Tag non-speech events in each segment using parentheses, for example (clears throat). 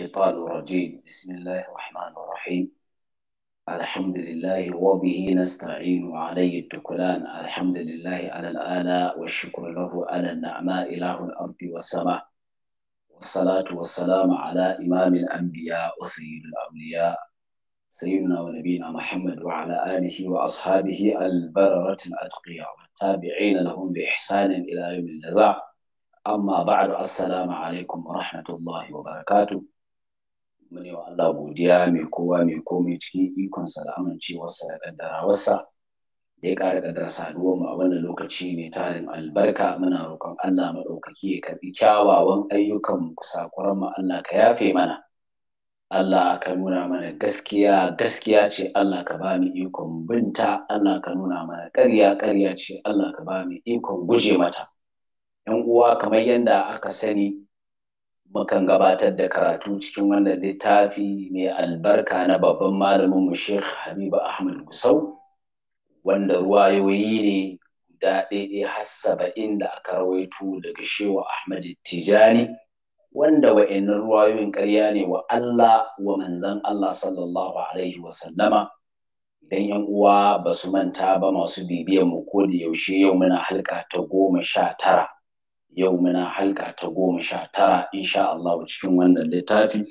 الشيطان الرجيم بسم الله الرحمن الرحيم الحمد لله وبه نستعين وعليه التكلان الحمد لله على الآلاء والشكر له على النعماء إله الأرض والسماء والصلاة والسلام على إمام الأنبياء وسيد الأولياء سيدنا ونبينا محمد وعلى آله وأصحابه البررة الأتقياء والتابعين لهم بإحسان إلى يوم النزاع أما بعد السلام عليكم ورحمة الله وبركاته mune wa Allah godiya mai kowa mai komai cikin ikonsa da amincewarsa da kaddarawarsa da ya ƙara kaddara saduwar mu a wannan lokaci mai tarin albarka muna roƙon Allah maɗaukaki ya karɓi kyawawan ayyukan mu kusakuran mu Allah ka yafe mana Allah ka nuna mana gaskiya gaskiya ce Allah ka ba mu ikon binta Allah ka nuna mana ƙarya ƙarya ce Allah ka ba mu ikon guje mata ‘yan uwa kamar yadda aka sani mukan gabatar da karatu cikin wannan littafi mai albarka na babban malamin mu Sheikh Habibu Ahmad Gusau wanda ruwayoyi ne guda ɗaya har saba'in da aka rawaito daga Shehu Ahmad Tijani wanda wa'annan ruwayoyin ƙarya ne wa Allah wa manzon Allah sallallahu alaihi wa sallama idan yan uwa ba su manta ba masu bibiyan mu ko da yaushe yau muna halka ta goma sha tara yau muna halka ta goma sha tara insha Allah cikin wannan littafi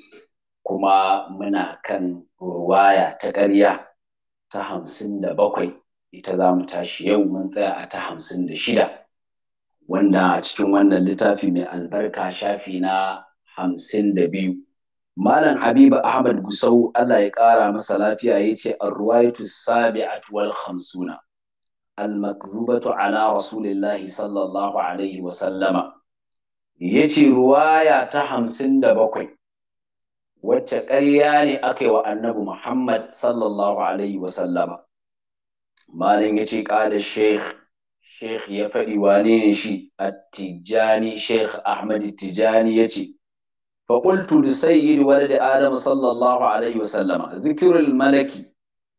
kuma muna kan ruwaya ta ƙarya ta hamsin da bakwai ita za mu tashi yau mun tsaya a ta hamsin da shida wanda a cikin wannan littafi mai albarka shafi na hamsin da biyu Malam Habibu Ahmad Gusau Allah ya ƙara masa lafiya ya ce arruwaitu sabi'atu wal hamsuna al-makzubatu ala rasulillahi sallallahu alaihi wa sallama yace ruwaya ta hamsin da bakwai wacce ƙarya ne aka yi wa annabi Muhammad sallallahu alaihi wa sallama malin yace qala sheikh sheikh ya faɗi wane shi at-tijani ahmad tijani yace فقلت لسيد ولد آدم صلى الله عليه وسلم ذكر الملك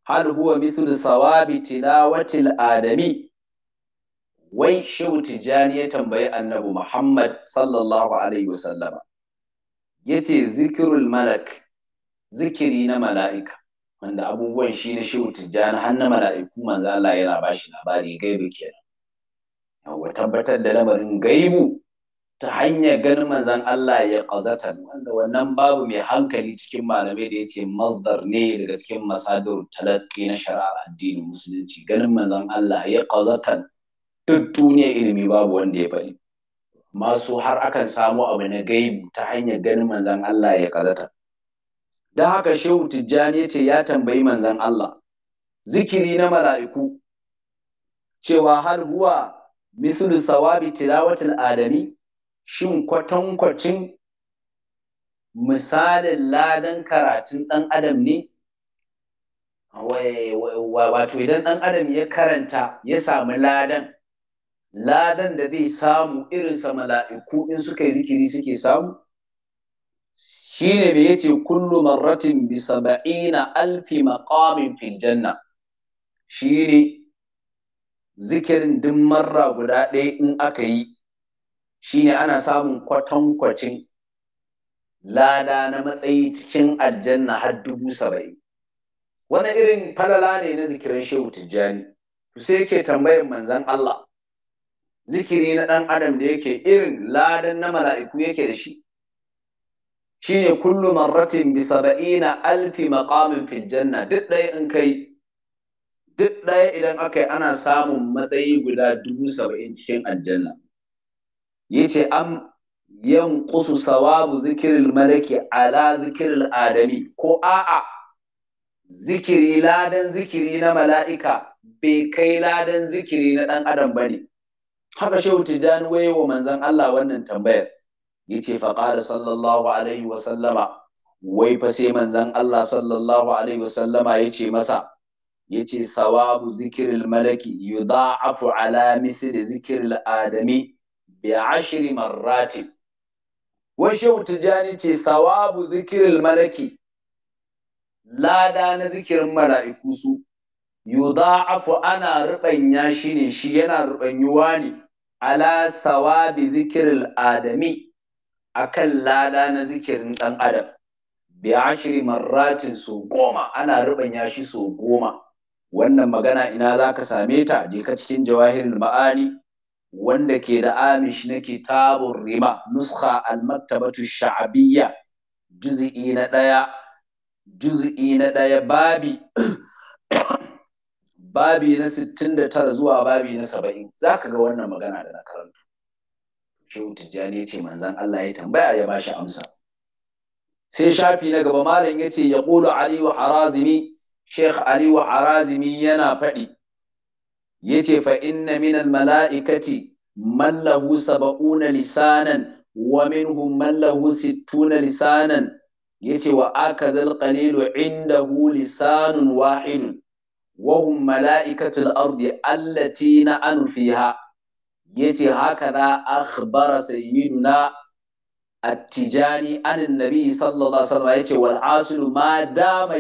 hal huwa mithlu sawabi tilawatil adami wai shehu tijani ya tambayi annabi muhammad sallallahu alaihi wasallama yace zikirul malak zikiri na mala'ika wanda abubuwan shi na shehu tijjani har na mala'iku manzo Allah yana bashi labari gaibu kenan yawa tabbatar da lamarin gaibu ta hanyar ganin manzan Allah ya ƙazatan wanda wannan babu mai hankali cikin malamai da ya ce masdar ne daga cikin masadar talakki na shari'ar addinin musulunci ganin manzan Allah ya ƙazatan duk duniya ilimi babu wanda ya bari masu har akan samu abu na gaibu ta hanyar ganin manzan Allah ya ƙazatan Da haka shehu tijjani ya ce ya tambayi manzan Allah zikiri na mala'iku cewa har huwa mislu sawabi tilawatul adami shin kwatankwacin misalin ladan karatun ɗan adam ne wato idan ɗan adam ya karanta ya sami ladan ladan da zai samu irinsa mala'iku in suka yi zikiri suke samu Shi ne me yace kullu marratin bi saba'ina alfi maqamin fil janna ne. zikirin din marra guda ɗaya in aka yi shine ana samun kwatankwacin lada na matsayi cikin aljanna har dubu saba'in wani irin falala ne na zikirin shehu tijjani to sai ke tambayar manzan Allah zikiri na ɗan adam da yake irin ladan na mala'iku yake da shi Shi ne kullu marratin bi saba'ina alfi maƙamin fijjanna duk ɗaya in kai duk ɗaya idan aka yi ana samun matsayi guda dubu saba'in cikin aljanna yace am kusu sawabu zikirin malaki ala zikirin adami ko a'a zikiri ladan zikiri na mala'ika bai kai ladan zikiri na ɗan adam ba ne. haka shehu tijjan waye wa manzon Allah wannan tambayar yace fa qala sallallahu alaihi wa sallama wai fa sai manzan Allah sallallahu alaihi wa sallama yace masa yace sawabu zikirin malaki yudha'afu ala misli zikirin adami ya ashiri marrati washe ce sawabu zikirin malaki lada na zikirin mala'iku su yudha'afu ana ruɓanya yashi ne shi yana ruɓanyuwa ne ala sawabi zikirin adami akan lada na zikirin ɗan adam bi ashiri marratin su goma ana ruɓanya yashi su goma wannan magana ina zaka same ta je ka cikin jawahirin ma'ani wanda ke da amish na kitabun rima nuskha al-maktabatu sha'abiyya juz'i na ɗaya juz'i na ɗaya babi (coughs) babi na 69 zuwa babi na 70 zaka ga wannan magana da na karanta shehu tijjani ce manzan Allah ya tambaya ya bashi amsa sai shafi na gaba malam ce ya ƙulu ali harazimi sheikh Aliyu harazimi yana faɗi yace fa inna minal mala'ikati man lahu sab'una lisanan wa minhum man lahu sittuna lisanan yace wa akadhal qalilu indahu lisanun wahidun wa hum mala'ikatul ardi allati na'anu fiha yace haka da akhbara sayyiduna at-tijani an an-nabi sallallahu alaihi yace wal asilu ma dama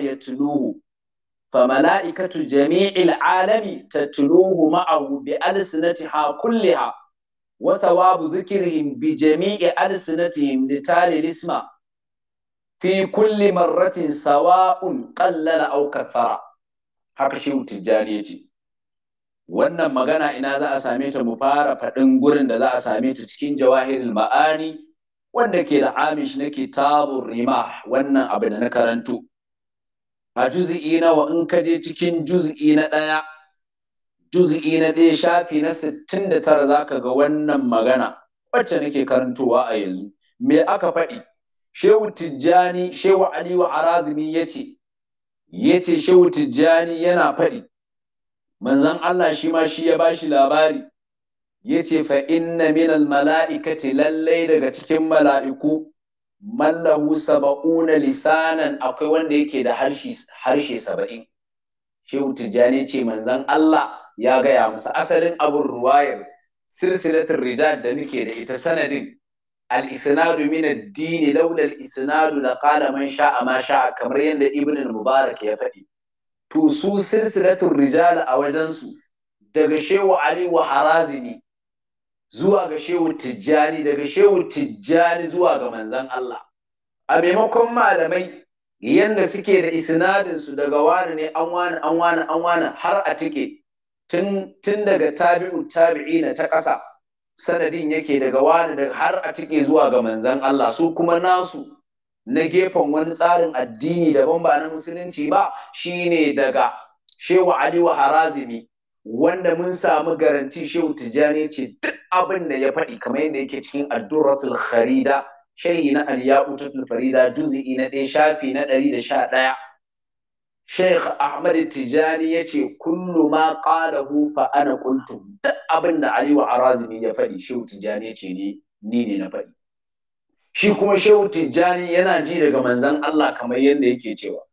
fa mala'ikatu jami'il alami tatluhu ma'ahu bi alsinatiha kulliha wa thawabu dhikrihim bi jami'i alsinatihim litali isma fi kulli marratin sawa'un qallala aw kathara haka shehu tijjani yace wannan magana ina za a same ta mu fara faɗin gurin da za a same ta cikin jawahirin ma'ani wanda ke da amish na kitabun rimah wannan abu da na karantu. a juz'i nawa in ka je cikin juz'i na ɗaya juz'i na ɗaya shafi na sittin da tara za ka ga wannan magana wacce nake karantowa a yanzu me aka faɗi shehu tijjani shehu aliyu arazimi ya ce ya ce shehu tijjani yana faɗi manzon allah shi ma shi ya ba shi labari ya ce fa inna minal mala'ikati lallai daga cikin mala'iku mallahu saba'una lisanan akwai wanda yake da harshe saba'in shehu tijjani ce manzan Allah ya gaya masa asalin abun ruwayar silsilatin rijal da muke da ita sanadin al-isnadu min ad-din laula al-isnadu la qala man sha'a ma sha'a kamar yadda ibn mubarak ya faɗi to su silsilatin rijal a wajen su daga shehu ali wa harazini zuwa ga shehu tijjani daga shehu tijjani zuwa ga manzan Allah a maimakon malamai yadda suke da isnadinsu daga wani ne an wani an wani an wani har a tike tun daga tabi'u tabi'ina ta ƙasa sanadin yake daga wani da har a tike zuwa ga manzan Allah su kuma nasu na gefen wani tsarin addini daban ba na musulunci ba shine daga shehu Ali wa Harazimi wanda mun samu garanti shehu tijjani ce duk abin da ya faɗi kamar yadda yake cikin addurratul kharida shehi na al-ya'utul farida juz'i na ɗaya shafi na ɗari da sha ɗaya Sheikh Ahmad Tijjani ya ce kullu ma qalahu fa ana kuntu duk abin da Aliyu Arazimi ya faɗi Shehu Tijani ya ce ni ne na faɗi shi kuma Shehu Tijani yana ji daga manzan Allah kamar yadda yake cewa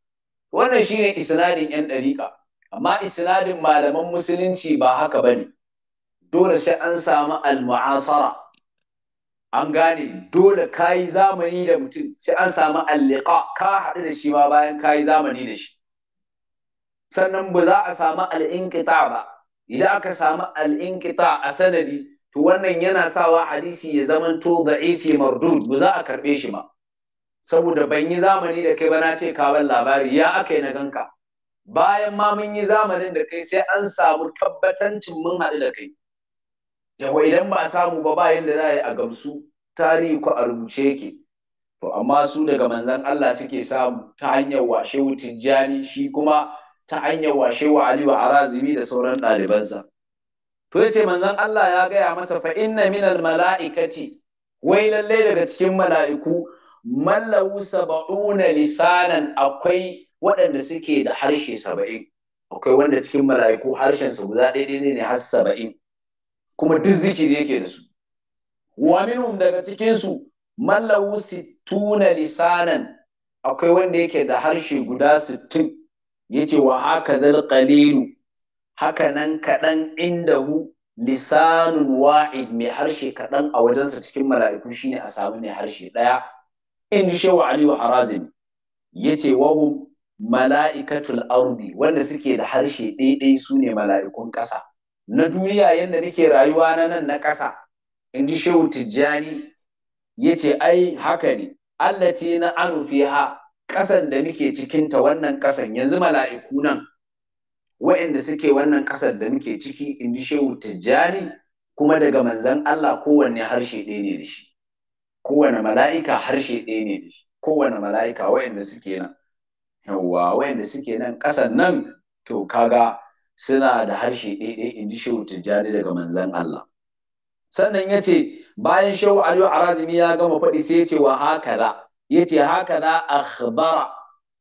wannan shine isnadin yan ɗariƙa amma isnadin malaman musulunci ba haka bane dole sai an samu al an gane dole ka yi zamani da mutum sai an samu al ka haɗu da shi ma bayan ka yi zamani da shi sannan ba za a samu al ba idan aka samu al'inƙita a sanadi to wannan yana sawa hadisi ya zama to da'ifi mardud ba za a karɓe shi ba saboda ban yi zamani da kai ba na ce ka labari ya aka yi na ganka bayan ma mun yi zamanin da kai sai an samu tabbatancin mun haɗu da kai yawa idan ba a samu ba bayan da za a yi a gamsu tarihi ko a rubuce yake to amma su daga manzan Allah suke samu ta hanyar washe wutin jani shi kuma ta hanyar washe wa Ali wa Arazimi da sauran ɗalibansa to yace manzan Allah ya gaya masa fa inna minal mala'ikati wai lallai daga cikin mala'iku mallahu saba'una lisanan akwai waɗanda suke da harshe saba'in akwai wanda cikin mala'iku harshensa guda ɗaya ne har saba'in kuma duk zikiri yake da su wa minhum daga cikinsu su sittuna lisanan akwai wanda yake da harshe guda sittin yace wa haka zal qalilu haka nan kaɗan inda hu lisanun wa'id mai harshe kaɗan a wajensa cikin mala'iku shine a samu mai harshe ɗaya in shewa aliyu harazim yace wahum mala'ikatul ardi wanda suke da harshe ɗaiɗai su ne mala'ikun ƙasa na duniya yadda nake rayuwa na nan na ƙasa in ji shehu tijjani ya ce ai haka ne allati na anufi ha ƙasan da muke cikinta wannan ƙasan yanzu mala'iku nan wa'inda suke wannan ƙasar da muke ciki in ji shehu tijjani kuma daga manzan Allah kowanne harshe ɗaya ne da shi kowane mala'ika harshe ɗaya ne da shi kowane mala'ika wa'inda suke nan yawwa wayanda suke nan ƙasan nan to kaga suna da harshe ɗaiɗai in ji shehu tijjani daga manzan Allah sannan ya ce bayan shehu aliyu arazimi ya gama faɗi sai ya ce wa da. ya ce hakaza akhbara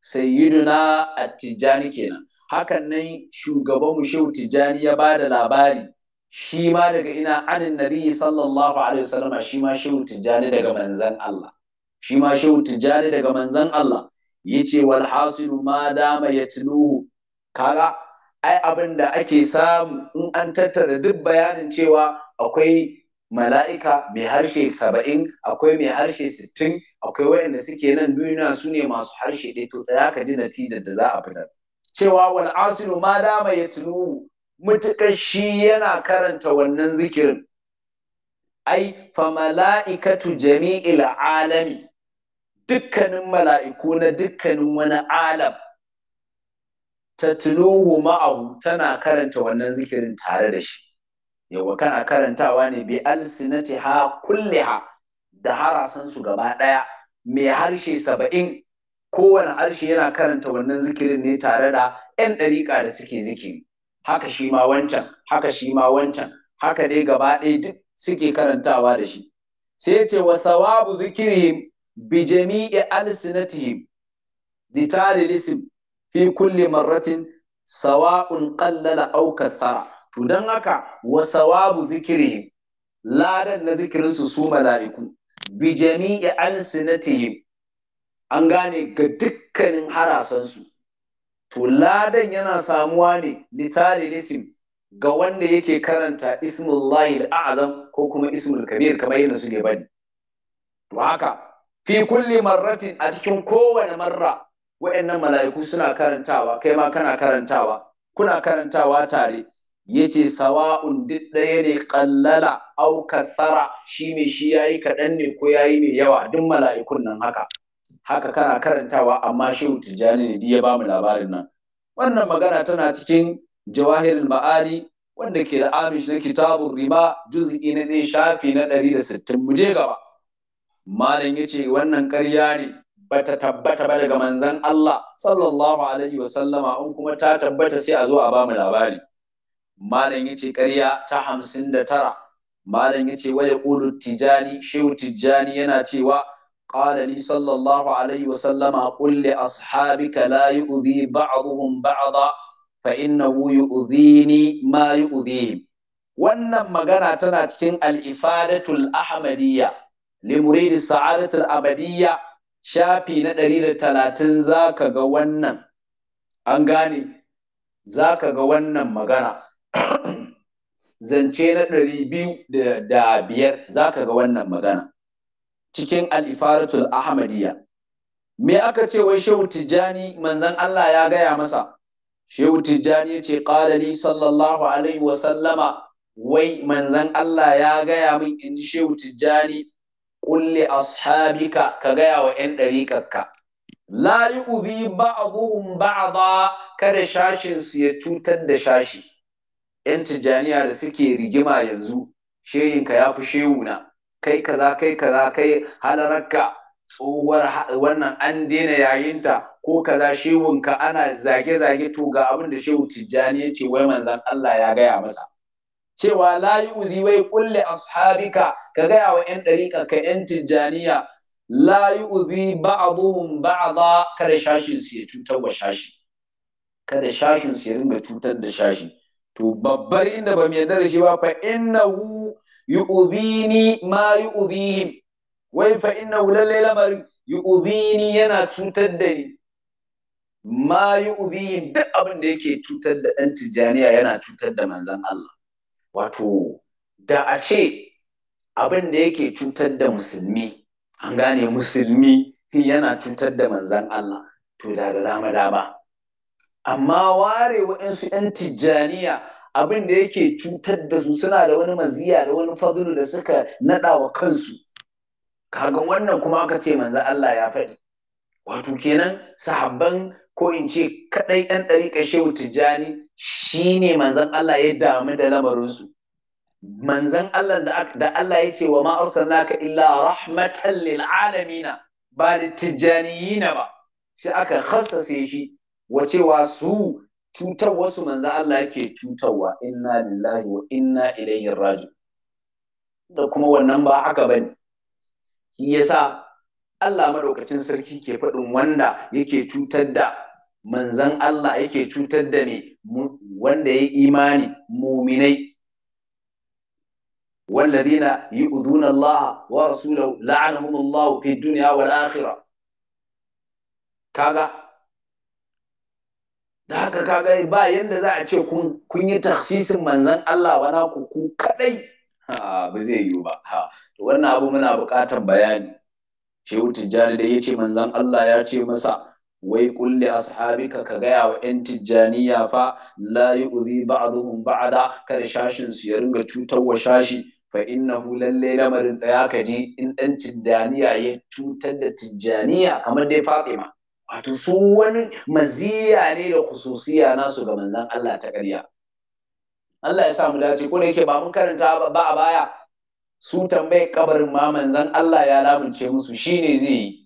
sayyiduna a tijjani kenan hakan nan shugabanmu shehu tijjani ya ba da labari shi ma daga ina anin nabi sallallahu alaihi wasallama shi ma shehu daga manzan Allah shi ma shehu tijjani daga manzan Allah yace wal hasilu ma dama yatluhu kaga ai abin da ake samu in an tattara duk bayanin cewa akwai mala'ika mai harshe saba'in akwai mai harshe sittin akwai wayanda suke nan duniya su ne masu harshe ɗaya to tsaya ka ji natijar da za a fitar cewa wal asilu ma dama ya tunuhu mutukar shi yana karanta wannan zikirin ai fa mala'ikatu jami'il alami dukkanin mala'iku na dukkanin wani alam ta tunuhu ma'ahu tana karanta wannan zikirin tare da shi yawa kana karantawa ne bi alsinati ha kulliha da harasansu su gaba ɗaya mai harshe saba'in kowane harshe yana karanta wannan zikirin ne tare da 'yan ɗariƙa da suke zikiri haka shi ma wancan haka shi ma wancan haka dai gaba ɗaya duk suke karantawa da shi sai ce wa sawabu zikirihim bi jami'i alsinatihim litarilism fi kulle marratin sawa'un qallala auka tsara. to don haka wa sawabu zikiri ladan na zikirinsu su mala'iku bi jami'i alsinatihim an gane ga dukkanin harasansu to ladan yana samuwa ne litalilisim ga wanda yake karanta ismullahi al'azam ko kuma ismul kabir kamar yana su ne bani to haka fi kulli marratin a cikin kowane marra wa'annan mala'iku suna karantawa kai ma kana karantawa kuna karantawa tare yace sawa'un duk ɗaya ne ƙallala au kathara shi ne shi yayi kaɗan ne ko yayi mai yawa duk mala'ikun nan haka haka kana karantawa amma shehu tijjani ne ya bamu labarin nan wannan magana tana cikin jawahirul ma'ani wanda ke da amish na kitabun riba juz'i na shafi na ɗari da sittin mu je gaba malam ya ce wannan karya ne ba ta tabbata ba daga manzan Allah sallallahu alaihi wa in kuma ta tabbata sai a zo a bamu labari malam ya ce ƙarya ta hamsin da tara malam ya ce waya ƙulu tijani shehu tijani yana cewa qala li sallallahu alaihi wa sallama qul li ashabika la yu'dhi ba'dhum ba'dha fa innahu yu'dhini ma yu'dhihim wannan magana tana cikin al-ifadatul ahmadiyya limuridi sa'adatul abadiyya shafi na ɗari da talatin za ka ga wannan an gane za ka ga wannan magana (clears throat) zance na ɗari biyu da biyar za ka ga wannan magana cikin al'ifaratul ahmadiyya me aka ce wai shehu tijjani manzan Allah ya gaya masa shehu tijjani ya ce ƙalali sallallahu alaihi wasallama wai manzan Allah ya gaya min in ji shehu tijjani kulli ashabika ka gaya wa 'yan ɗariƙarka la yu'zi ba'a ba kada shashinsu ya cutar da shashi 'yan Tijjaniya da suke rigima yanzu sheyinka ya fi shewuna kai kaza kai kaza kai halararka tsohuwar wannan an daina yayinta ko kaza shewunka ana zage-zage to ga abin da shehu tijjani ya ce wai manzan Allah ya gaya masa cewa la yu'zi wai kulle ashabika ka gaya wa yan dariƙa ka yan tijjaniya la yu'zi ba'dhum ba'dha kada shashin su ya cutar wa shashi kada shashin su ya ringa cutar da shashi to babbar inda ba mu yarda da shi ba fa innahu yu'dhini ma yu'dhihim wai fa innahu lalle lamarin yu'dhini yana cutar da ni ma yu'dhihim duk abin da yake cutar da ɗan tijjaniya yana cutar da manzon Allah wato da a ce abin da yake cutar da musulmi an gane musulmi yana cutar da manzan Allah to da dama dama amma ware waɗansu 'yan tijjaniya abin da yake cutar da su suna da wani maziya da wani fadulu da suka naɗa wa kansu kaga wannan kuma aka ce manzan Allah ya faɗi wato kenan sahabban ko in ce kaɗai ɗan ɗari shehu tijjani shi ne manzan Allah ya damu da lamarinsu manzan Allah da Allah ya ce wa ma ka illa rahmatan lil alamina ba tijjaniyina ba sai aka khasase shi wa cewa su cutar wasu manzan Allah yake cutarwa inna lillahi wa inna ilaihi raju. da kuma wannan ba haka bane shi yasa Allah madaukacin sarki ke faɗin wanda yake cutar da manzan Allah yake cutar da me wanda ya imani muminai yi yu'duna Allah wa rasulahu la'anahum Allah fi duniya wal akhirah kaga da haka kaga ba yadda za a ce kun yi taksisin manzan Allah wa naku ku kadai ha ba zai yiwu ba ha to wannan abu muna buƙatar bayani shehu tijjani da yace manzan Allah ya ce masa wai kulli ashabika ka gaya wa yan tijjaniya fa la yu'zi ba'dhum ba'da kada shashin su ya ringa cutar wa shashi fa innahu lalle lamarin tsaya ka ji in dan tijjaniya ya cutar da tijjaniya kamar dai Fatima wato su wani maziya ne da kususiya nasu ga manzon Allah ta ƙarya Allah ya sa mu dace ko da yake ba mun karanta ba a baya su tambayi kabarin ma manzon Allah ya lamunce musu shine zai yi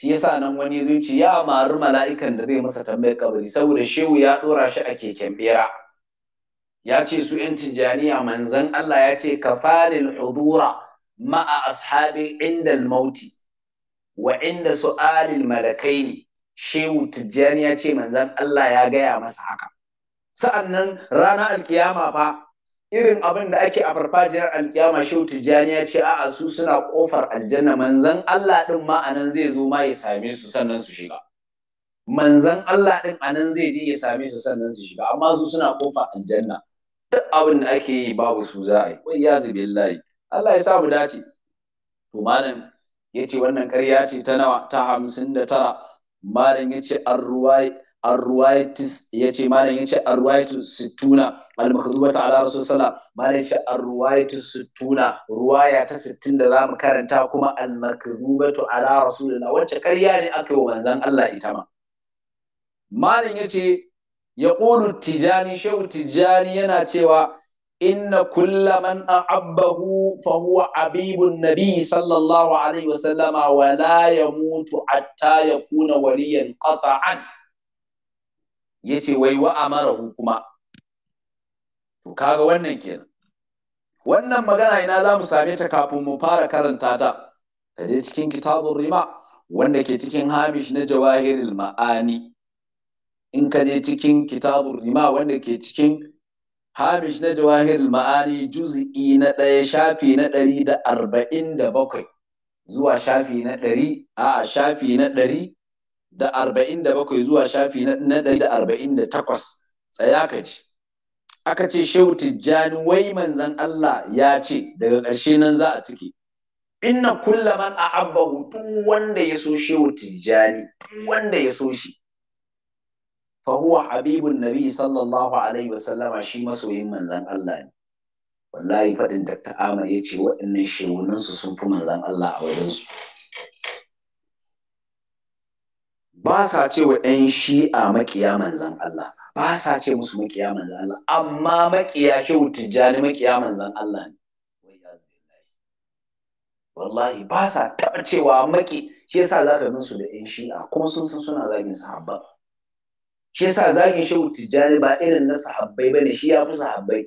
shi yasa nan wani zuci ya mari mala'ikan da zai masa tambayar kabari saboda shehu ya dora shi a keken bera ya ce su yan tijaniya manzan Allah ya ce ka fadil hudura ma'a ashabi inda mauti wa inda su'alil malakai ne shehu tijjani ya ce manzan Allah ya gaya masa haka sa'annan rana alkiyama fa irin abin da ake a farfajiyar alkiyama shehu tijjani ya ce a'a su suna kofar aljanna manzan Allah din ma anan zai zo ma ya same su sannan su shiga manzan Allah din anan zai je ya same su sannan su shiga amma su suna kofar aljanna duk abin da ake yi babu su za a yi wai ya zubi layi Allah ya sa mu dace to malam ya ce wannan karya ce ta nawa ta hamsin da tara malam ya ce arruwai arruwaitis ya ce malam ya ce arruwaitis situna al-makhdubata ala rasul sallallahu alaihi wasallam ar-ruwayatu sittuna ruwaya ta sittin da zamu karanta kuma al-makhdubatu ala wacce ƙarya ne aka yi wa manzon Allah ita ma ya yace yaqulu tijani shehu tijani yana cewa inna kulla man ahabbahu fa huwa abibun nabi sallallahu alaihi wasallama wa la yamutu hatta yakuna waliyan qata'an yace wai wa mara hukuma. to kaga wannan kenan wannan magana ina za mu same ta kafin mu fara karanta ta da dai cikin kitabun rima wanda ke cikin hamish na jawahirul ma'ani in ka je cikin kitabun rima wanda ke cikin hamish na jawahirul ma'ani juz'i na ɗaya shafi na ɗari da arba'in da bakwai zuwa shafi na ɗari a shafi na ɗari da arba'in da bakwai zuwa shafi na ɗari da arba'in da takwas tsaya ka ji aka ce shehu tijjani wai manzan Allah ya ce daga ƙarshe nan za a ciki inna kulla man a ahabbahu duk wanda ya so shehu tijjani duk wanda ya so shi fa huwa habibun nabi sallallahu alaihi wasallama shi masoyin manzan Allah ne wallahi faɗin Dr. Ahmad ya ce waɗannan shehunansu sun fi manzan Allah a wajensu. su ba sa ce wa ‘yan shi'a maƙiya manzan Allah ba sa ce musu maƙiya manzan Allah amma maƙiya shehu tijjani maƙiya manzan Allah ne wallahi ba sa taɓa cewa maƙi shi yasa zagamin su da ‘yan shi'a kuma sun san suna zagin sahabba shi yasa zagin shehu tijjani ba irin na sahabbai ne? shi ya fi sahabbai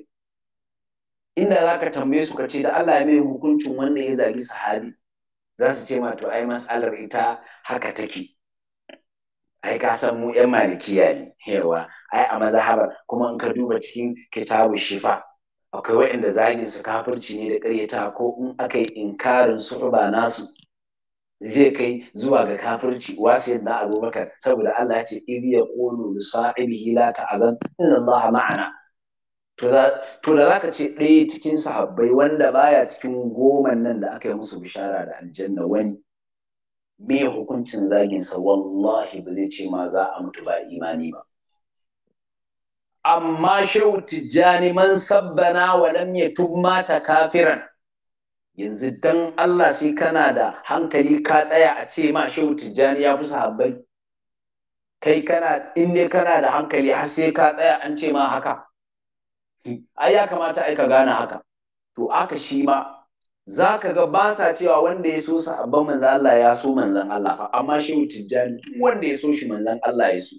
inda za ka tambaye su ka ce da Allah ya mai hukuncin wanda ya zagi sahabi za su ce ma to ai mas'alar ita haka take ai ka san mu yan malikiya ne yawa ai a mazhabar kuma in ka duba cikin kitabu shifa akwai waɗanda zagin su kafirci ne da ƙaryata ko in aka yi inkarin suhba nasu zai kai zuwa ga kafirci wasu yadda abubakar saboda Allah ya ce iri yaqulu li sahibihi la ta'azan. inna Allah ma'ana to da za ka ce ɗaya cikin sahabbai wanda baya cikin goma nan da aka yi musu bishara da aljanna wani me hukuncin zaginsa wallahi ba zai ce ma za a mutu ba imani ba amma shehu tijjani man sabbana wa lam yatub mata kafiran yanzu dan Allah sai kana da hankali ka tsaya a ce ma shehu tijjani ya fi sahabbai kai kana in ne kana da hankali har sai ka tsaya an ce ma haka ai ya kamata ai ka gane haka to aka shi ma za ka ga ba sa cewa wanda ya so sahabban manzan Allah ya so manzan Allah fa amma shehu tijjani duk wanda ya so shi manzan Allah ya so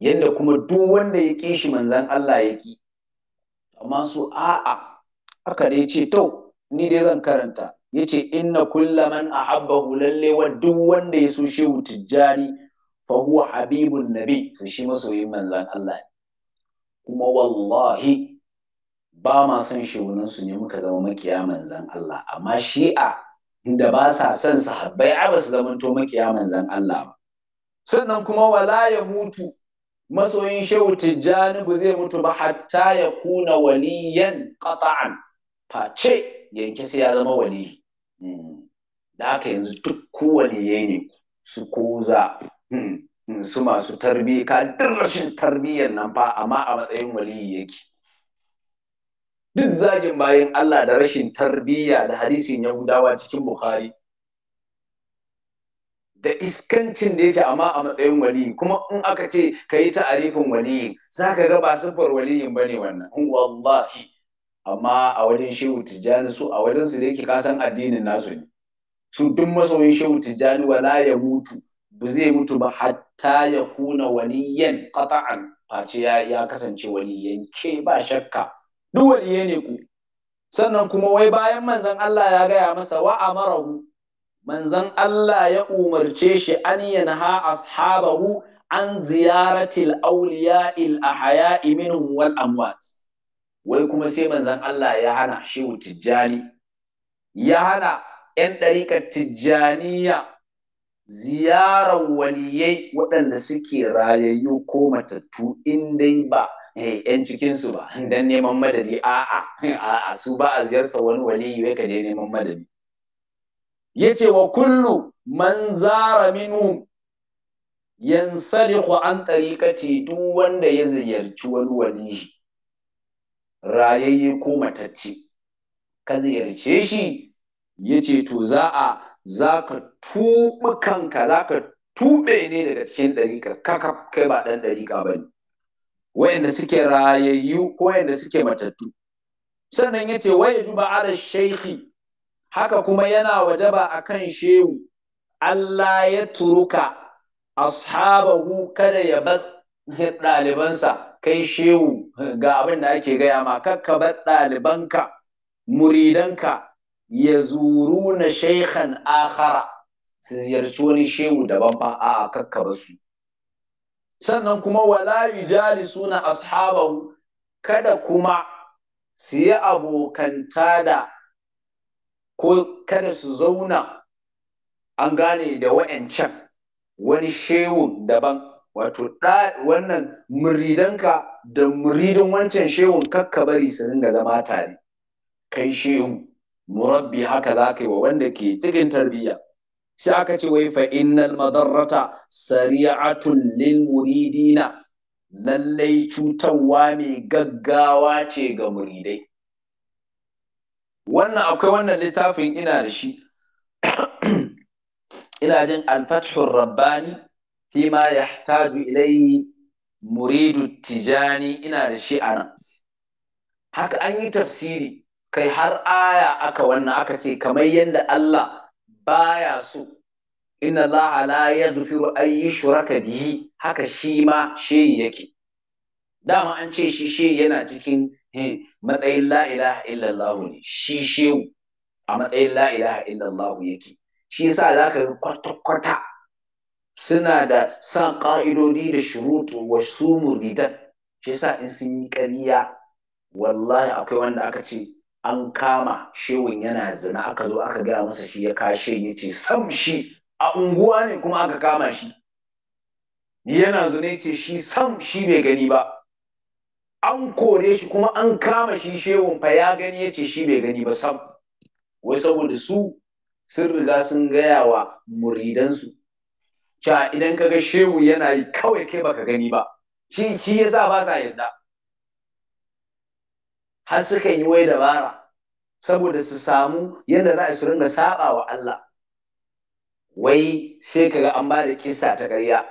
yadda kuma duk wanda ya ƙi shi manzan Allah ya ƙi amma su a'a aka da ya ce to ni dai zan karanta yace inna kulla man ahabbahu lalle wa duk wanda ya so shehu tijjani fa huwa habibun nabi to shi masoyin manzan Allah kuma wallahi ba ma son shehunan su ne muka zama makiya manzan Allah amma shi'a da ba sa son sahabbai ai ba su zamanto makiya manzan Allah ba sannan kuma wala ya mutu masoyin shehu tijjani bu zai mutu ba hatta ya kuna waliyan qata'an face yanke sai ya zama wali hmm. da haka yanzu duk kowane ne su koza hmm, su masu tarbiyya ka rashin tarbiyyar nan fa amma a matsayin waliyi yake duk zagin bayan Allah da rashin tarbiyya da hadisin Yahudawa cikin Bukhari da iskancin da yake amma a matsayin waliyi kuma in aka ce ka yi ta'arifin waliyi za ka ga ba siffar waliyin ba ne wannan wallahi amma a wajen shehu tijjani su a wajen su da yake kasan addinin nasu ne su duk masoyin shehu tijjani wala ya mutu ba zai mutu ba hatta ya kuna waliyan qata'an face ya kasance waliyan ke ba shakka duk waliye ne ku sannan kuma wai bayan manzan Allah ya gaya masa wa amarahu Manzan Allah ya umarce shi an yanha ashabahu an ziyaratil awliya'il ahya'i minhum wal amwat wai kuma sai manzan Allah ya hana shehu tijjani ya hana 'yan ɗariƙar tijjaniya ziyarar waliyai waɗanda suke rayayyu ko matattu in dai ba yan eh, cikinsu ba don neman madadi a'a a'a su ba a ziyarta wani yi ka je neman madadi ya ce wa kullu man zara minhum yansalihu an tariqati duk wanda ya ziyarci wani shi, rayayye ko matacce ka ziyarce shi ya ce to za a za ka tuɓi kanka za ka tuɓe ne daga cikin ɗarikar kaka kai ba ɗan ɗarika ba ne wayanda suke rayayyu ko wayanda suke matattu sannan yace duba ala shaykhi haka kuma yana wajaba akan shehu Allah ya turuka ashabahu kada ya bar ɗalibansa kai shehu ga abin da ake gaya ma kakka bar ɗalibanka muridanka ya zuru na shaikhan akhara su ziyarci wani shehu daban fa a kakka basu sannan kuma wala suna ashabahu kada kuma su yi abokanta da ko kada su zauna an gane da wa'ancan wani shewun daban wato wannan muridanka da muridun wancan shehun kakka bari su ringa zama tare kai shehu murabbi haka za ka yi wa wanda ke cikin tarbiyya sai aka ce wai fa mazarrata madarrata sari'atun lil muridina lallai cutarwa mai gaggawa ce ga muridai wannan akwai wannan littafin ina da shi (clears throat) ina jin alfathur rabbani fi ma taju ilayhi muridu tijani ina da shi a nan haka an yi tafsiri kai har aya aka wannan aka ce kamar yadda Allah baya so inna Allah la yaghfiru ayyi shuraka bihi haka shi ma shehi yake dama an ce shi shehi yana cikin eh, matsayin la ilaha illallah ne shi shehu a matsayin la ilaha illallah yake shi yasa zaka ga kwata-kwata suna da san ƙa'idodi da shurutu wa su muridan shi yasa in sun yi ƙarya wallahi akwai wanda aka ce an kama shewin yana zina aka zo aka gaya masa shi ya kashe ya ce sam shi a unguwa ne kuma aka kama shi yana zina ce shi sam shi bai gani ba an kore shi kuma an kama shi shewin fa ya gani ya ce shi bai gani ba sam wai saboda su sun riga sun gaya wa muridansu cewa idan ka ga shehu yana yi kawai kai baka gani ba shi shi yasa ba sa yarda har sukan yi wai dabara saboda su samu yadda za a su ringa saba wa Allah wai sai kaga an ba da kisa ta ƙarya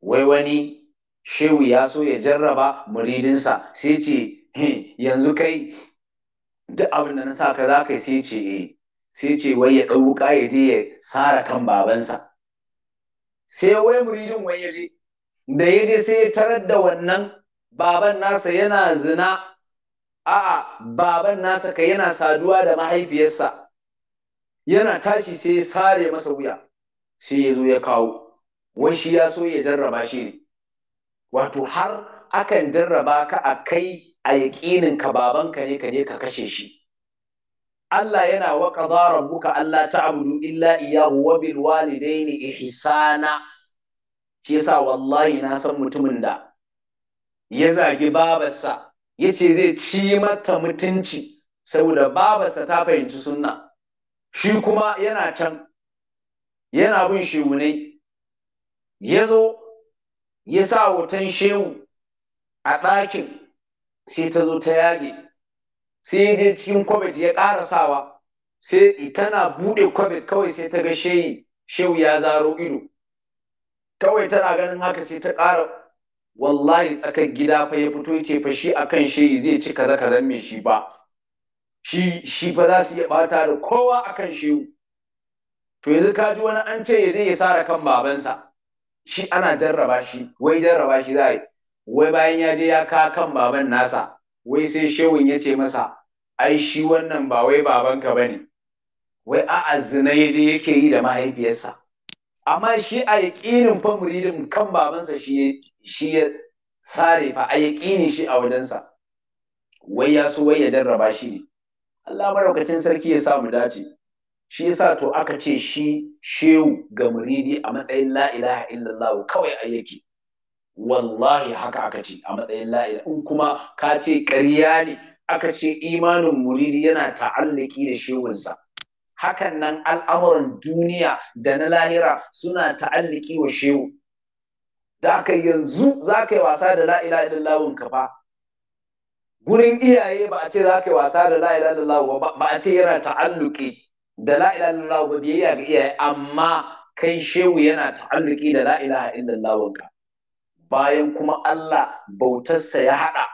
wai wani shehu ya so ya jarraba muridinsa sai ce yanzu kai duk abin da na sa ka za ka sai ce eh. sai ce wai ya ɗau ƙa'idi ya je ya sara kan babansa sai wai muridin wai ya je da ya je sai ya tarar da wannan baban nasa yana zina a'a baban nasa ka yana saduwa da mahaifiyarsa yana tashi sai ya sare masa wuya sai ya zo ya kawo wai shi ya so ya jarraba shi ne wato har akan jarraba ka a kai a yaƙinin ka babanka ne ka je ka kashe shi Allah yana wa qadara rabbuka Allah ta'budu illa iyyahu wa bil walidayni ihsana shi yasa wallahi na san mutumin da ya zagi babarsa ya ce zai ci mata mutunci saboda babarsa ta fahimci sunna shi kuma yana can yana bin shehunai ya zo ya sa hoton shehu a ɗakin sai ta zo ta yage sai ya cikin kwabet ya ƙara sawa sai tana buɗe kwabet kawai sai ta ga shehu ya zaro ido kawai tana ganin haka sai ta ƙara wallahi tsakar gida fa ya fito ce fa shi akan shehi zai ci kaza kazan mai shi ba shi shi fa za su iya bata da kowa akan shehu to yanzu ka ji wani an ce ya zai ya sara kan babansa shi ana jarraba shi wai jarraba shi za yi wai bayan ya je ya ka kan baban nasa wai sai shehun ya ce masa ai shi wannan ba wai babanka bane wai a'a zina ya yake yi da mahaifiyarsa amma shi a yaƙinin fa muridin kan babansa shi ya sare fa a yaƙini shi a wajensa wai ya so wai ya jarraba shi ne Allah maraukacin sarki ya sa mu dace shi yasa to aka ce shi shehu ga muridi a matsayin la ilaha illallah kawai a yake wallahi haka aka ce a matsayin la in kuma ka ce ƙarya ne aka ce imanin muridi yana ta'allaki da shehunsa hakan nan al'amuran duniya da na lahira suna ta'alliki wa shehu da aka yanzu za ka yi wasa da la'ila illallahun ka ba. gurin iyaye ba a ce za ka yi wasa da la'ila illallahu ba a ce yana ta'alluki da la'ila illallahu ba biyayya ga iyaye amma kai shehu yana ta'alluki da la'ila illallahun ka bayan kuma Allah bautarsa ya haɗa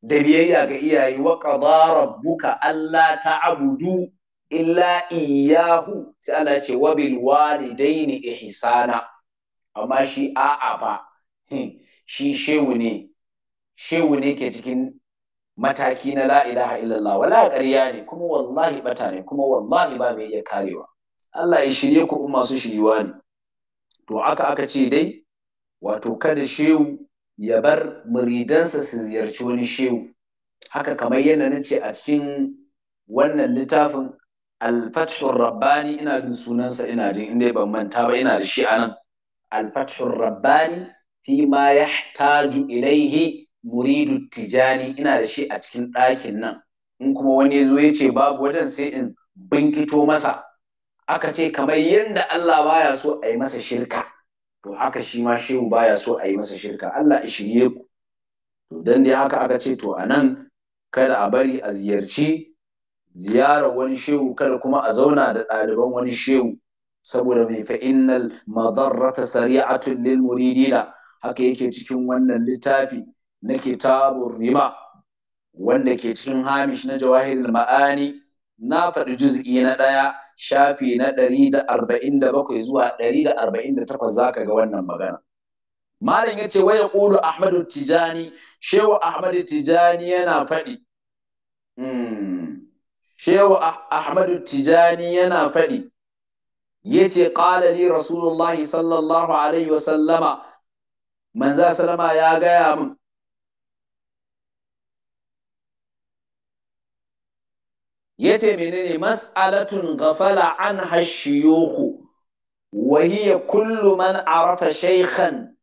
da biyayya ga iyaye wa buka Allah ta abudu. illa iyahu sai ana ce wa bil walidaini ihsana amma shi a'a ba hmm. shi shehu ne shehu ne ke cikin mataki na la ilaha illallah wala ƙarya ne kuma wallahi bata ne kuma wallahi ba mai iya karewa Allah ya shirye ku umma masu shiriwa ne to aka aka ce dai wato kada shehu ya bar muridansa su ziyarci wani shehu haka kamar yana nace a cikin wannan littafin alfathur rabbani ina jin sunansa ina jin inda ban manta ba ina da shi anan alfathur rabbani fi ma yahtaju ilaihi muridu tijani ina da shi a cikin ɗakin nan in kuma wani zo ya ce babu wajen sai in binkito masa aka ce kamar yadda Allah baya so a yi masa shirka to haka shi ma shehu baya so a yi masa shirka Allah ya shirye ku to dan dai haka aka ce to anan kada a bari a ziyarci ziyarar wani shehu kada kuma a zauna da ɗaliban wani shehu saboda mai fa mazarrata madarrata sari'atun lil muridina haka yake cikin wannan littafi na kitabun rima wanda ke cikin hamish na jawahirul ma'ani na faɗi juz'i na ɗaya shafi na ɗari da arba'in da bakwai zuwa ɗari da arba'in da takwas zaka ga wannan magana malam ya ce waya ƙulu ahmadu tijani shehu ahmadu tijani yana faɗi hmm. shehu ah- ahmadu tijani yana faɗi yace qala li rasulullahi sallallahu alaihi wa sallama manza salama ya gaya min yace menene mas'alatun ghafala an hashiyuhu wa hiya kullu man arafa shaykhan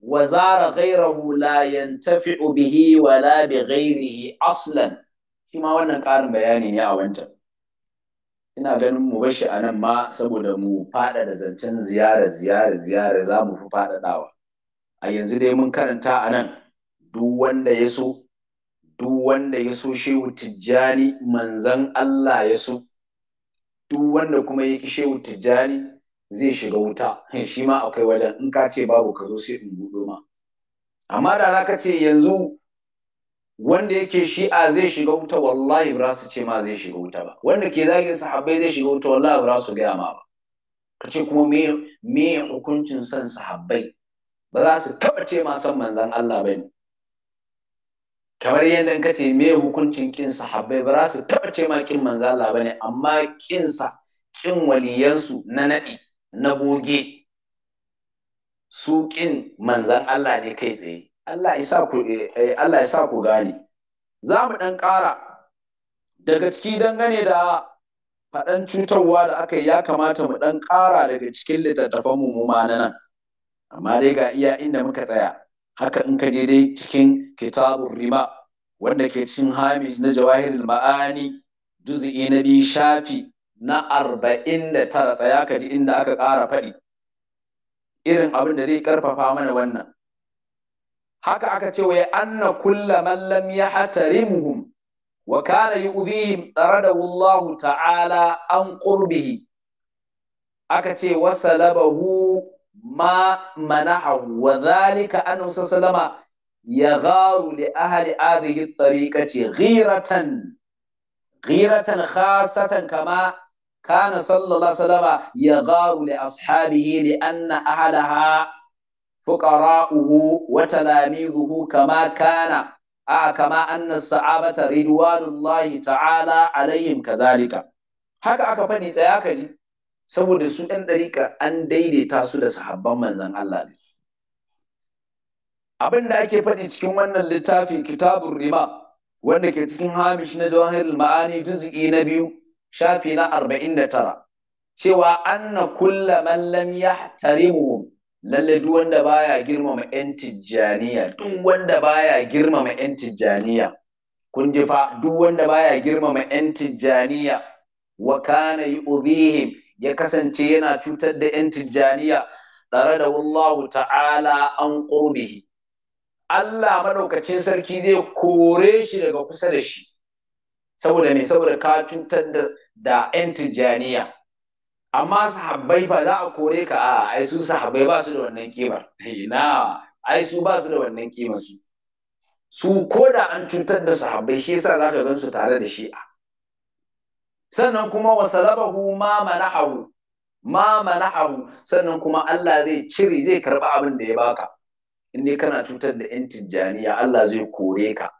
wa zara ghayrahu la yantafi'u bihi wa la aslan shi ma wannan ƙarin bayani ne a wancan ina ganin mu bashi a nan ma saboda mu da zancen ziyara ziyara ziyara za mu fi faɗaɗawa a yanzu dai mun karanta a nan duk wanda ya so duk wanda ya so shehu tijjani manzan Allah ya so duk wanda kuma ya ki shehu tijjani zai shiga wuta (laughs) shi ma akwai wajen in ka ce babu ka zo sai in buɗo ma amma da za ka ce yanzu wanda yake shi'a zai shiga wuta wallahi ba su ce ma zai shiga wuta ba wanda ke zagin sahabbai zai shiga wuta wallahi ba su gaya ma ba ka ce kuma me me hukuncin son sahabbai ba za su taba ce ma san manzon Allah ba ne kamar yadda ka ce me hukuncin kin sahabbai ba za su taba ce ma kin manzon Allah ba ne amma kin sa kin waliyansu na nadi na boge su kin manzon Allah ne kai tsaye Allah ya sa ku eh, eh, Allah ya sa ku gane za mu ɗan ƙara daga ciki dangane da faɗan cutarwa da aka yi ya kamata mu ɗan ƙara daga cikin littattafan mu mu na nan amma dai ga iya inda muka tsaya haka in ka je dai cikin kitabun rima wanda ke cikin hamis na jawahirul ma'ani juz'i na biyu shafi na arba'in da tara tsaya ka ji inda aka ƙara faɗi irin abin da zai ƙarfafa mana wannan haka aka ce wai anna kulla man lam yahtarimhum wa kana yu'dhihim taradahu Allah ta'ala an qurbihi aka ce wasalabahu ma manahahu wa dhalika annahu sallama yagharu li ahli hadhihi at-tariqati ghiratan ghiratan khassatan kama كان صلى الله عليه وسلم يغار لأصحابه لأن أهلها Fukara, fuqara'uhu wa ruhu, kama kana a kama anna sa'abata ridwanullahi ta'ala alaihim kazalika haka aka faɗi, tsaya ka ji saboda su 'yan ɗariƙa an daidaita su da sahabban manzon Allah ne abin da ake faɗi cikin wannan littafin kitabun riba wanda ke cikin hamish na jawahirul ma'ani juz'i na biyu shafi na arba'in da tara cewa anna kulla man lam yahtarimuhum lalle duk wanda baya girmama yan tijjaniya duk wanda baya girmama yan tijjaniya kun ji fa duk wanda baya girmama yan tijjaniya wa kana yu'dhihim ya kasance yana cutar da yan tijjaniya tare da wallahu ta'ala an qawmihi Allah madaukakin sarki zai kore shi daga kusa da shi saboda me saboda ka cutar da ƴan yan tijjaniya amma sahabbai ba za a kore ka a ai su sahabbai ba su da wannan kima ina eh, ai su ba su da wannan kima su su ko da an cutar da sahabbai shi yasa ka gan su tare da shi'a sannan kuma wa salabahu ma mana'ahu ma mana'ahu sannan kuma Allah zai cire zai karba abin da ya baka in dai kana cutar da yan tijjaniya Allah zai kore ka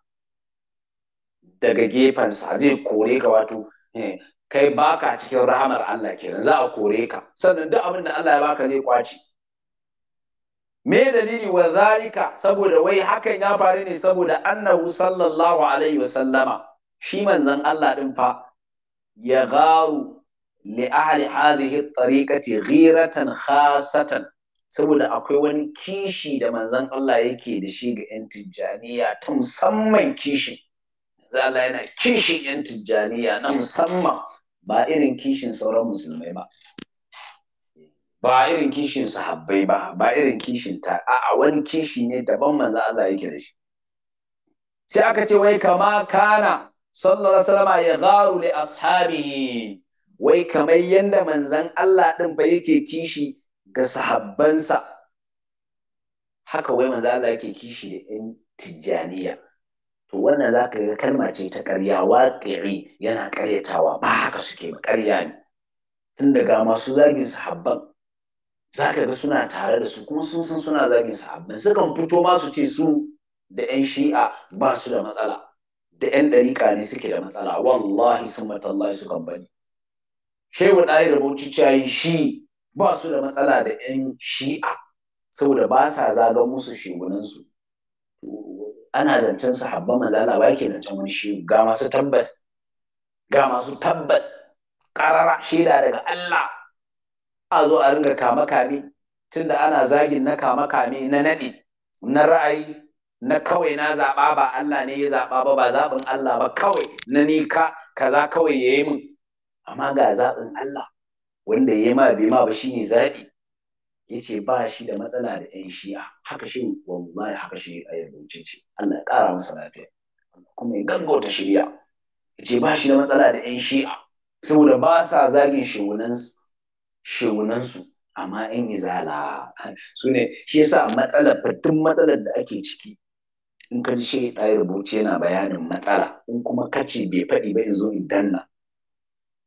daga gefensa zai kore ka wato eh, kai baka cikin rahamar Allah kenan za a kore ka sannan duk abin da Allah ya baka zai kwaci me dalili wa zalika saboda wai hakan ya faru ne saboda annahu sallallahu alaihi wasallama shi manzon Allah din fa ya garu li ahli hadhihi tariqati ghiratan khasatan saboda akwai wani kishi da manzon Allah yake da shi ga yan tijjaniya ta musamman kishi Allah yana kishin yan tijjaniya na musamman ba irin kishin sauran musulmai ba ba irin kishin sahabbai ba ba irin kishin ta a wani kishi ne daban manzo Allah yake da shi sai aka ce wai kama kana sallallahu alaihi wasallam ya gharu li ashabihi wai kamar yanda manzan Allah din ba yake kishi ga sahabbansa haka wai manzo Allah yake kishi da yan tijaniya to wannan za ka ga kalma ce ta ƙarya waƙi'i yana ƙaryatawa ba haka suke ba ƙarya ne tun daga masu zagin sahabban za ka ga suna tare da su kuma sun san suna zagin sahabban sukan fito ma su ce su da 'yan shi'a ba su da matsala da 'yan ɗariƙa ne suke da matsala wallahi sun matallahi su kan bani shehu ɗaya da bauchi shi ba su da matsala da 'yan shi'a saboda ba sa zagan musu shegunansu ana zancen manzo Allah ba yake zancen wani shi ga masu tabbas ga masu tabbas karara shaida daga Allah a zo a ringa kama kame tunda ana zagin na kama kame na naɗi na ra'ayi na kawai na zaɓa ba Allah ne ya zaɓa ba ba zaɓin Allah ba kawai na ni ka kaza kawai yayi yi min amma ga zaɓin Allah wanda yayi ma bai ma ba shine zaɓi yace ba shi da matsala da yan shi'a haka shi wallahi haka shi a yanzu ce Allah ya ƙara masa lafiya kuma ya gaggauta shirya yace ba shi da matsala da yan shi'a saboda ba sa zagin shewunan su amma yan izala su ne shi yasa matsalar fattun matsalar da ake ciki in ka ji shi ɗaya rubuce yana bayanin matsala in kuma kace bai faɗi ba in zo in danna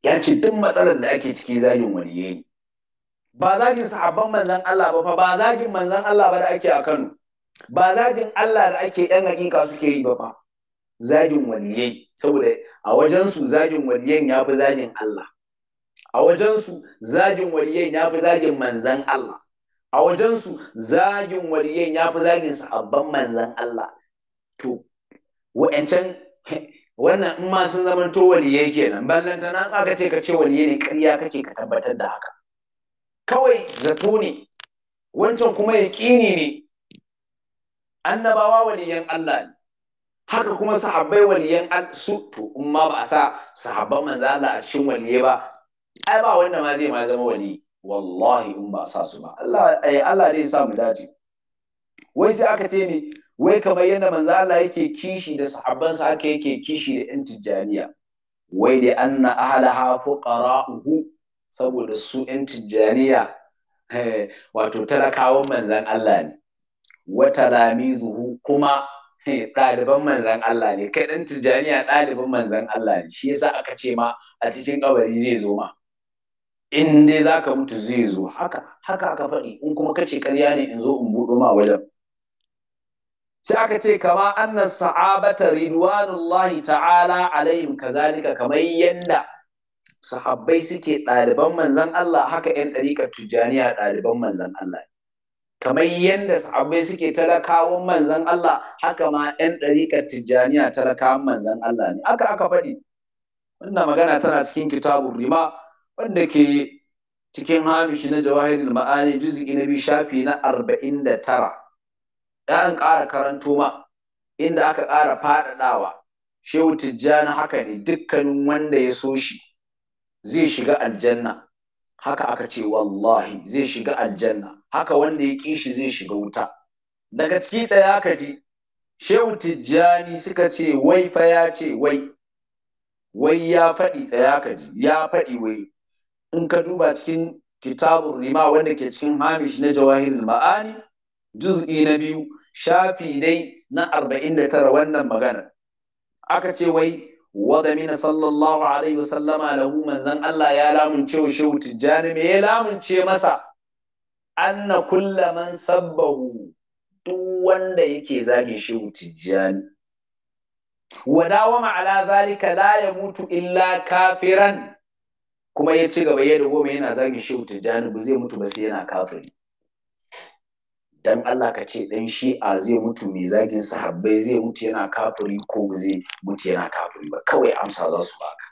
ya ce duk matsalar da ake ciki zagin wani yayi ba zagin sahabban manzan Allah ba fa ba zagin manzan Allah ba da ake a Kano ba zagin Allah da ake yan hakika suke yi ba fa zagin waliyai saboda a wajen su zagin waliyai ya fi zagin Allah a wajen su zagin waliyai ya fi zagin manzan Allah a wajen su zagin waliyai ya fi zagin sahabban manzan Allah to wa'ancan wannan in ma sun zama to waliyai kenan ballantana aka ce ka ce waliyai ne ƙarya kake ka tabbatar da haka kawai zato ne wancan kuma yaƙini ne annabawa waliyan Allah ne haka kuma sahabbai waliyan su to in ma ba a sa sahabban manzo Allah a cikin waliye ba ai ba wanda ma zai ma zama wali wallahi in ba sa su ba Allah ai eh, Allah zai sa mu dace wai sai aka ce ni wai kamar yadda manzo Allah yake kishi da sahabbansa haka yake kishi da yan tijjaniya wai da anna ahlaha fuqara'uhu saboda su 'yan tijjaniya eh, wato talakawan manzan Allah ne wata lamizuhu kuma eh, ɗaliban manzan Allah ne kai ɗan tijjaniya ɗaliban manzan Allah ne shi yasa aka ce ma a cikin ƙawari zai zo ma in dai za ka mutu zai zo haka haka aka faɗi in kuma ka ce ƙarya ne in zo in buɗo ma wajen sai aka ce kama annas sa'abata ridwanullahi ta'ala alaihim kazalika kamar yadda sahabbai suke ɗaliban manzan Allah haka ‘yan ɗariƙar tijjaniya ɗaliban manzan Allah kamar yadda sahabbai suke talakawan manzan Allah haka ma ‘yan ɗariƙar tijjaniya talakawan manzan Allah ne aka aka faɗi wannan magana tana cikin kitabun rima wanda ke cikin hamishi na jawahirin ma'ani juz'i na biyu shafi na arba'in da tara ɗan ƙara karanto ma inda aka ƙara faɗaɗawa shehu tijjani haka ne dukkanin wanda ya so shi zai shiga aljanna haka aka ce wallahi zai shiga aljanna haka wanda ya ki shi zai shiga wuta daga ciki tsaya ka ji shehu tijjani suka ce wai fa ya ce wai wai ya faɗi tsaya ka ji ya faɗi wai in ka duba cikin kitabun rima wanda ke cikin hamish na jawahirin ma'ani juz'i na biyu shafi dai na arba'in da tara wannan magana aka ce wai wadamina sallallahu alaihi wasallama lahu manzan Allah ya lamunce wa shehu tijjani me ya lamunce masa anna kulla man sabbahu duk wanda yake zage shehu tijjani wadawama ala zalika la yamutu illa kafiran kuma ya ci gaba yadda da goma yana zagin shehu tijjani ba zai mutu ba sai yana kafiri dan Allah ka ce dan shi'a zai mutu mai zagin sahabbai zai mutu yana kafiri ko zai mutu yana kafiri ba kawai amsa za su baka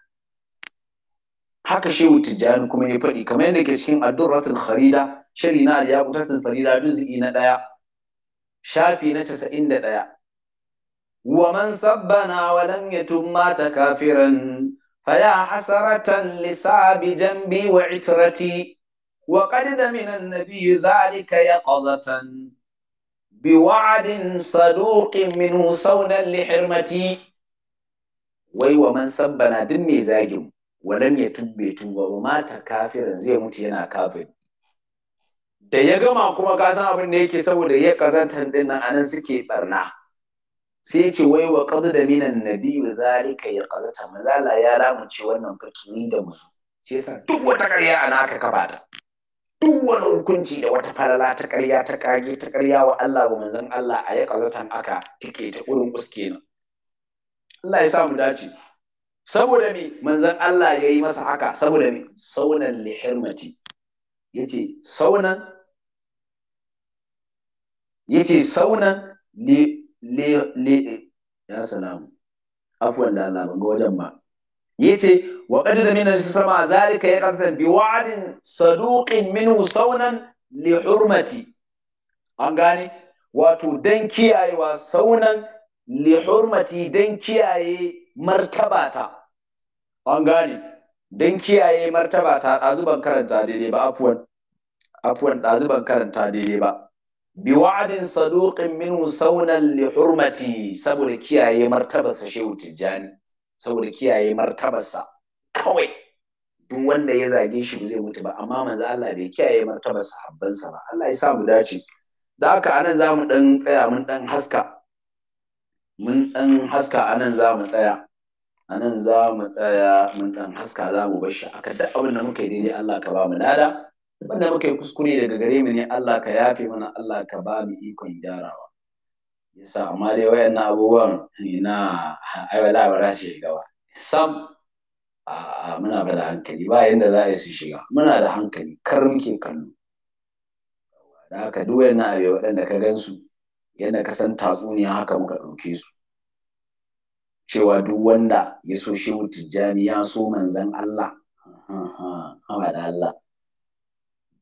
haka shehu tijjani kuma ya faɗi kamar yadda ke cikin addurratul kharida shari na ya butatul farida juz'i na ɗaya shafi na casa'in da ɗaya wa man sabbana wa lam yatum mata kafiran faya hasaratan lisabi jambi wa itrati وقد من النبي ذلك يقظة بوعد صدوق منه صونا لحرمتي wai wa man sabbana duk mai zagin walam ya tubbe tuba wa mata zai mutu yana kafin da ya gama kuma ka san abin da yake saboda ya kazanta din nan anan suke barna sai ce wai wa qad da minan nabiyyu zalika ya qazata mazala ya ce wannan fakiri da musu shi yasa duk wata ƙarya ana ka kabata duk wani hukunci da wata falala ta ƙarya ta ƙage ta ƙarya wa Allah wa manzon Allah a yaƙa zatan aka take ta uske na. Allah ya samu dace saboda me manzon Allah ya yi masa haka saboda me saunan lihirmati yace saunan yace saunan li li ya salamu afwan da Allah ban ga wajen ba yace wa qad lamina sama zalika ya kasan bi wa'din saduqin minhu saunan li hurmati an gane wato dan wa saunan li hurmati dan kiyaye martabata an gane dan kiyaye martabata ban karanta daidai ba afwan afwan dazuban karanta daidai ba bi wa'din saduqin minhu saunan li hurmati saboda kiyaye martabarsa shehu tijjani saboda kiyaye martabarsa kawai duk wanda ya zage shi ba zai mutu ba amma manzo Allah bai kiyaye martabarsa habbansa ba Allah ya sa mu dace da haka anan za mu dan tsaya mun dan haska mun dan haska anan za mu tsaya anan za mu tsaya mun dan haska za mu bar shi aka da abin da muka yi daidai Allah ka ba mu lada wanda muka yi kuskure daga gare mu ne Allah ka yafe mana Allah ka ba mu ikon gyarawa yasa amma dai wayannan abubuwan na aiwala ba za su shiga ba sam muna ba da hankali ba yadda za a su shiga muna da hankali kar muke kallo da haka duk wayannan abu waɗanda ka gansu yadda ka san tatsuniya haka muka ɗauke su cewa duk wanda ya so shehu tijjani ya so manzan Allah haba da Allah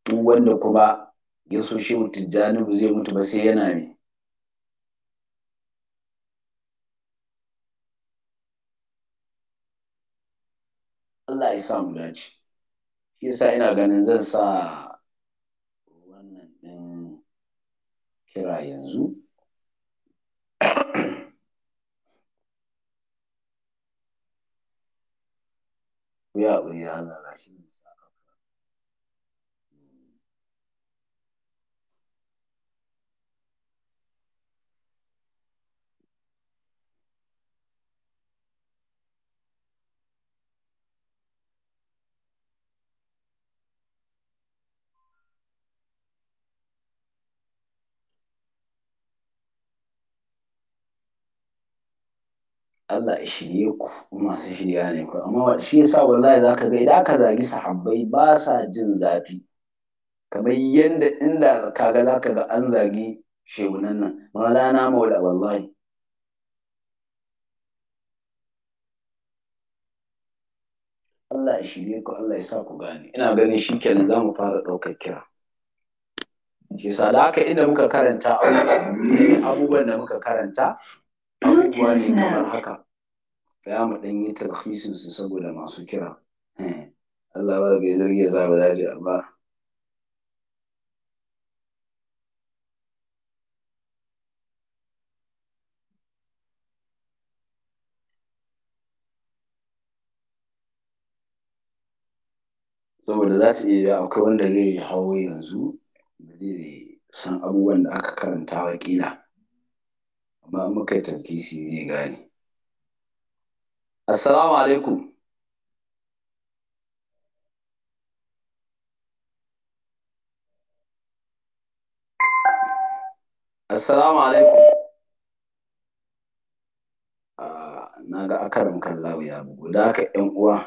duk wanda kuma ya so shehu tijjani ba zai mutu ba sai yana mai Allah ya sa mu dace shi yasa ina ganin zan sa wannan ɗin kira yanzu ya ya lalace Allah ya shirye ku masu shirya ne ku amma shi yasa wallahi zaka ga idan aka zagi sahabbai ba sa jin zafi kamar yadda inda kaga zaka ga an zagi shehunan nan maulana maula wallahi Allah ya shirye ku Allah ya sa ku gane ina ganin shikenan za mu fara ɗaukar kira shi yasa da haka inda muka karanta abubuwan da muka karanta abubuwa ne kamar haka za mu ɗan yi tarhisu su saboda masu kira eh, Allah ba bai zargi za mu daji ba saboda za su iya akwai wanda zai hau yanzu da zai san abubuwan da aka karanta wa kila amma muka yi talkisi zai gane assalamu alaikum assalamu alaikum ah, na ga akarin kallawa ya bugu da aka yan uwa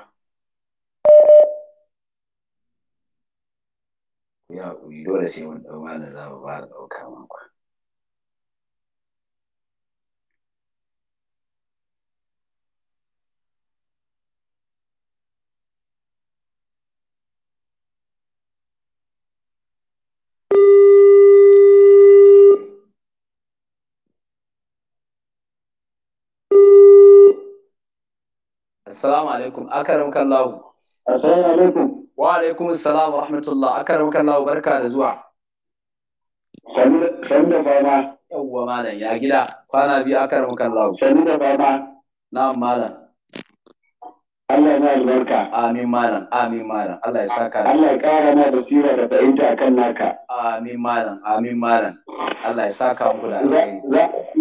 ya dole sai mun ɗauka malam za mu ba da ɗauka makon Assalamu alaikum. A kan lahu? Assalamu alaikum. Wa alaikum assalam wa rahmatullah. Akaram kallahu barka da zuwa. Sani da fama. Yawwa malam ya gida. Kwana biyu a kan lahu. Sani da fama. Na malam. Allah ya albarka. Amin malam, amin malam. Allah ya saka. Allah ya kara na da basira da fahimta akan naka. Amin malam, amin malam. Allah ya saka muku da alheri.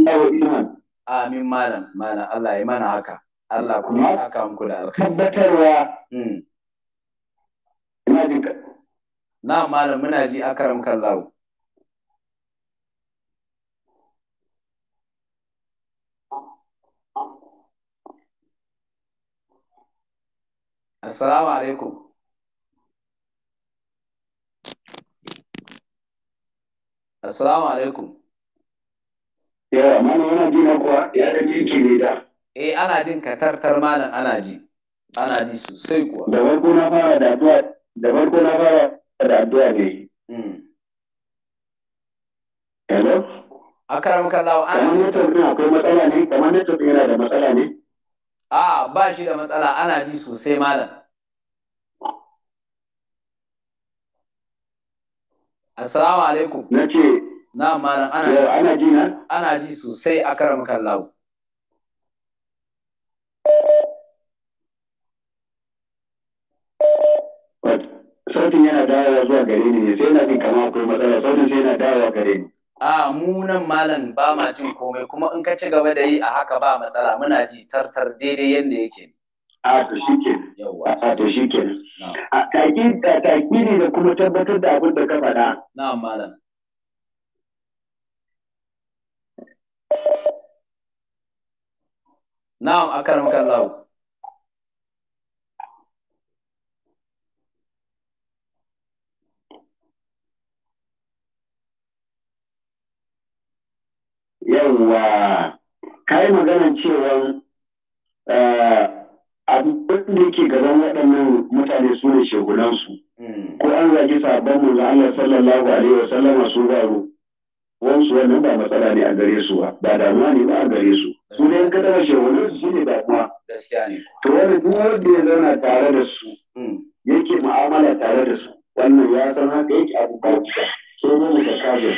Za ku iman. Amin malam, malam Allah ya yi mana haka. Allah kuma ya saka muku da alkhairi tabbatarwa hmm. ina jin ka na malam muna ji akaram kallahu Assalamu alaikum. Assalamu alaikum. Ya, mana yana jina kuwa ya da jinki ne da. eh ana jin ka tartar malam ana ji ana ji sosai kuwa da farko na fara da addu'a da farko na fara da addu'a ne hmm. hello akaram kallahu an kamar network din akwai matsala ne kamar ne to yana da matsala ne a ba shi da matsala ana ji sosai malam assalamu alaikum ce. na malam ana ji ana ji sosai akaram kallahu Mutum yana dawowa zuwa gare ni ne sai yana jin kama akwai matsala sautin sai yana dawowa gare ni a mu nan malam ba ma jin komai kuma in ka ci gaba da yi a haka ba matsala muna ji tartar daidai yadda yake a to shi yawa a to shikenan a taki ne da kuma tabbatar da abin da ka faɗa Na malam na'am akan mukan yawwa kai maganan cewa eh, abin da yake gaban waɗannan mutane su ne shegunansu hmm. ko an zagi sabon mu na Allah sallallahu alaihi wa sallama su baro wansu wannan ba matsala ne a gare su ba ba damuwa ne ba a gare su su ne ka taba shegunansu su ne damuwa to wani duk wanda ya zauna tare da su hmm. yake mu'amala tare da su wannan ya san haka yake abu ba sai mu da kajin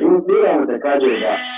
in dai ba ta kajin ba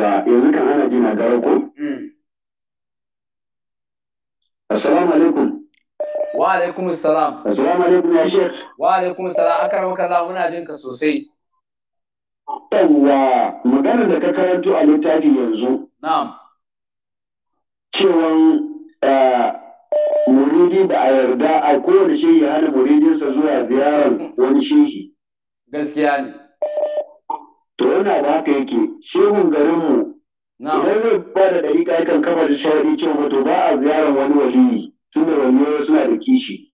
Yawwa yanzu kan ana jina na gara ko? Hmm. Assalamu alaikum. Wa alaikum salam. Assalamu alaikum ya shek. Wa alaikum salam akar makalla muna jin ka sosai. Yawwa magana da ka karanto a littafi yanzu. Na'am. Cewan eh, muridi ba a yarda a kowane shehi hana muridinsa zuwa ziyarar wani shehi. Gaskiya ne. to yana da haka yake shehun garinmu idan zai ba da ɗari kan kafa da shari'a cewa to ba a ziyarar wani waliyi tun da waliyoyi suna da kishi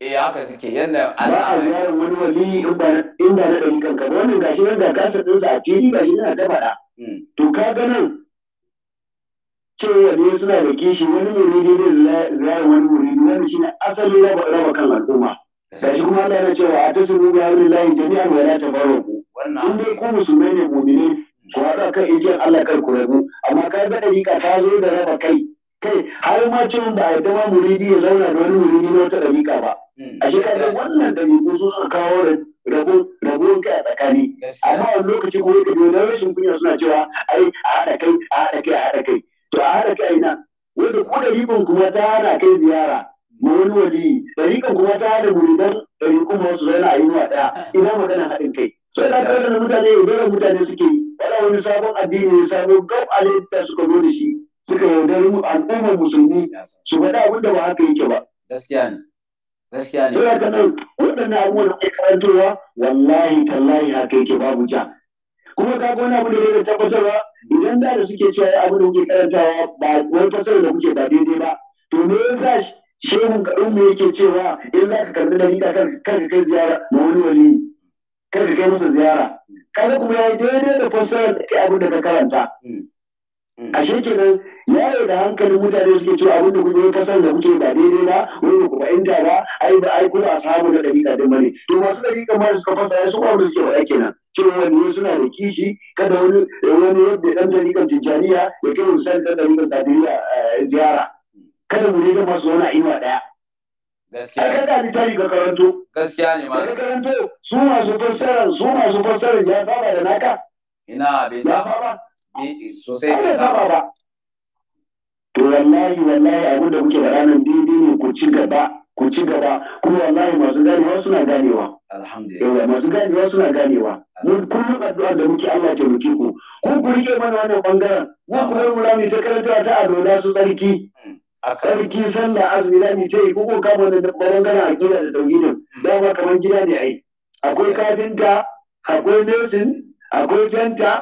eh haka suke yanda ba a ziyarar wani waliyi in ba inda na ɗari kan kafa wannan gashi nan da ɗin ɗinsa a fili gashi yana ta faɗa hmm. to ka ganin ce cewa ne suna da kishi wani ne zai ziyarar wani ne wani shi ne asali raba kan al'umma gashi kuma ana cewa a tasiru bi hawlillahi jami'an wa la tafarraqu Wannan. in dai ku musulmai ne mu'mini ku haɗa kan igiyar Allah kar ku rabu amma ka ga ɗariƙa ta zo da raba kai kai har ma cewa ba a dama muridi ya zauna da wani muridi na wata ɗariƙa ba a shi kaga wannan ɗariƙu sun suka kawo rabuwar kai a tsakani amma wani lokaci ko yake biyo na rashin kunya suna cewa ai a haɗa kai a haɗa kai a haɗa kai to a haɗa kai na wanda ko ɗariƙun kuma ta hana kai ziyara ma wani waliyi ɗariƙan kuma ta hana muridan ɗariƙun ma su zauna a yi wa ɗaya ina maganar haɗin kai suna karanta da mutane yaudarar mutane suke yi wani sabon addini ne sabon gab halitta suka zo da shi suka yaudari al'ummar musulmi su faɗi abin da ba haka yake ba gaskiya ne gaskiya ne yana kanan waɗannan abubuwan da ake karantowa wallahi tallahi haka yake babu ja kuma ka wani abu da zai tabbatarwa idan da da suke cewa abu da kuke karantawa ba wani fasara da kuke ba daidai ba to me yasa shehun kaɗan mu yake cewa in za ka karɓi dalila kan ka kai ziyara ma wani wali kar ka kai musu ziyara kaga kuma yayi daidai da fassarar da kai abin da ka karanta mm. mm. ashe kenan yaye da hankalin mutane suke cewa abin da kuke kasar da kuke ba daidai ba wani ku ba inda ba ai da ai kuma ashabu da dabi'a din bane to masu dariƙa ma suka fasa ya su ba suke ake nan. cewa wani ne suna da kishi kada wani wani yadda dan dariƙan tijjaniya ya kai misali dan dariƙan tijjaniya eh, ziyara kada mu ne da masu wani a inuwa ɗaya gaskiya ne da littafi ka karanto gaskiya ne ma ka karanto su masu fassara su masu fassara ya saba da naka ina bai saba ba sosai bai saba ba to wallahi wallahi abin da muke da ranar daidai ne ku ci gaba ku ci gaba kuma wallahi masu ganewa suna ganewa alhamdulillah masu ganewa suna ganewa mun kullum addu'a da muke Allah ya taimake ku ku ku rike mana wannan bangaren mu ku mu rami ta karanta ta adola su tsarki hmm. a sallah azumi za mu yi ko kama da a aqida da tauhidin hmm. dama kamar gida ne ai akwai kafinta akwai mesin akwai fenta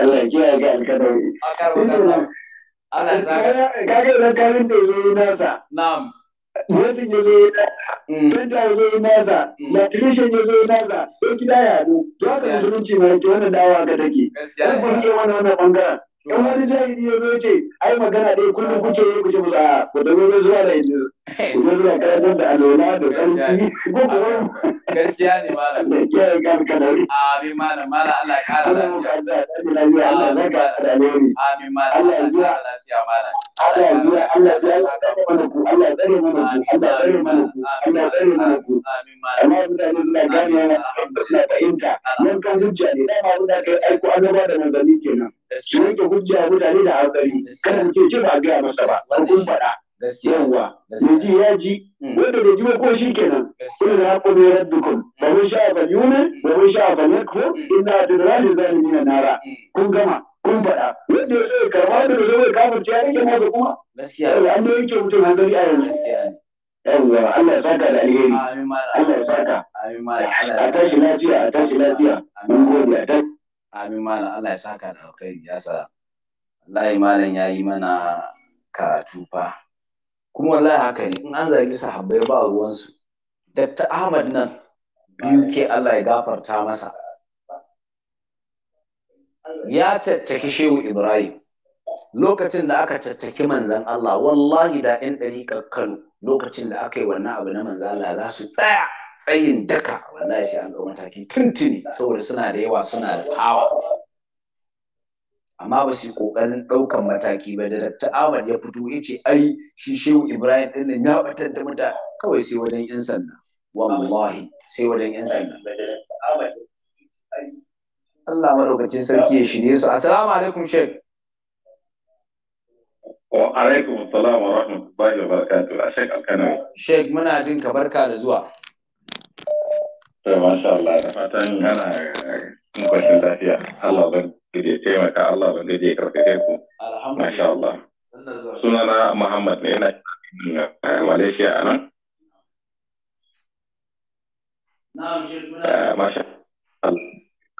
Allah ya kiyaye ga alkadari (laughs) Allah ya saka kaga da kafinta yayi nasa na'am Wetin ya zo yana, canja ya zo yana za, matrition ya zo yana za, sai gida ya haɗu. To haka musulunci mai yake wannan dawa ga take. Gaskiya. Kun ke wannan wannan ɓangaren. In wani jahili ya zo ce, ai magana ɗaya kullum kuke yi kuce musu a ku zama zuwa da yanzu. Ku zama zuwa kayan da alola da ƙarfi. (laughs) Ko kuma gaskiya ne malam amin malam malam Allah ya kara lafiya amin malam amin malam Allah ya kara lafiya malam Allah ya kara Allah Allah ya tsare mana ku amin malam amma mutane suna gane suna fahimta nan kan hujja ne dama muna kai aiko annaba da manzanni kenan su yake hujja mutane da hankali kada mu ce ba ga masa ba kun faɗa yawa ya ji ya ji hmm. wanda da ji ko shi kenan ina da haƙo ne rabbikum hmm. da mun sha ban yuna da mun sha ban yakfur hmm. inna adrani zalimina nara kun gama kun faɗa wanda ya zo karma da zo ya kafirce ya rike masa kuma gaskiya an yi yanke mutum hankali a yanzu gaskiya yawwa Allah ya saka da alheri Allah ya saka a tashi lafiya a tashi lafiya mun gode a tashi amin malam Allah ya saka da alkhairi ya sa wallahi malam ya yi mana karatu fa kuma wallahi haka ne in an zargi sahabbai ba ruwansu Dr. Ahmad nan biyu ke Allah ya gafarta masa ya tattaki Shehu Ibrahim lokacin da aka tattaki manzan Allah wallahi da ɗan ɗari Kano lokacin da aka yi wannan abu na manzan Allah za su tsaya tsayin daka wallahi sai an ɗau mataki tuntuni saboda suna da yawa suna da hawa amma ba su kokarin ɗaukan mataki ba da Dr. Ahmad ya fito ya ce ai shi Shehu Ibrahim din nan ya batar da mutane kawai sai wajen yan sanda wallahi sai wajen yan sanda Allah madaukakin sarki ya shirye su assalamu alaikum Sheikh wa alaikum assalam wa rahmatullahi wa barakatuh Sheikh Alkanawi Sheikh muna jin ka barka da zuwa To masha Allah da fatan mm. ana cikin kwashin lafiya. Allah ban gaje taimaka Allah ban gaje karfafe ku. Masha Allah. Sunana Muhammad ne yana uh, Malaysia a nan. Uh, masha Allah.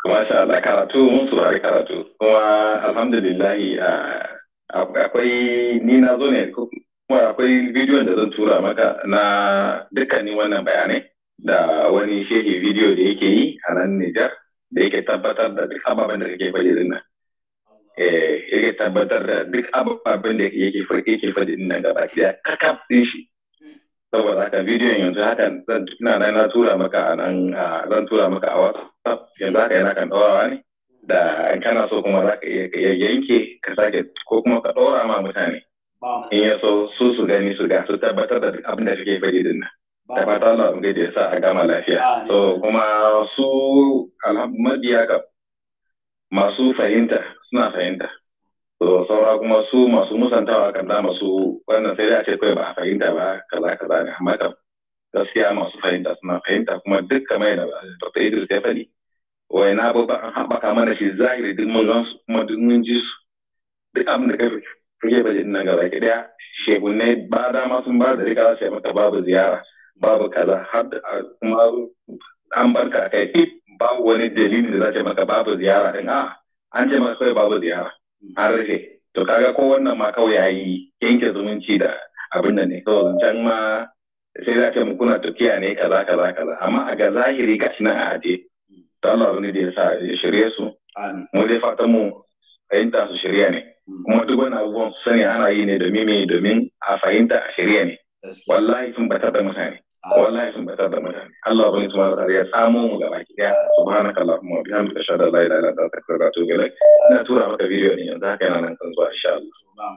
Masha Allah karatu mun saurari karatu kuma alhamdulillah uh, akwai ni na zo ne kuma akwai bidiyon da zan tura maka na dukkanin wannan bayanai. da wani shehi bidiyo da yake yi a nan Nijar da yake tabbatar da duk ababen da yake faɗi din nan. Eh, yake tabbatar da duk ababen da yake yake faɗi din nan baki da kakaf din shi. Saboda haka bidiyon yanzu haka zan tuna na na tura maka a nan zan tura maka a WhatsApp yanzu haka yana kan ɗorawa ne. Da kana so kuma za ka iya yanke ka sake ko kuma ka ɗora ma mutane. In ya so su su gani su ga su tabbatar da duk abin da kake faɗi din nan. da fata Allah kun gaida sa a gama lafiya so kuma su mabiya ga masu fahimta suna fahimta so saura kuma su masu musantawa kan da masu wannan sai dai a ce kai ba fahimta ba kaza kaza ne amma kam gaskiya masu fahimta suna fahimta kuma duk kamar ba. Eh, ta Idris ya faɗi wai na ba an haɓaka mana shi zahiri duk mun gan su kuma duk mun ji su duk abin da kai fiye ba jin nan gaba ki daya shebunne ba dama sun ba da rika sai maka babu ziyara babu kaza har kuma an barka a kai babu wani dalilin da za ce maka babu ziyara din a an ce maka kawai babu ziyara an rufe to kaga ko wannan ma kawai yayi yanke zumunci da abin da ne to can ma sai za ce mu kuna tafiya ne kaza kaza kaza amma a ga zahiri gashi nan a aje to Allah ne da ya sa ya shirye su mu dai fatan mu fahimta su shirya ne hmm. kuma duk wani abubuwan su sani ana yi ne domin me domin a fahimta a shirya ne wallahi sun batar da mutane wallahi sun batar da mutane Allah bani tuma da ya samu mu gaba ki daya subhanaka allahumma bihamdika ashhadu an la ilaha illa anta astaghfiruka wa atubu ilaik na tura maka video ne yanzu haka yana nan kan zuwa insha Allah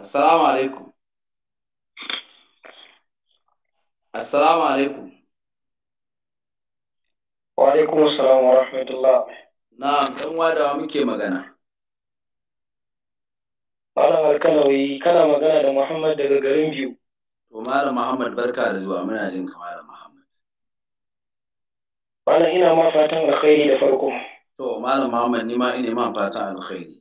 Assalamu alaikum Assalamu alaikum Wa alaikum assalam wa rahmatullah Na'am dan wadawa muke magana Malam Alkanawi kana magana da Muhammad daga garin biyu. To Malam Muhammad barka da zuwa muna jin ka Malam Muhammad. Malam ina ma fatan alkhairi da farko. To Malam Muhammad ni ma ina ma fatan alkhairi.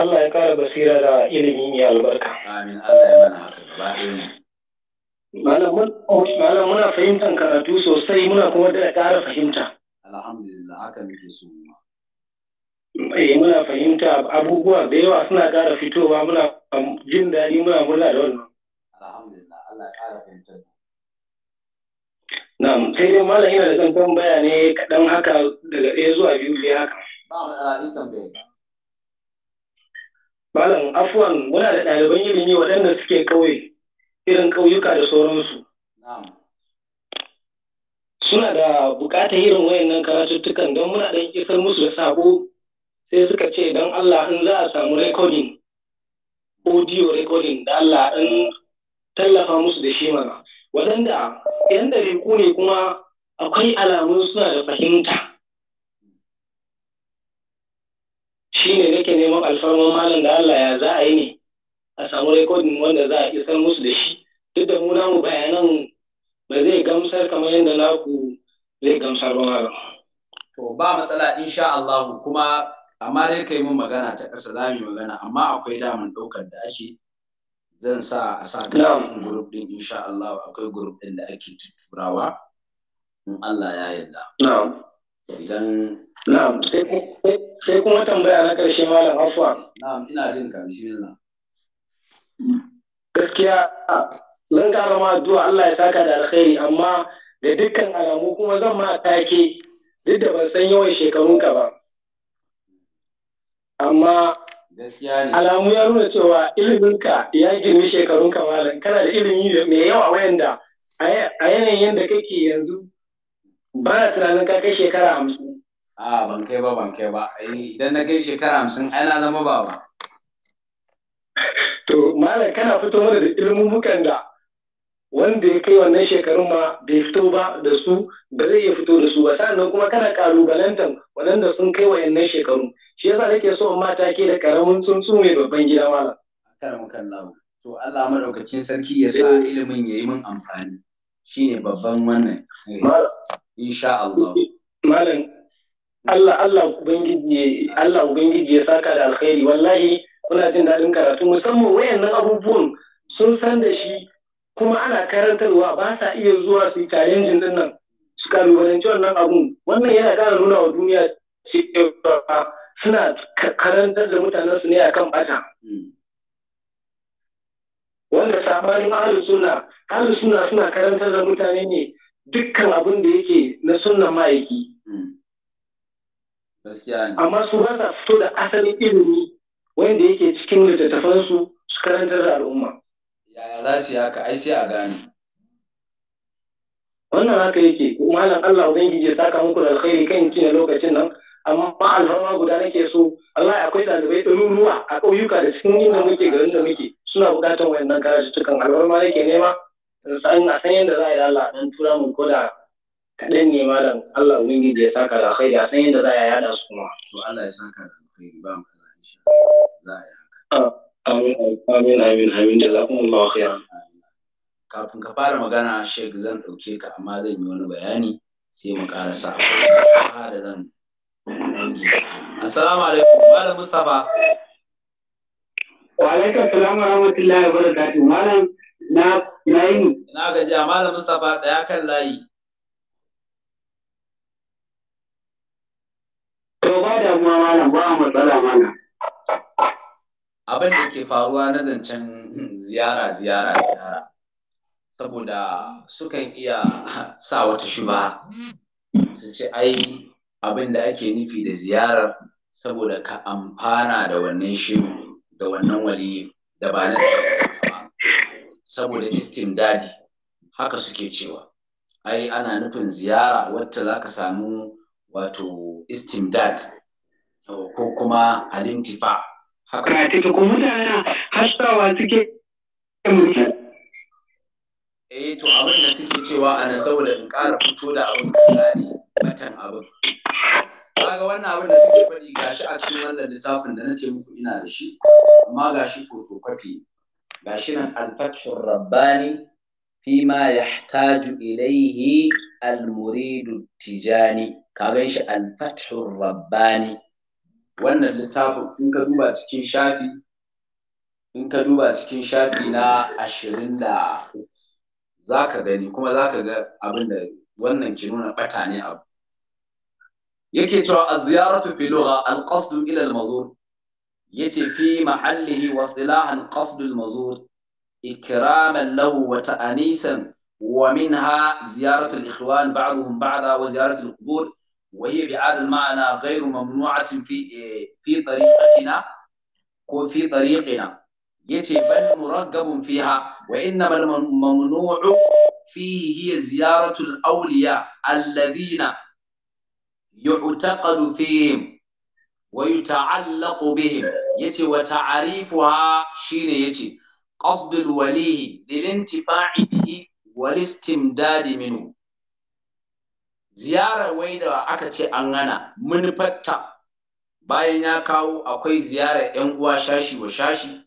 Allah ya kara basira da ilimi mai albarka. Amin Allah ya mana haka gaba ɗaya. Malam muna fahimtar karatu sosai muna kuma da ƙara fahimta. Alhamdulillah haka muke so. eh muna fahimta abubuwa da yawa suna ƙara fitowa muna um, jin daɗi muna murna da wannan alhamdulillah Allah ya ƙara fahimtar na'am sai dai malam ina da kan baya ne kaɗan haka daga ɗaya zuwa biyu ne haka malam afwan muna da ɗaliban ilimi waɗanda suke ƙauye irin ƙauyuka da sauransu suna da buƙatar irin wayannan karatuttukan don muna da isar musu da sabo sai suka ce don Allah in za a samu recording audio recording da Allah in tallafa musu da shi mana waɗanda yan ɗariku ne kuma akwai alamun suna da fahimta shi ne nake neman alfarmar malam da Allah ya za a yi ne a samu rekodin wanda za a isar musu da shi duk da mu namu bayanan ba zai gamsar kamar yadda naku zai gamsar ba malam. ba matsala insha Allah kuma amma dai kai mun magana ta ƙasa za mu yi magana amma akwai daman ɗaukar da ake zan sa a sa cikin group din insha Allah akwai group din da ake turawa in Allah ya yarda na'am idan na'am sai kuma tambaya na ƙarshe malam afwa na'am ina jin ka bismillah gaskiya zan ƙara ma addu'a Allah ya saka da alkhairi amma da dukkan alamu kuma zan ma take duk da ban san yawan shekarunka ba amma alamu ya nuna cewa iliminka ya girmi shekarun malam kana da ilimi mai yawa wayanda a yanayin yadda kake yanzu ba na tunanin ka kai shekara hamsin a ban kai ba ban kai ba idan na kai shekara hamsin ana zama ba ba (laughs) to malam kana fito mana da ilimin da wanda ya kai wannan shekarun ma bai fito ba da su ba zai iya fito da su ba sannan kuma kana kalubalantan waɗanda sun kai yannan shekarun shi yasa nake so in mata ke da karamin tsuntsu mai babban gida malam karamin kallahu to Allah madaukakin sarki ya sa eh. ilimin ya yi min amfani shine babban wannan eh. insha Allah malam Allah Allah ubangiji Allah ubangiji ya saka da alkhairi wallahi kuna jin daɗin karatu musamman wayannan abubuwan sun san da shi kuma ana karantarwa ba sa iya zuwa su yi challenging din nan su kalubalanci wannan abun wannan yana ƙara nuna wa duniya cewa suna karantar da mutanen su ne akan bata hmm. wanda sabanin ahlus sunna ahlus sunna suna karantar da mutane ne dukkan abin da yake na sunnan ma'aiki hmm. amma su ba sa fito da asalin ilimi wanda yake cikin littattafansu su karantar da al'umma yaya za su yi haka ai sai a gane wannan haka yake malam Allah ubangiji ya saka muku da alkhairi kan cinye lokacin nan amma alhawa guda nake so Allah akwai dalibai ɗaruruwa a ƙauyuka da cikin inda muke garin da muke suna buƙatar wayannan karatutukan alfarma yake nema san a san yadda za a yi Allah dan tura mu ko da kaɗan ne malam Allah yi ya saka da alkhairi a san yadda za a yada su kuma to Allah ya saka da alkhairi ba mu za a yi haka ah. Amin, amin, amin, amin, jazakumullahu khairan. Kafin ka fara magana, Sheikh zan ɗauke ka amma zan yi wani bayani sai mu ƙarasa a da zan Assalamu alaikum, Malam Mustapha. Wa alaikum salam wa rahmatullahi wa barakatuh. Malam na na yi Na gajiya Malam Mustapha tsaya kan layi. To ba damuwa Malam ba matsala mana. abin da ke faruwa na zancen ziyara ziyara ziyara saboda sukan iya sa wata shuba su ce ai abin da ake nufi da ziyarar saboda ka amfana da wannan shehu da wannan wali da ba na saboda istin dadi, haka suke cewa ai ana nufin ziyara wacce za ka samu wato dad ko kuma alintifa haka take ko mutanen haskawa suke mutu eh to abin da suke cewa ana saboda in ƙara fito da abin da gane matan abin kaga wannan abin da suke faɗi gashi a cikin wannan littafin da na ce muku ina da shi amma gashi photocopy gashi nan al-fathur rabbani fi ma yahtaju ilayhi al-murid tijani kaga shi al-fathur rabbani wannan littafin in ka duba cikin shafi in ka duba cikin shafi na ashirin da za ka gani kuma za ka ga abin da wannan ke nuna ɓata ne abu yake cewa a ziyaratu fi lugha al-qasdu ila al-mazur yace fi mahallihi wa istilahan qasdu al-mazur ikraman lahu wa ta'anisan wa minha ziyaratu al-ikhwan ba'dhum ba'da wa ziyaratu al-qubur وهي بهذا المعنى غير ممنوعة في في طريقتنا وفي طريقنا يتي بل مرغب فيها وإنما الممنوع فيه هي زيارة الأولياء الذين يعتقد فيهم ويتعلق بهم يتي وتعريفها شين يتي قصد الولي للانتفاع به والاستمداد منه ziyarar wai da aka ce an hana manufarta bayan ya kawo akwai ziyarar yan uwa shashi wa shashi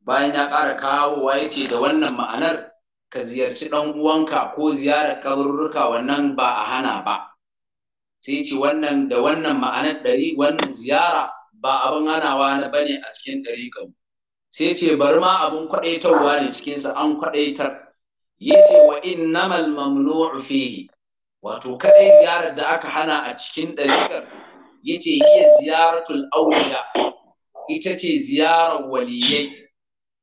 bayan ya ƙara kawowa ya ce da wannan ma'anar ka ziyarci ɗan uwanka ko ziyarar kaburruka wannan ba a hana ba sai ce wannan da wannan ma'anar ɗari wannan ziyara ba abin hanawa na bane a cikin ɗari kan sai ce bari ma abin kwaɗaitarwa ne cikinsa an kwaɗaitar ya ce wa innamal mamnu'u fihi wato kadai ziyarar da aka hana a cikin ɗariƙar yace hiya ziyaratul awliya ita ce ziyarar waliyai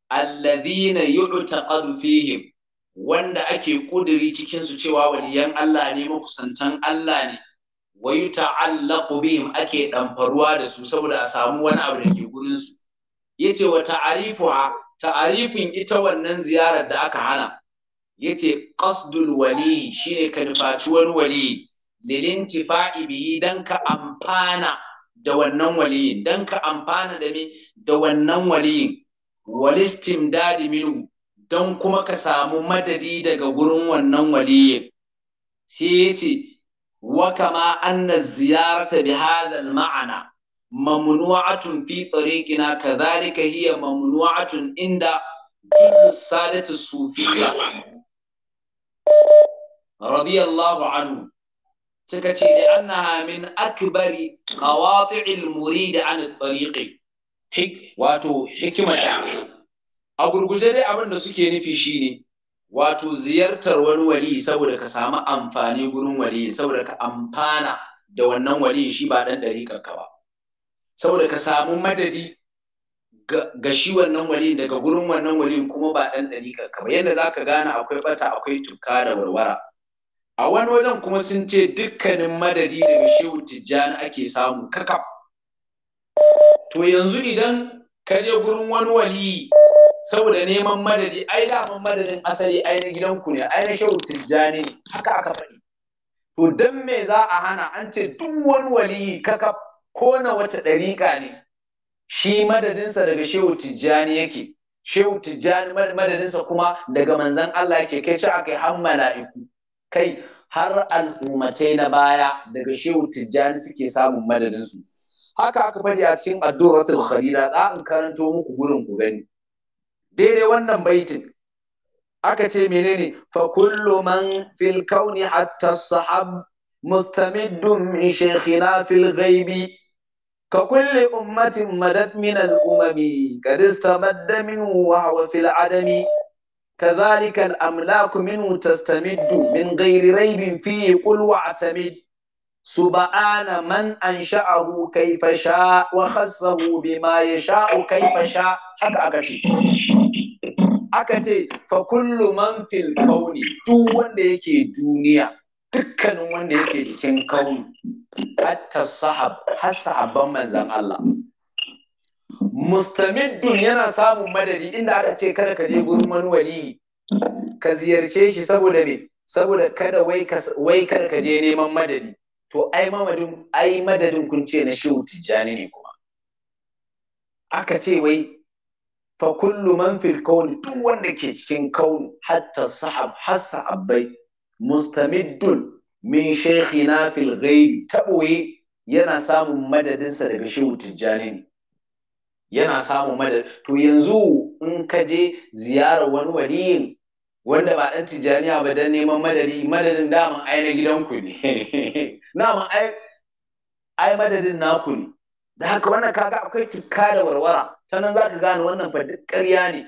alladhina yu'taqadu fihim wanda ake kuduri cikin su cewa waliyan Allah ne makusantan Allah ne wa yuta'allaqu bihim ake ɗamfaruwa da su saboda a samu wani abu da ke gurin su yace wa ta'arifuha ta'arifin ita wannan ziyarar da aka hana yace qasdul wali shine ka nufaci wani wali lilintifa'i bi dan ka amfana da wannan wali dan ka amfana da ni da wannan waliyin walistimdadi minhu dan kuma ka samu madadi daga gurin wannan wali sai yace wa kama anna ziyarata bi hadha al ma'ana mamnu'atun fi tariqina kadhalika hiya mamnu'atun inda kullu sadatu sufiyya radiyallahu anhu suka ce da annaha min akbari qawati'il da an tariqi wato hikimata a gurguje dai abinda suke nufi shine wato ziyartar wani wali saboda ka samu amfani gurin wali saboda ka amfana da wannan wali shi ba ɗan ɗari ka ba saboda ka samu madadi ga shi wannan wali daga gurin wannan wali kuma ba ɗan ɗari ka ba yadda za ka gane akwai bata akwai tuka da warwara a wani wajen kuma sun ce dukkanin madadi daga shehu tijjani ake samu kakaf to yanzu idan ka je gurin wani wali saboda neman madadi ai daman madadin asali ai na gidanku ne ai na shehu tijjani ne haka aka faɗi to dan me za a hana an ce duk wani wali kakaf ko na wata ɗariƙa ne shi madadinsa daga shehu tijjani yake shehu tijjani madadinsa kuma daga manzan Allah ke kai shi akai har mala'iku kai har al'ummatai na baya daga shehu tijjani suke samun madadinsu haka aka faɗi a cikin addu'ratul khalila za in karanto muku gurin ku gani daidai wannan baitin aka ce menene fa kullu man fil kauni hatta sahab mustamiddun min shaykhina fil ghaibi ka kulli ummatin madad min al umami qad istamadda min wa huwa fil adami كذلك الأملاك منه تستمد من غير ريب فيه قل واعتمد سبحان من أنشأه كيف شاء وخصه بما يشاء كيف شاء حق أكشي أكتي فكل من في الكون دو وند يكي دنيا dukkanin wanda yake cikin kauni hatta sahab har sahabban manzon Allah mustamiddun yana samun madadi inda aka ce kada ka je gurin wani waliyi ka ziyarce shi saboda me saboda kada wai kada ka je neman madadi to ai mamadin ai madadin kun ce na shehu tijjani ne kuma aka ce wai fa kullu man fil kauni duk wanda ke cikin kauni hatta sahab har sahabbai mustamiddun min shaykhina fil ghaibi taboye yana samun madadinsa daga shehu tijjani ne yana samun madad to yanzu in ka je ziyarar wani waliyin wanda ba ɗan tijaniya ba don neman madadi madadin daman ai na gidanku ne naman (laughs) ai ai madadin naku ne da haka wannan kaga akwai tukka da warwara ta nan zaka gane wannan ba duk ƙarya ne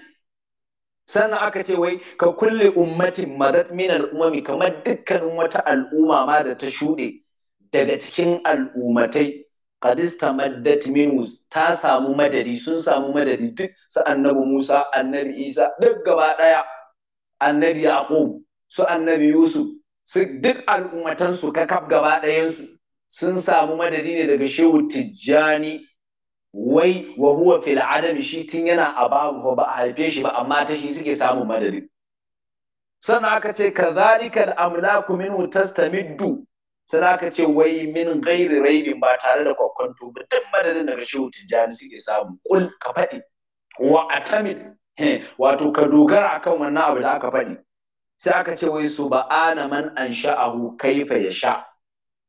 sannan aka ce wai ka kulle ummatin madad min al'umami kamar dukkanin wata al'umma ma da ta shuɗe daga cikin al'ummatai Kadista maddat minus ta samu madadi sun samu madadi duk su annabi Musa annabi Isa duk gaba daya annabi Yaqub su annabi Yusuf su duk al'ummatan su kakaf gaba dayan sun samu madadi ne daga Shehu Tijjani wai wa huwa fil adam shi tun yana a babu ba a haife shi ba amma ta shi suke samun madadi sannan aka ce kadhalika da amlaku minhu tastamiddu sai aka ce wai min gairi raibin ba tare da kwakwanto ba duk madadin daga shehu tijjani suke samu kul ka faɗi wa atamid wato ka dogara akan wannan abu da aka faɗi sai aka ce wai su ba'ana man an sha'ahu kaifa ya sha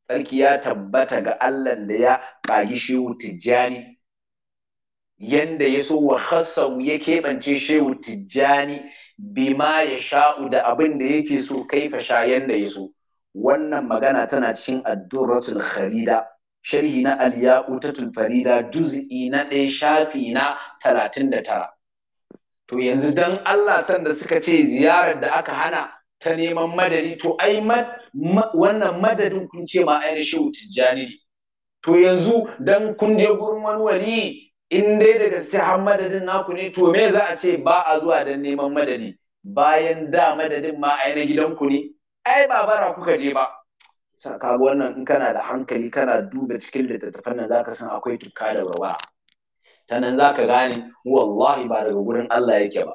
sarki ya tabbata ga Allah da ya ƙagi shehu tijjani yanda ya so wa khassahu ya keɓance shehu tijjani bima ya sha'u da abin da yake so kaifa sha yanda ya so wannan magana tana cikin addurratul khalida sharhi na al-ya'utatul farida juz'i na ɗaya shafi na talatin da tara to yanzu dan Allah san da suka ce ziyarar da aka hana ta neman madadi to ai wannan madadin kun ce ma ainihin tijjani ne to yanzu dan kun je gurin wani wali in dai da gaske har madadin naku ne to me za a ce ba a zuwa dan neman madadi bayan da madadin ma ai na gidanku ne ai ba bara kuka je ba saka wannan in kana da hankali kana duba cikin littattafan nan zaka san akwai tukka da rawa Tanan zaka gane wallahi ba daga gurin Allah yake ba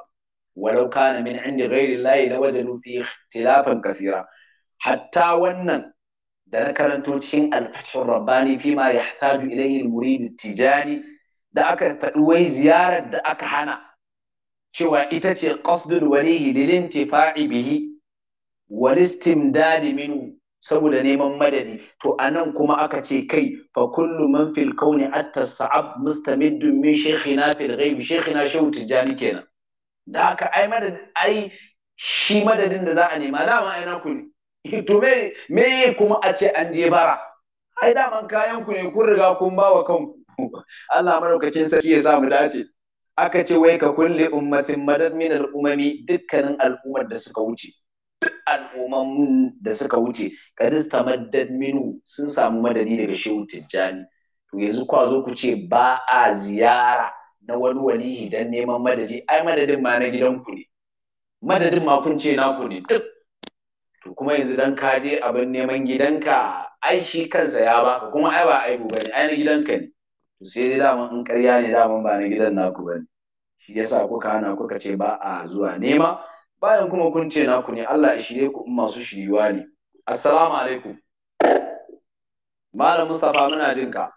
walau kana min indi ghairi llahi lawajadu fi ikhtilafan kaseera hatta wannan da na karanto cikin al-fathur rabbani fi ma yahtaju ilayhi al-murid tijani da aka faɗi wai ziyarar da aka hana cewa ita ce qasdul walihi lil intifa'i bihi walistim dadi minu saboda neman madadi to a nan kuma aka ce kai fa kullu man fil kauni atta sa'ab mustamiddu min Shekhina fil ghaib shaykhina shehu tijani kenan da haka ai madadin ai shi madadin da za a nema dama ai naku ne (laughs) to me me kuma a ce an je bara ai daman kayan ku ne kun riga kun ba wa kanku (laughs) Allah madaukakin sarki ya sa mu dace aka ce wai ka kulle ummatin madad min al dukkanin al'ummar da suka wuce duk al'umman da suka wuce kadis tamaddad minu sun samu madadi daga shehu tijjani to yanzu kwa zo ku ce ba a ziyara na wani walihi dan neman madadi ai madadin ma na gidanku ne madadin ma kun ce naku ne duk to kuma yanzu dan ka je abin neman gidanka ai shi kansa ya baka kuma ai ba aibu bane ai na gidanka ne to sai dai dama in ƙarya ne dama ba na gidan naku bane shi yasa kuka hana kuka ce ba a zuwa nema bayan kuma kun ce naku ne Allah ya shirye ku masu shiriwa ne assalamu alaikum malam Mustapha muna jin ka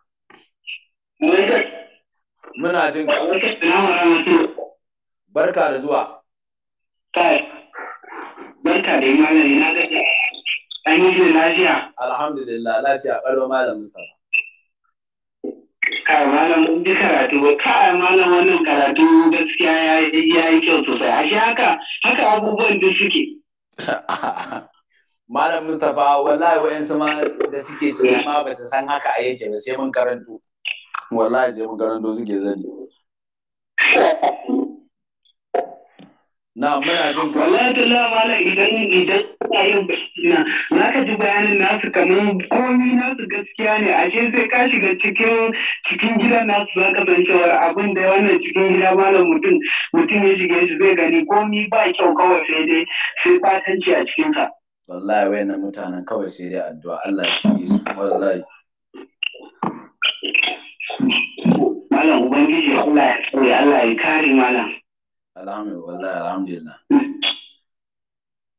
muna jin ka barka da zuwa barka da malam na gaji an yi lafiya alhamdulillah lafiya ƙarwa malam Mustapha kai malam bi karatu ba kai malam wannan karatu gaskiya ya yi kyau sosai a shi haka haka abubuwan da suke (laughs) malam mustapha wallahi wa'yansu ma da suke cikin ma ba su san haka a yake ba sai mun karanto wallahi sai mun karanto suke zani (laughs) na muna jin ka wallahi to la (laughs) mala idan idan ina yin basira ka ji bayanin nasu kaman komi nasu gaskiya ne ashe sai ka shiga cikin cikin gidan nasu zaka san cewa abin da wannan cikin gida malam mutum mutum ya shige shi zai gani komi ba kyau kawai sai dai sai fatanci a cikin sa wallahi wayannan mutanen kawai sai dai addu'a Allah shi shige su wallahi malam ubangiji Allah ya tsare Allah ya kare malam Alhamdulillah, alhamdulillah.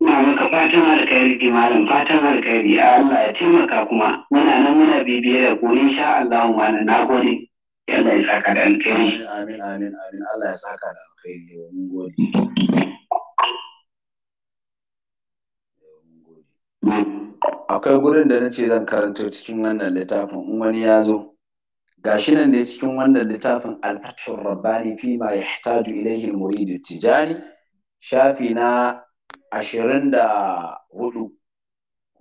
Ina maka fatan alkhairi malam fatan alkhairi a Allah ya taimaka kuma muna nan muna bibiye da ko insha Allah na gode. Allah ya saka da alkhairi. Amin amin amin Allah ya saka da alkhairi mun gode. Mm. Akwai gurin da na ce zan karanta cikin wannan littafin in wani ya zo. gashi nan dai cikin wannan littafin al rabbani fi ma yahtaju ilayhi al-murid tijani shafi na ashirin da 24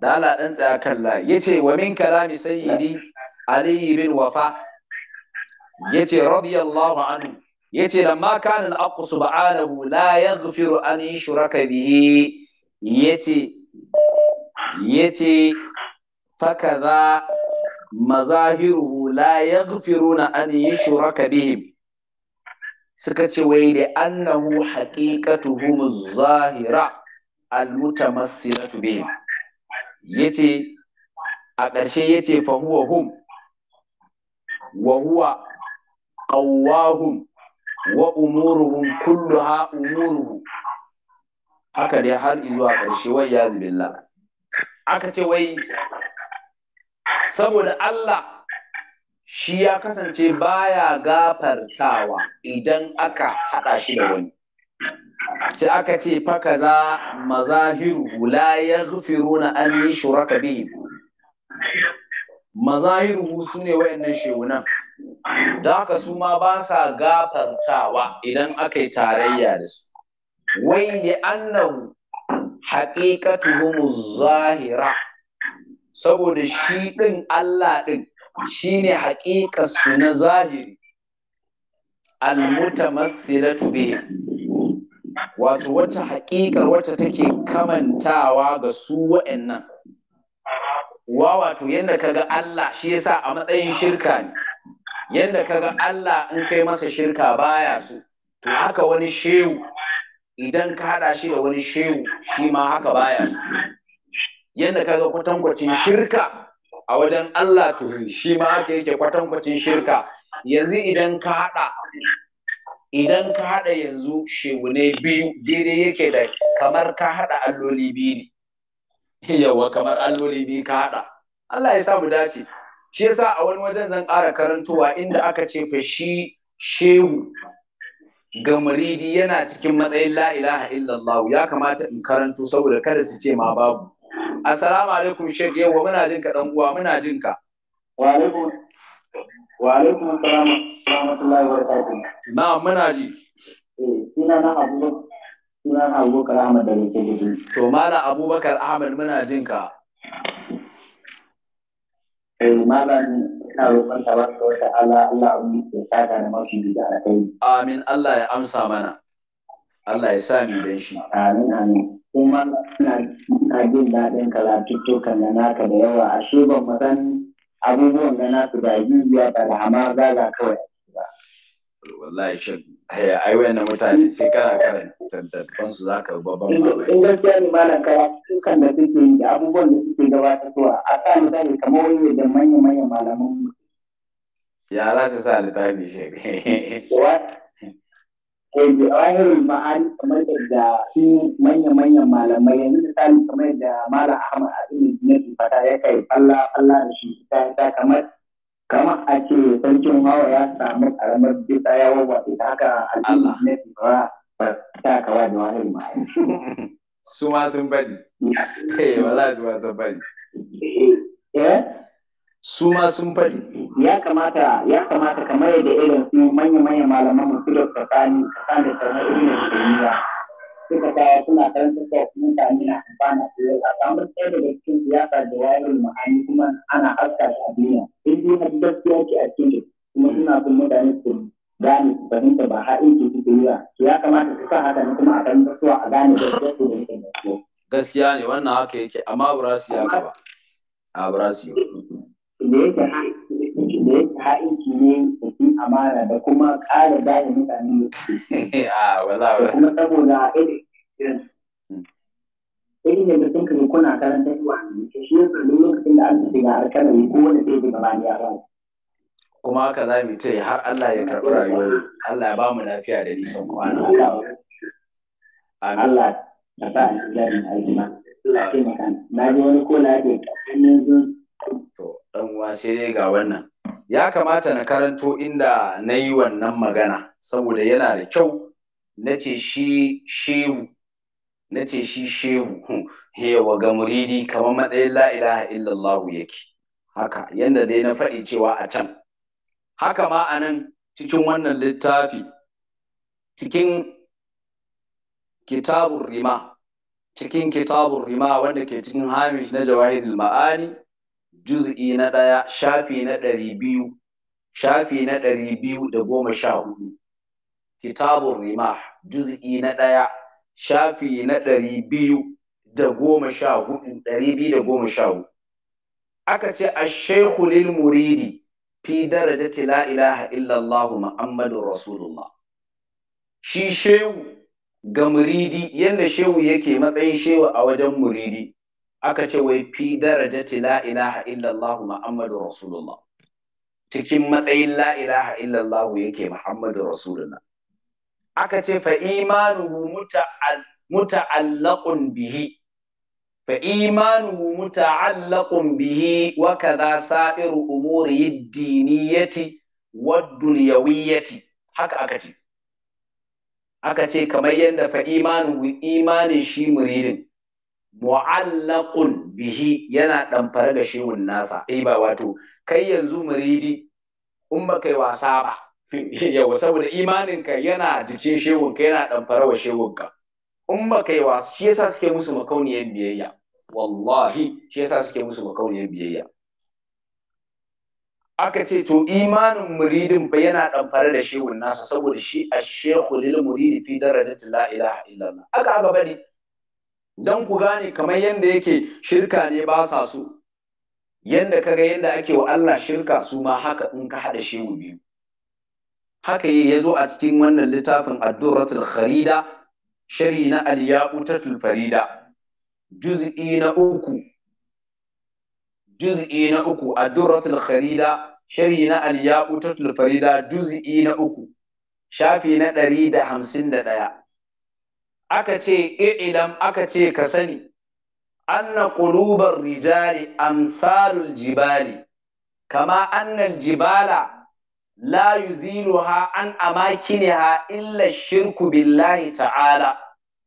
dala ɗan tsaya kalla ce wa min kalami sayyidi ali bin wafa yace radiyallahu anhu yace da kana al-aqu subhanahu la yaghfiru an yushraka bihi yace yace fakaza mazahiruhu la na an yi shuraka bihim suka ce wai da annahu haqiqatuhum zahira almutamassilatu bihim yace a ƙarshe yace fa huwa hum wa huwa qawwahum wa umuruhum kulluha umuruhu haka dai har zuwa ƙarshe wai ya zubilla aka ce wai saboda Allah shi ya kasance baya gafartawa idan aka haɗa shi da wani sai aka ce faka za mazahiru la ya na an yi shuraka bihi mazahiru su ne wayannan shehunan da haka su ma ba sa gafartawa idan aka yi tarayya da su wai li annahu haqiqatuhum zahira saboda shi ɗin Allah ɗin shi ne su na zahiri almutamassilatu bihim wato wata haƙiƙar wacce take kamantawa ga su wa'annan wa wato yadda kaga Allah shi yasa a matsayin shirka ne yadda kaga Allah in kai masa shirka baya su, to haka wani shehu idan ka haɗa shi da wani shehu shi ma haka baya su. yadda kaga kwatankwacin shirka a wajen Allah to shi ma aka yake kwatankwacin shirka yanzu idan ka haɗa idan ka haɗa yanzu shegune biyu daidai yake da kamar ka haɗa alloli biyu ne (laughs) yawa kamar alloli biyu ka haɗa Allah ya samu dace shi yasa a wani wajen zan ƙara karantuwa? inda aka ce fa shi shehu ga muridi yana cikin matsayin la ilaha illallah ya kamata in karanto saboda kada su ce ma babu Assalamu alaikum Sheikh wa muna jin ka dan uwa muna jin ka. Wa alaikum wa alaikum assalam rahmatullahi wa barakatuh. Na muna ji. Eh ina na Abu ina na Bakar Ahmad da ke gudu. To mala Abubakar Ahmad muna jin ka. Eh mala ina roƙon tabaraka wa ta'ala Allah ya ta da mafi da alkhairi. Amin Allah ya amsa mana. Allah ya sa mu dan shi. Amin amin. kuma na jin daɗin karatuttukan da naka da yawa a shi ban san abubuwan da nasu da bibiya da hama zaga kawai ba. Wallahi shek, eh, ai wayannan mutane sai kana karanta da ban su zaka babban eh, ba. In eh, gaskiya ne malam karatukan da suke yi da abubuwan da suke gabatarwa a sa misali kamar wani da manyan manyan malaman mu. Yara su sa littafi shek. eh jawahirul ma'ani kamar da su manya-manyan malamai yanzu misali kamar da mala ahmad abin ne fata ya kai Allah Allah da shi ta ta kamar kamar a ce sarkin hawa ya samu karamar bisa ya wawa ta haka al'umma ne ba ta kawa jawahirul ma'ani su ma sun bari eh wallahi su ma sun bari eh su ma sun faɗi. Ya kamata ya kamata kamar yadda irin su manya-manyan malaman masu da ka tsakanin da tsakanin irin kimiyya suka kaya suna karanta ta mutane na amfana su yau a samun ɗaya da cikin siyasa da wayoyin ma'ani kuma ana haska shi a duniya. In dai har gaskiya ke a cikin kuma suna son mutane su gane su fahimta ba har in ke cikin yiwa. Ya kamata su sa haka ne kuma a karanta suwa a gane gaskiya ce da su. Gaskiya ne wannan haka yake amma ba za su yi haka ba. A ba za su yi. da yake da yake ha'inci ne da cin amana da kuma ƙara dani mutane (laughs) ah, a wala da kuma saboda irin hmm. irin yadda sun kaji kuna karanta yi wani shi ya tsaro lokacin da an shiga harkar ko wani zai shiga bani ya ba kuma haka za mu ce har Allah ya karɓi rayuwar Allah ya ba mu lafiya da nisan kwana Allah ya sa a cikin aiki ma na ji wani ko na ke ƙarfin zun to dan uwa sai dai ga wannan ya kamata na karanto inda na yi wannan magana saboda yana da kyau na ce shi shehu na ce shi shehu hewa (laughs) ga muridi kamar matsayin la ilaha illallahu yake haka yadda dai na faɗi cewa a can haka ma a nan cikin wannan littafi cikin kitabun rima cikin kitabun rima wanda ke cikin hamish na jawahirul ma'ani juz'i na ɗaya shafi na ɗari biyu shafi na ɗari biyu da goma sha hudu kitabun rimah juz'i na ɗaya shafi na ɗari biyu da goma sha hudu ɗari biyu da goma sha hudu aka ce a lil muridi fi darajati la ilaha illallahu muhammadun rasulullah shi shehu ga muridi yadda shehu yake matsayin shehu a wajen muridi aka ce wai fi darajati la ilaha illallah muhammadu rasulullah cikin matsayin la ilaha illallah yake muhammadu rasulullah aka ce fa imanuhu muta'allaqun bihi fa imanuhu muta'allaqun bihi wa kadha sa'iru umuri ad-diniyati wad-dunyawiyyati haka aka ce aka ce kamar yadda fa imanuhu imanin shi muridin mu'allaqun bihi yana ɗamfare da shehun nasa eh ba wato kai yanzu muridi in ba kai wasa ba (laughs) yawa saboda imaninka yana jikin shehunka yana ɗamfare wa shehunka in ba kai wasa shi yasa suke musu makauniyar biyayya wallahi shi yasa suke musu makauniyar biyayya aka ce to imanin muridin ba yana ɗamfare da shehun nasa saboda shi a shehu lil muridi fi darajati la ilaha illallah aka aka bari don ku gane kamar yadda yake shirka ne ba sa so yadda ka ga yadda ake wa Allah shirka su ma haka in ka haɗa shehu biyu haka ya zo a cikin wannan littafin addurratul kharida sharhi na al-yaqutatul farida juz'i na uku juz'i na uku addurratul kharida sharhi na al-yaqutatul farida juz'i na uku shafi na ɗari da hamsin da ɗaya aka ce ilam aka ce ka sani anna qulubar rijali amsalul jibali kama annal jibala la yuziluha an amakiniha illa shirku billahi ta'ala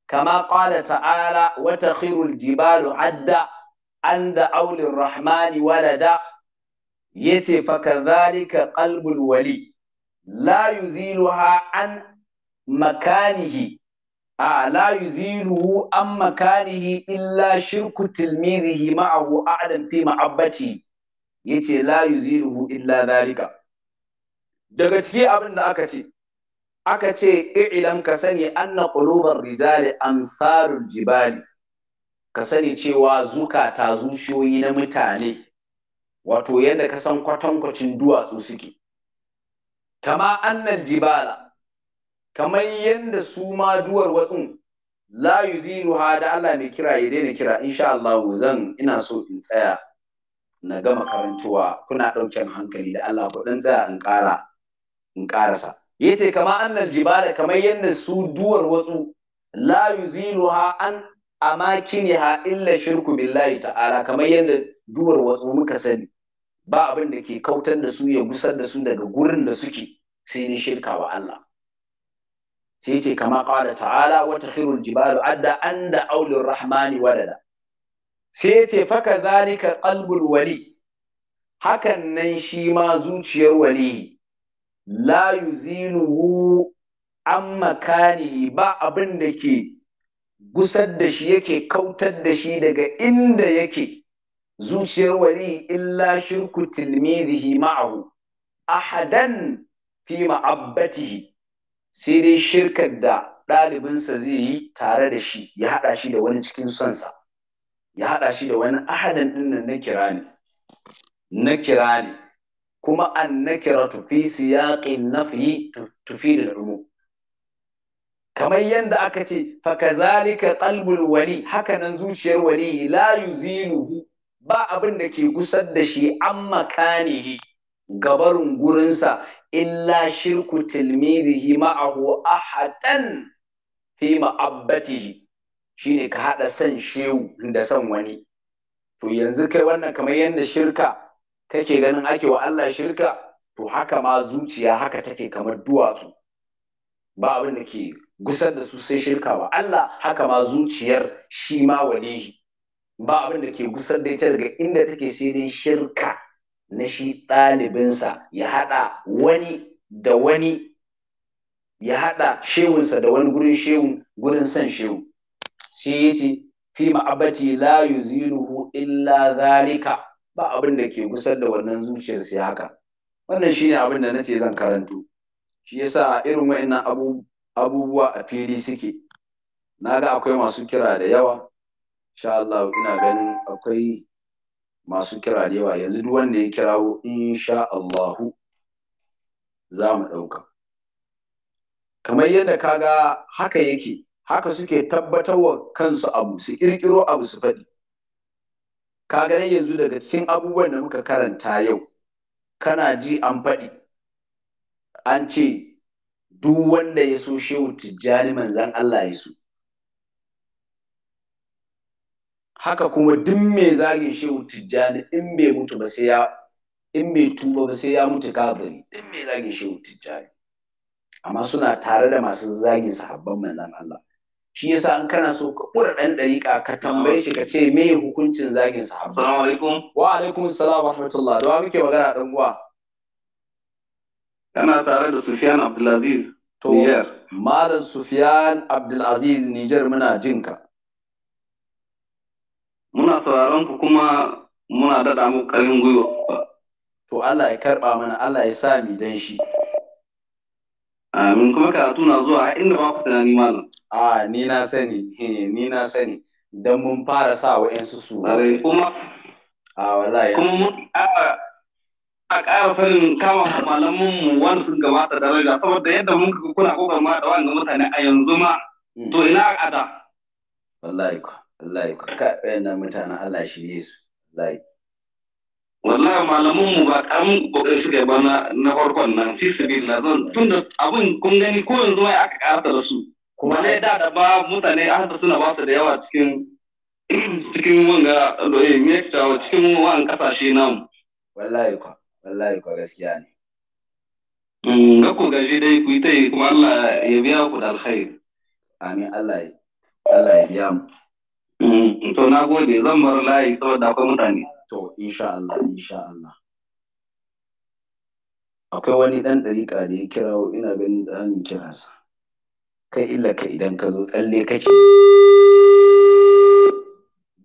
kama qala ta'ala wa takhirul jibalu adda an da aulin rahmani walada yace fa kadhalika qalbul wali la yuziluha an makanihi a la yuziluhu an makarihi illa shirku tilmizihi ma'ahu a'dan fi ma'abbati yace la yuziluhu illa zalika daga ciki abin da aka ce aka ce ilan ka sani anna qulubar rijali amsarul jibali ka sani cewa zukata zuciyoyi na mutane wato yadda ka san kwatankwacin duwatsu suke kama annal jibala kamar yadda su ma duwar watsun la ha, da Allah mai kira ya daina kira insha Allah zan ina so in tsaya na gama karantuwa kuna ɗauken hankali da Allah ku dan tsaya in ƙara in ƙarasa yace kama annal jibala kamar yadda su duwar watsu la ha, an amakiniha illa shirku billahi ta'ala kamar yadda duwar watsu muka sani ba abin da ke kautar da su ya gusar da su daga gurin da suke sai ni shirka wa Allah sai ce kama kawada ta'ala wata takhirul jibalu adda anda Aulun rahmani walada sai ce faka zalika kalbul wali hakan nan shi ma zuciyar wali la yuziluhu an makanihi ba abin da ke gusar da shi yake kautar da shi daga inda yake zuciyar wali illa shirku tilmidihi ma'ahu ahadan fi ma'abbatihi sai dai shirkar da ɗalibinsa zai yi tare da shi ya haɗa shi da wani cikin sonsa ya haɗa shi da wani ahadan ɗinnan na kira ne na kira ne kuma an na kira tufi na nafi tufi da rumu kamar yadda aka ce fakazalika qalbul wali hakanan zuciyar wali la yuziluhu ba abin da ke gusar da shi an makanihi gabarin gurinsa illa shirku tilmidihi ma'ahu ahadan fi ma'abbatihi shine ka haɗa san shehu da san wani to yanzu kai wannan kamar yadda shirka kake ganin ake wa Allah shirka to haka ma zuciya haka take kamar duwatsu ba abin da ke gusar da su sai shirka ba Allah haka ma zuciyar shi ma wani ba abin da ke gusar da ita daga inda take sai dai shirka na shi ɗalibinsa ya haɗa wani da wani ya haɗa shehunsa da wani gurin shewun gurin son shehu shi ya ce fi ma'abati la zinuhu illa zalika ba abin da ke gusar da wannan zuciyarsa ya haka wannan shine abin da nace zan karanto shi yasa irin wa'annan abubuwa a fili suke Na ga akwai masu kira da yawa sha Allah ina ganin akwai masu kira da yawa yanzu duk wanda ya kirawo insha Allahu za mu ɗauka kamar yadda kaga haka yake haka suke tabbatar wa kansu abu su ƙirƙiro abu su faɗi kaga ne yanzu daga cikin abubuwan da muka karanta yau kana ji an faɗi an ce duk wanda ya so shehu tijjani manzan Allah ya so haka kuma duk mai zagin shehu tijjani in bai mutu ba sai ya in bai tuba ba sai ya mutu kafiri in mai zagin shehu tijjani amma suna tare da masu zagin sahabban manzon Allah shi yasa in kana so ka kura dan dariƙa ka tambaye shi ka ce me hukuncin zagin sahabban assalamu alaikum wa alaikum assalam wa rahmatullah da muke magana dan uwa kana tare da Sufyan Abdulaziz to Malam Sufyan Abdulaziz Niger muna jinka muna sauraron ku kuma muna daɗa muku ƙarin gwiwa to Allah ya karɓa mana Allah ya sa mi dan shi amin kuma karatu na zuwa inda ba ku tunani malam a ni na sani ni na sani dan mun fara sa 'yansu su kuma a wallahi kuma mun a ƙara farin kama malaman mu wanda sun gabata daraja saboda yadda mun kuna kokar ma da wannan mutane a yanzu ma hmm. to ina a da wallahi ko Allah ya kaka mutanen Allah shirye su Allah wallahi malaman mu ba karamin kokarin suka yi ba na farkon nan fi sabilillah zan tunda abin kun gani ko yanzu mai aka karata da su kuma ne da da ba mutane an aka suna ba su da yawa cikin (clears throat) cikin wanga doye eh, me ta cikin wan kasashe namu wallahi ko wallahi ko gaskiya ne mm, ga ku gaji dai ku yi ta kuma Allah ya biya ku da alkhairi amin Allah ya biya mu To mm-hmm. na gode zan bar layi saboda akwai mutane. To insha Allah insha Allah. Akwai wani ɗan ɗariƙa da ya kirawo ina ganin da mu kira sa. Kai illa ka idan ka zo tsalle kake.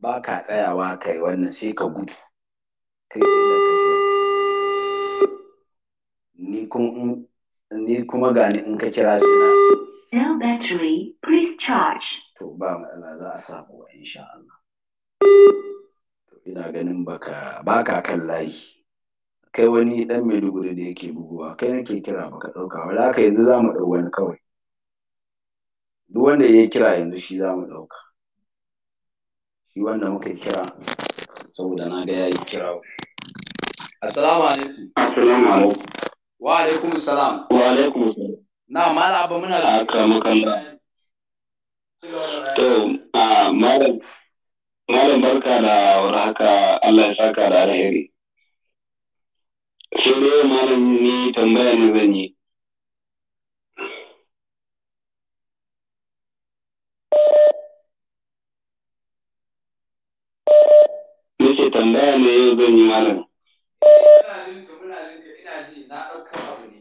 Ba ka tsayawa kai wannan sai ka gudu. Kai illa ka kira ni kuma gani in ka kira sai na. Now battery, please charge. to ba matsala za a samu insha Allah to ina ganin baka baka kan layi kai wani dan Maiduguri da yake buguwa kai nake kira baka dauka wala haka yanzu za mu dau wani kawai duk wanda ya kira yanzu shi za mu dauka shi wanda muka kira saboda na ga yayi kira Assalamu alaikum. Assalamu alaikum. Wa alaikum salam. Wa alaikum salam. Na mala abu muna da. Aka makalla. To, a malam barka da wani haka Allah ya saka da alheri. Sai dai malam ni tambaya ne zan yi. Nace tambaya ne yau zan yi malam. Ina ji, na ɗaukar abu ne,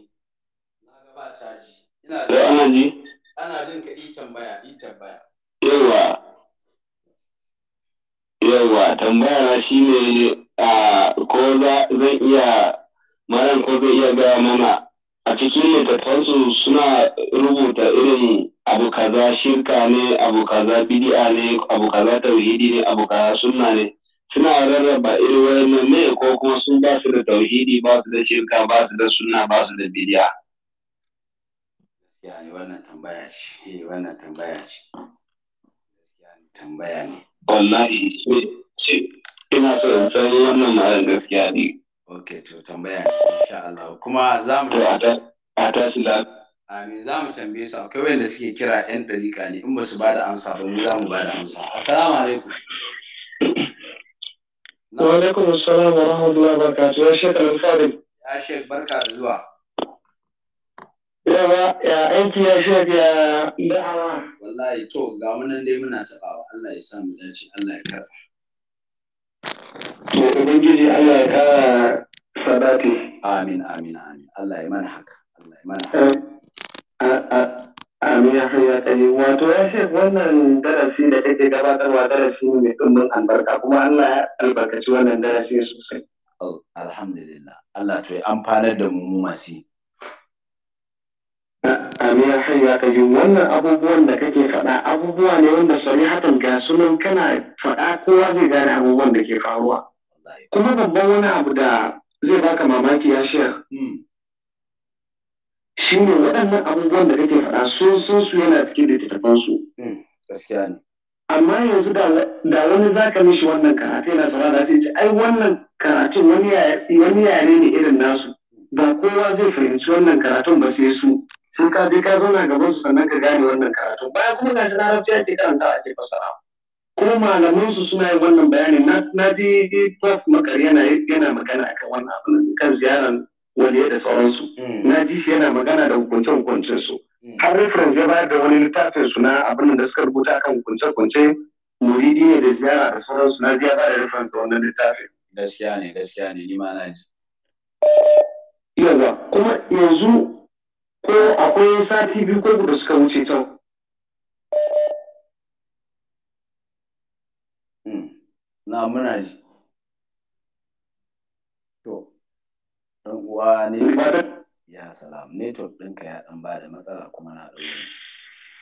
na gaba caji. Ina ji. ana jin ka tambaya tambaya yawa yawa tambaya ne a ko zan iya malam ko zai iya gaya mana a cikin littattafansu suna rubuta irin abu kaza shirka ne abu kaza bid'a ne abu kaza tauhidi ne abu kaza sunna ne suna rarraba irin wannan ne ko kuma sun ba su da tauhidi ba su da shirka ba su da sunna ba su da bid'a gaskiya wannan tambaya ce eh, wannan tambaya ce tambaya ne wallahi eh, ina so in san wannan malam gaskiya ne ok to tambaya ne insha Allah kuma za mu a tashi Amin za mu tambaye su akwai wanda suke kira 'yan dariƙa ne in ba su ba amsa ba mu za mu ba amsa. Assalamu alaikum. Wa alaikum assalam wa rahmatullahi wa barakatuh. Ya Sheikh Al-Farid. Ya Sheikh barka da zuwa. Yawa ya aiki ya shafi ya da'awa. Wallahi to ga munan dai muna taɓawa Allah ya sa mu dace Allah ya karɓa. To Ubangiji Allah ya kara sadati. Amin amin amin Allah ya mana haka. Allah ya mana haka. Amin ya hanya kare wato ya shek wannan darasi da kake gabatarwa darasi mai ɗumbin albarka kuma Allah ya albarkaci wannan darasi sosai. Oh, Alhamdulillah Allah to ya amfanar da mu masu masi. amin ya sanya ka wannan abubuwan da kake faɗa abubuwa ne wanda sani hakan ga sunan kana faɗa kowa zai gane abubuwan da ke faruwa kuma babban wani abu da zai baka mamaki ya shi hmm. shi ne waɗannan abubuwan da kake faɗa sun sun su yana cikin su hmm. gaskiya ne amma yanzu da wani za ka mishi wannan karatu yana sarara sai ce ai wannan karatun wani yare ne irin nasu ba kowa zai fahimci wannan karatun ba sai su sun ka je ka zauna gaban su sannan ka gane wannan karatu bayan kuma ga shi larabci ake karanta ake fasara kuma malaman su suna yin wannan bayanin na na ji prof makar yana yana magana akan wannan abin kan ziyaran wani da sauransu hmm. na ji shi yana magana da hukunce hukuncen su hmm. har reference ya bayar da wani littafin su na abin da suka rubuta akan hukunce hukunce muridi ne da ziyara da sauransu na ji ya bayar da reference da wannan littafin gaskiya ne gaskiya ne ni ma na ji yawa kuma yanzu ko akwai sati biyu ko da suka wuce can hmm. na muna ji to ɗan uwa ne ya salam network ɗinka ya ɗan ba da matsala kuma na ɗauki.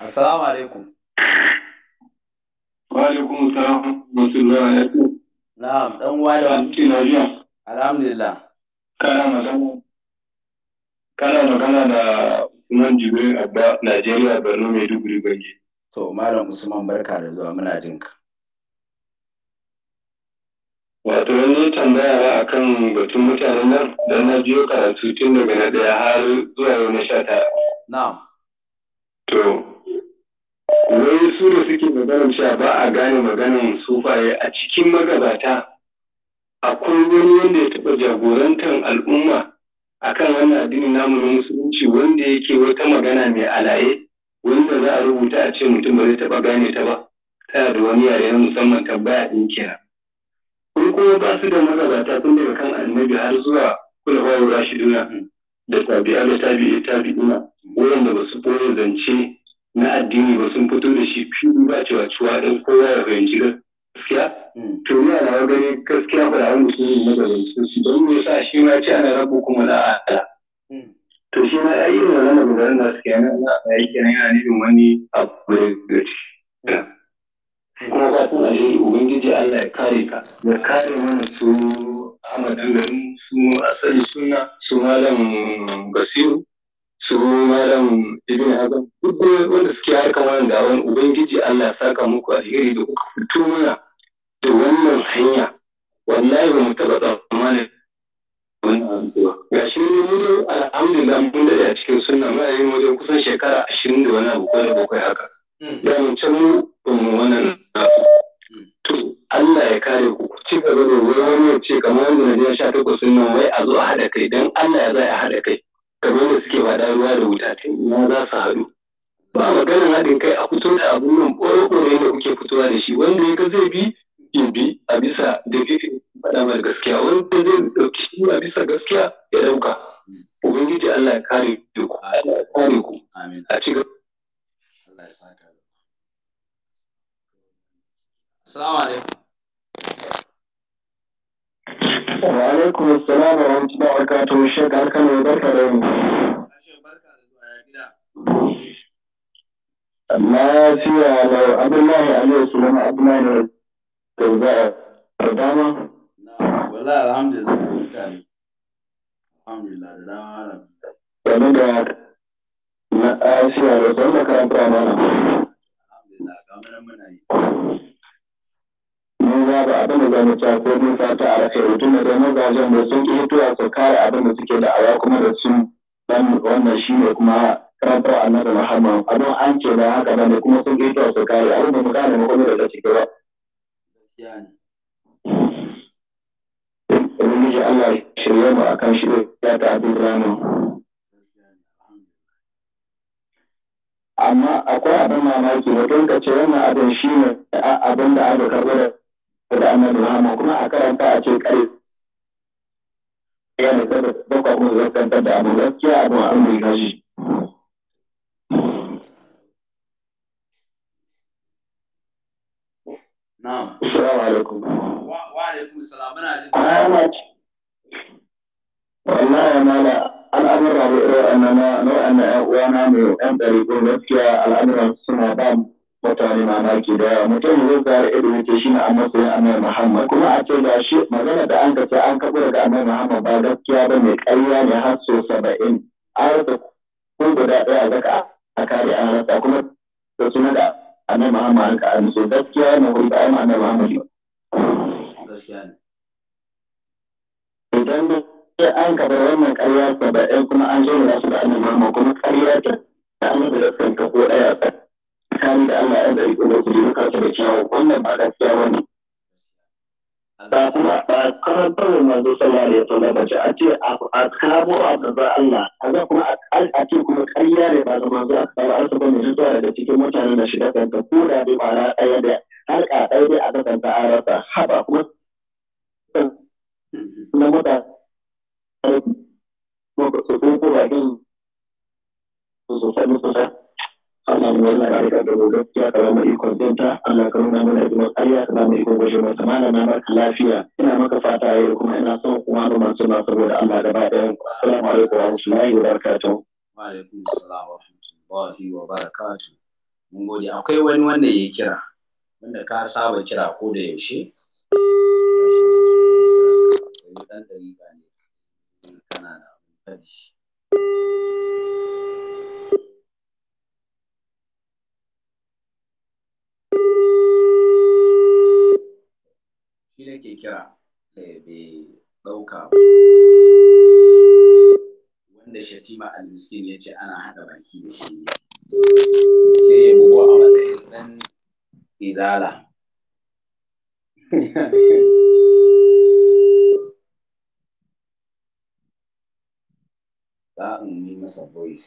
assalamu alaikum wa alaikum salam na'am ɗan uwa da wani alhamdulillah kana magana kana magana da Usman Jibril Abba Najeriya Borno Maiduguri Gwange. To Malam Usman barka da zuwa muna jin ka. Wato yanzu tambaya ba akan batun mutanen nan dan na biyo karatu tun daga na daya har zuwa yau na sha tara. Na'am. To wai su da suke maganar cewa ba a gane maganar sufaye a cikin magabata akwai wani wanda ya taɓa jagorantar al'umma akan wannan addinin namu na musulunci wanda yake wata magana mai alaye wanda za a rubuta a ce mutum ba zai taɓa gane ta ba tana da wani yare na musamman tambaya ɗin kenan. Kun kuma ba su da magabata tun daga kan annabi har zuwa kula wayo rashiduna da tabi'a da tabi'i tabi'ina wanda ba su ɓoye zance na addini ba sun fito da shi fili ba cewa cewa ɗan kowa ya fahimci gaskiya hmm. to ni ana gani gaskiya ba da mutum ne magabancin su don me yasa shi ma ce ana rabu kuma da ala hmm. to shi ma ya yi irin wannan maganganun da suke yana na a yi kenan yana nufin wani abu da gaci hmm. kuma ba tana shi ubangiji Allah ya kare ka ya kare mana su Ahmad Dangarin su asali suna su malam Basiru su malam ibn hazan duk wanda suke harka wannan wani ubangiji Allah saka muku alheri da kuka fito mana da wannan hanya wallahi ba mu taba tsammani ga shi ne mu dai alhamdulillah mun da a cikin sunna muna yin wajen kusan shekara ashirin da wani abu ko bakwai haka hmm. da mun can mu mu wannan hmm. to Allah ya kare ku ku ci gaba da wani ce kamar wanda na sha sunna nan wai a zo a haɗa kai dan Allah ya za a haɗa kai kamar da suke faɗa ruwa da wuta ta ina za su haɗu ba maganin haɗin kai a fito da abun nan ɓoye yadda kuke fitowa da shi wanda ya zai bi in bi a bisa da fifi faɗa mai gaskiya wanda zai ɗauki shi a bisa gaskiya ya ɗauka ubangiji Allah ya kare ku Allah ya kare ku a ci gaba Assalamu alaikum Wa alaikum assalam wa rahmatullahi wa barakatuh Sheikh Alkano barka da mu. Lafiya lau Abdullahi Abdullahi da za a dama. alhamdulillah da dama. Wani na Asiya da sauran karanta mana. Alhamdulillah kamar muna yi. mu ba abin da zamu ta ko mun fata a raka yau zama ba zan da sun ki hitowa su kare abin da suke da awa kuma da sun dan wannan shine kuma karantar annabi Muhammad abin an ce da haka ba ne kuma sun ki hitowa su kare abin da mu ne mu da daga ciki ba Ubangiji Allah shirye mu akan shi ya ta abin ranar. amma akwai abin mamaki mutum ka ce wannan abin shi ne abin da aka karɓi da kuma a karanta a ce kai ya ne da baka mu zakanta da abu gaskiya abu an yi gashi na'am assalamu alaikum wa alaikum assalam muna al'amuran irin na wa'annan uwana ɗari gaskiya al'amuran suna ba mu mutane mamaki da yawa mutum zai tsara irin yake shi na a matsayin annabi muhammad kuma a ce da shi magana da an kace an kaɓo daga annabi muhammad ba gaskiya ba mai ƙarya ne har so saba'in an rasa ko guda ɗaya daga a kare an rasa kuma da suna da annabi muhammad an ka so gaskiya ne ko ba ma annabi muhammad ba idan da an kaɓa wannan ƙarya saba'in kuma an zo da su da annabi muhammad kuma ƙarya ta ta annabi da kanka ko ɗaya tsakanin da Allah ya da rike da kuri ka da kyawu wannan ba gaskiya ba ne. Ba kuma ba karantar manzo sallallahu alaihi wasallam ba a ce a kabo a gaba Allah a ga kuma a ce kuma ƙarya ne ba ga manzo aka kawo an saba mai zuwa daga cikin mutanen da shiga kanta ko da bai ba ɗaya da har ka ɗaya dai a ga kanta an rasa haba kuma na mutane ko ko ba ɗin su sosai sosai. Allah mu Allah ya da mu gaskiya da mu ikon dinta Allah ka nuna mana ibnu ayya da mu ikon gode mata malama barka lafiya ina maka fata yau kuma ina son kuma da masu na saboda Allah da ba da assalamu alaikum wa rahmatullahi wa barakatuh wa alaikum assalam wa rahmatullahi wa barakatuh mun gode akwai wani wanda ya kira wanda ka saba kira ko da yaushe dan dariga ne kana da abin shi ke kira eh, bai ɗauka wanda shatima al-miskin ya ce ana haɗa baki da shi ne. sai ya bugu a matsayin ɗan izala za a yi masa voice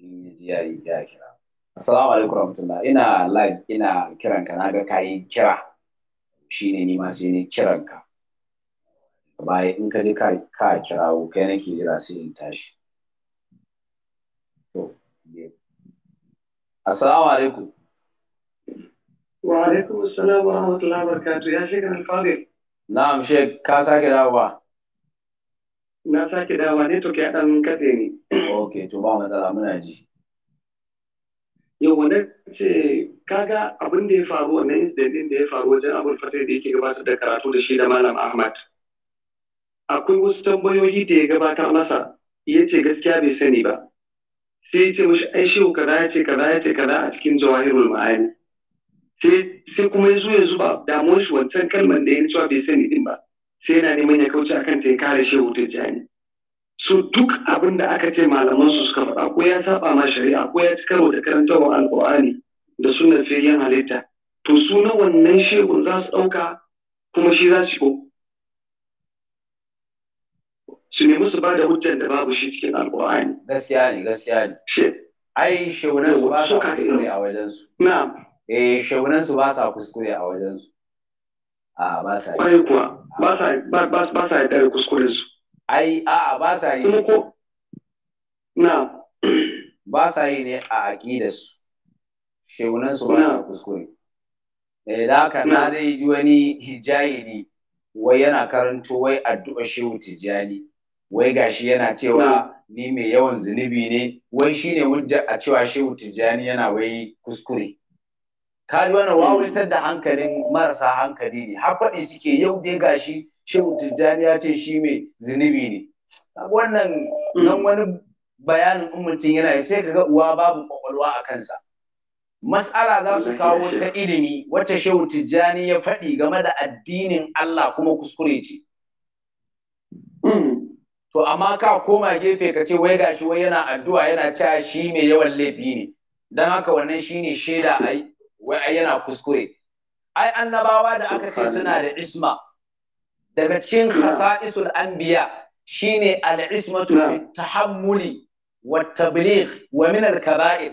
in ya ji ya yi ya kira assalamu alaikum ina live ina kiran ka na ga kayi kira shine ni ma sai ne kiranka baya in ka je ka kirawo kai nake jira sai in tashi to assalamu alaikum wa alaikum assalam wa rahmatullahi wa barakatuh ya shekar alfadil na'am shek ka sake dawowa na sake dawowa ne to kai dan kade ne okay to ba mu matsala muna ji yau wanda ce kaga abin da ya faru wannan incident da ya faru wajen abul fatai da yake gabatar da karatu da shi da malam ahmad akwai wasu tambayoyi da ya gabatar masa ya ce gaskiya bai sani ba sai ya ce mashi ai shehu kaza ya ce kaza ya ce kaza a cikin jawahirul ma'ani sai kuma ya zo ya zuba damuwar shi wancan kalmar da ya cewa bai sani din ba sai yana neman ya kauce akan ta ya kare shehu tijjani su duk abin da aka ce malaman su suka faɗa ko ya saba ma shari'a ko ya ci karo da karantarwar alƙur'ani da sunan fiyayyen halitta to su na wannan shehu za su ɗauka kuma shi za su ko su nemi su ba da hujjar da babu shi cikin alƙur'ani gaskiya ne gaskiya ne ai shehunan su eh, ba sa kuskure a wajen su na'am eh shehunan su ba sa kuskure a wajen su a ba sa yi kuwa ba sa ba sa yi dare kuskure su ai a ba sa yi ko na'am ba sa yi ne a aqidar su shegunan su ba kuskure eh da haka na dai ji wani ne wai yana karanto wai addu'a shehu tijjani wai gashi yana cewa ni mai yawan zunubi ne wai shine mujja a cewa shehu tijjani yana wai kuskure ka ji wannan hmm. da hankalin marasa hankali ne har faɗi suke yau dai gashi shehu tijjani ya ce shi mai zunubi ne wannan hmm. nan wani bayanin in mutum yana sai kaga uwa babu kwakwalwa a kansa mas'ala za su kawo ta ilimi wacce shehu tijjani ya faɗi game da addinin Allah kuma kuskure ce hmm. to amma ka koma gefe ka ce wai gashi wai yana addu'a yana cewa shi mai yawan laifi ne Don haka wannan shine shaida ai wai ai yana kuskure ai annabawa da aka ce suna da isma daga cikin khasa'isul anbiya shine al-ismatu tahammuli wa tabligh wa min al-kaba'ir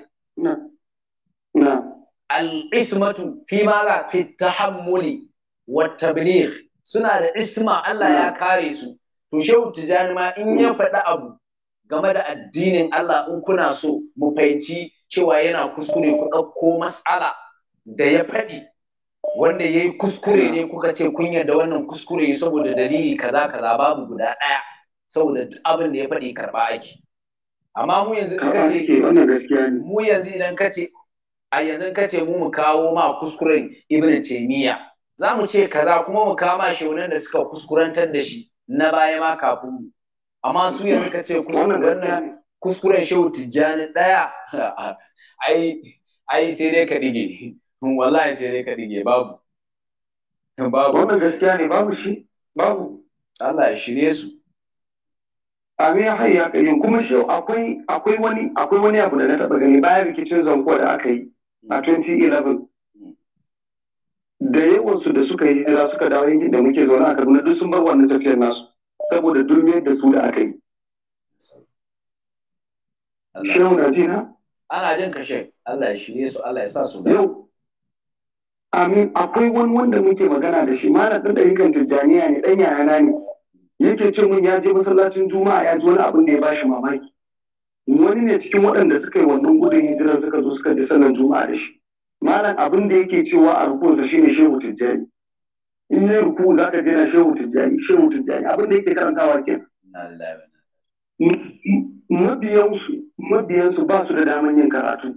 al-ismatu fi ma fi tahammuli wa tabligh suna da isma Allah ya kare su to shehu tijani ma in ya faɗi abu game da addinin Allah in kuna so mu fahimci cewa yana kuskure ku ɗauko matsala da ya faɗi wanda ya yi kuskure ne kuka ce kun yarda wannan kuskure saboda dalili kaza kaza babu guda ɗaya saboda duk abin da ya faɗi karɓa ake amma mu yanzu in ka ce mu yanzu idan ka ce a yanzu ka ce mu mu kawo ma kuskuren ibn taymiya za mu ce kaza kuma mu kama shi wannan da suka kuskurantar da shi na baya ma kafin mu amma su yanzu ka ce kuskuren kuskuren shehu tijjani daya (laughs) ai ai sai dai ka dige wallahi sai dai ka dige babu babu wannan gaskiya ne babu shi babu Allah ya shirye su Amin ya hayya kayyum kuma shi akwai akwai wani akwai wani abu da na taba gani bayan rikicin zanko da aka yi a 2011 da yawansu da suka yi hijira suka dawo yankin da muke zaune a kaduna duk sun bar wannan tafiyar nasu saboda dulmiyar da su da aka yi shehu na jina ana jin kashe Allah ya shirye su Allah ya sa su da yau amin akwai wani wanda muke magana da shi mana ɗan ɗarikan tijjaniya ne ɗan yana ne yake ce mun ya je masallacin juma'a ya ji wani abin da ya bashi mamaki wani ne cikin waɗanda suka yi wannan gudun hijiran suka zo suka ji sanar juma'a da shi malam abin da yake cewa a rukunsa shine shehu tijjani in ne ruku za ka jira shehu tijjani shehu tijjani abin da yake karantawa ke mabiyansu mabiyansu ba su da daman yin karatu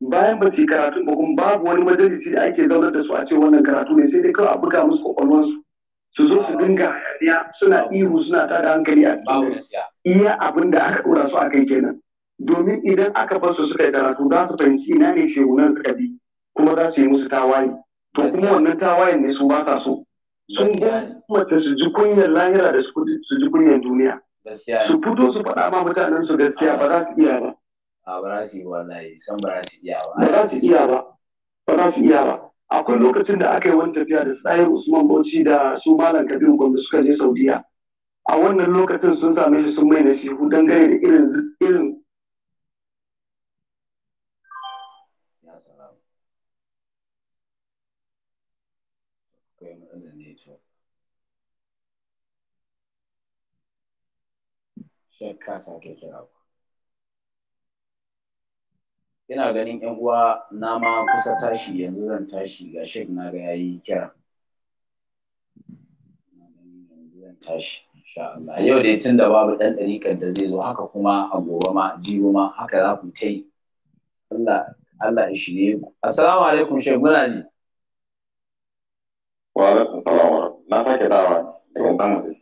bayan ba su yi karatu ba kuma babu wani majalisi da ake zaunar da su a ce wannan karatu ne sai dai kawai a buga musu kwakwalwansu su zo su dinga hayaniya suna ihu suna tada hankali a cikin iya abin da aka ɗora su a kai kenan domin idan aka su suka yi karatu za su fahimci ina ne nan suka bi kuma za su yi musu tawaye to kuma wannan tawayen ne su ba sa so sun gwamnati su ji kunyar lahira da su ji kunyar duniya su fito su faɗa ma mutanen su gaskiya ba za su iya ba a ba za su yi wallahi san ba za su iya ba ba za su iya ba ba za su iya ba akwai lokacin da aka yi wani tafiya da tsayin usman bauchi da su malam kabiru gwamnati suka je saudiya a wannan lokacin sun same shi sun mai na shi dangane da irin irin sai ka ke kira ku ina ganin yan uwa na ma kusa tashi yanzu zan tashi ga shek na ga yayi kira yanzu zan tashi insha Allah yau dai tun da babu ɗan dariƙar da zai zo haka kuma a gobe ma jibi ma haka za ku ta yi Allah Allah ya shirye ku assalamu alaikum shek muna ne wa alaikum salam na sake dawa ne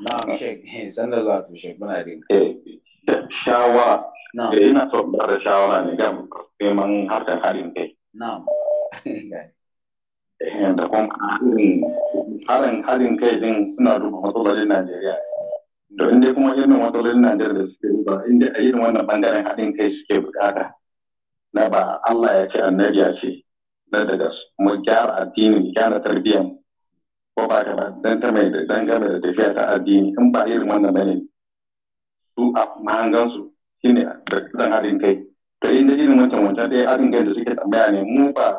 Na'am Sheikh, (laughs) sanar eh, da wato Sheikh muna jin. Shawara. Na'am. Eh, ina so ba da shawara ne ga neman harkar harin kai. Na'am. Eh, da kuma harin harin kai din suna duba matsalolin Najeriya. To in dai kuma irin matsalolin Najeriya da suke duba in dai a irin wannan bangaren haɗin kai suke bukata. Na ba Allah ya ce annabi ya ce. Na daga mu gyara addini, gyara tarbiyyar ko ba ka dan ta mai dangane da tafiya ta addini in ba irin wannan bane su a mahangan su shine da dan kai to inda irin wancan wancan dai abin kai suke tambaya ne mu ba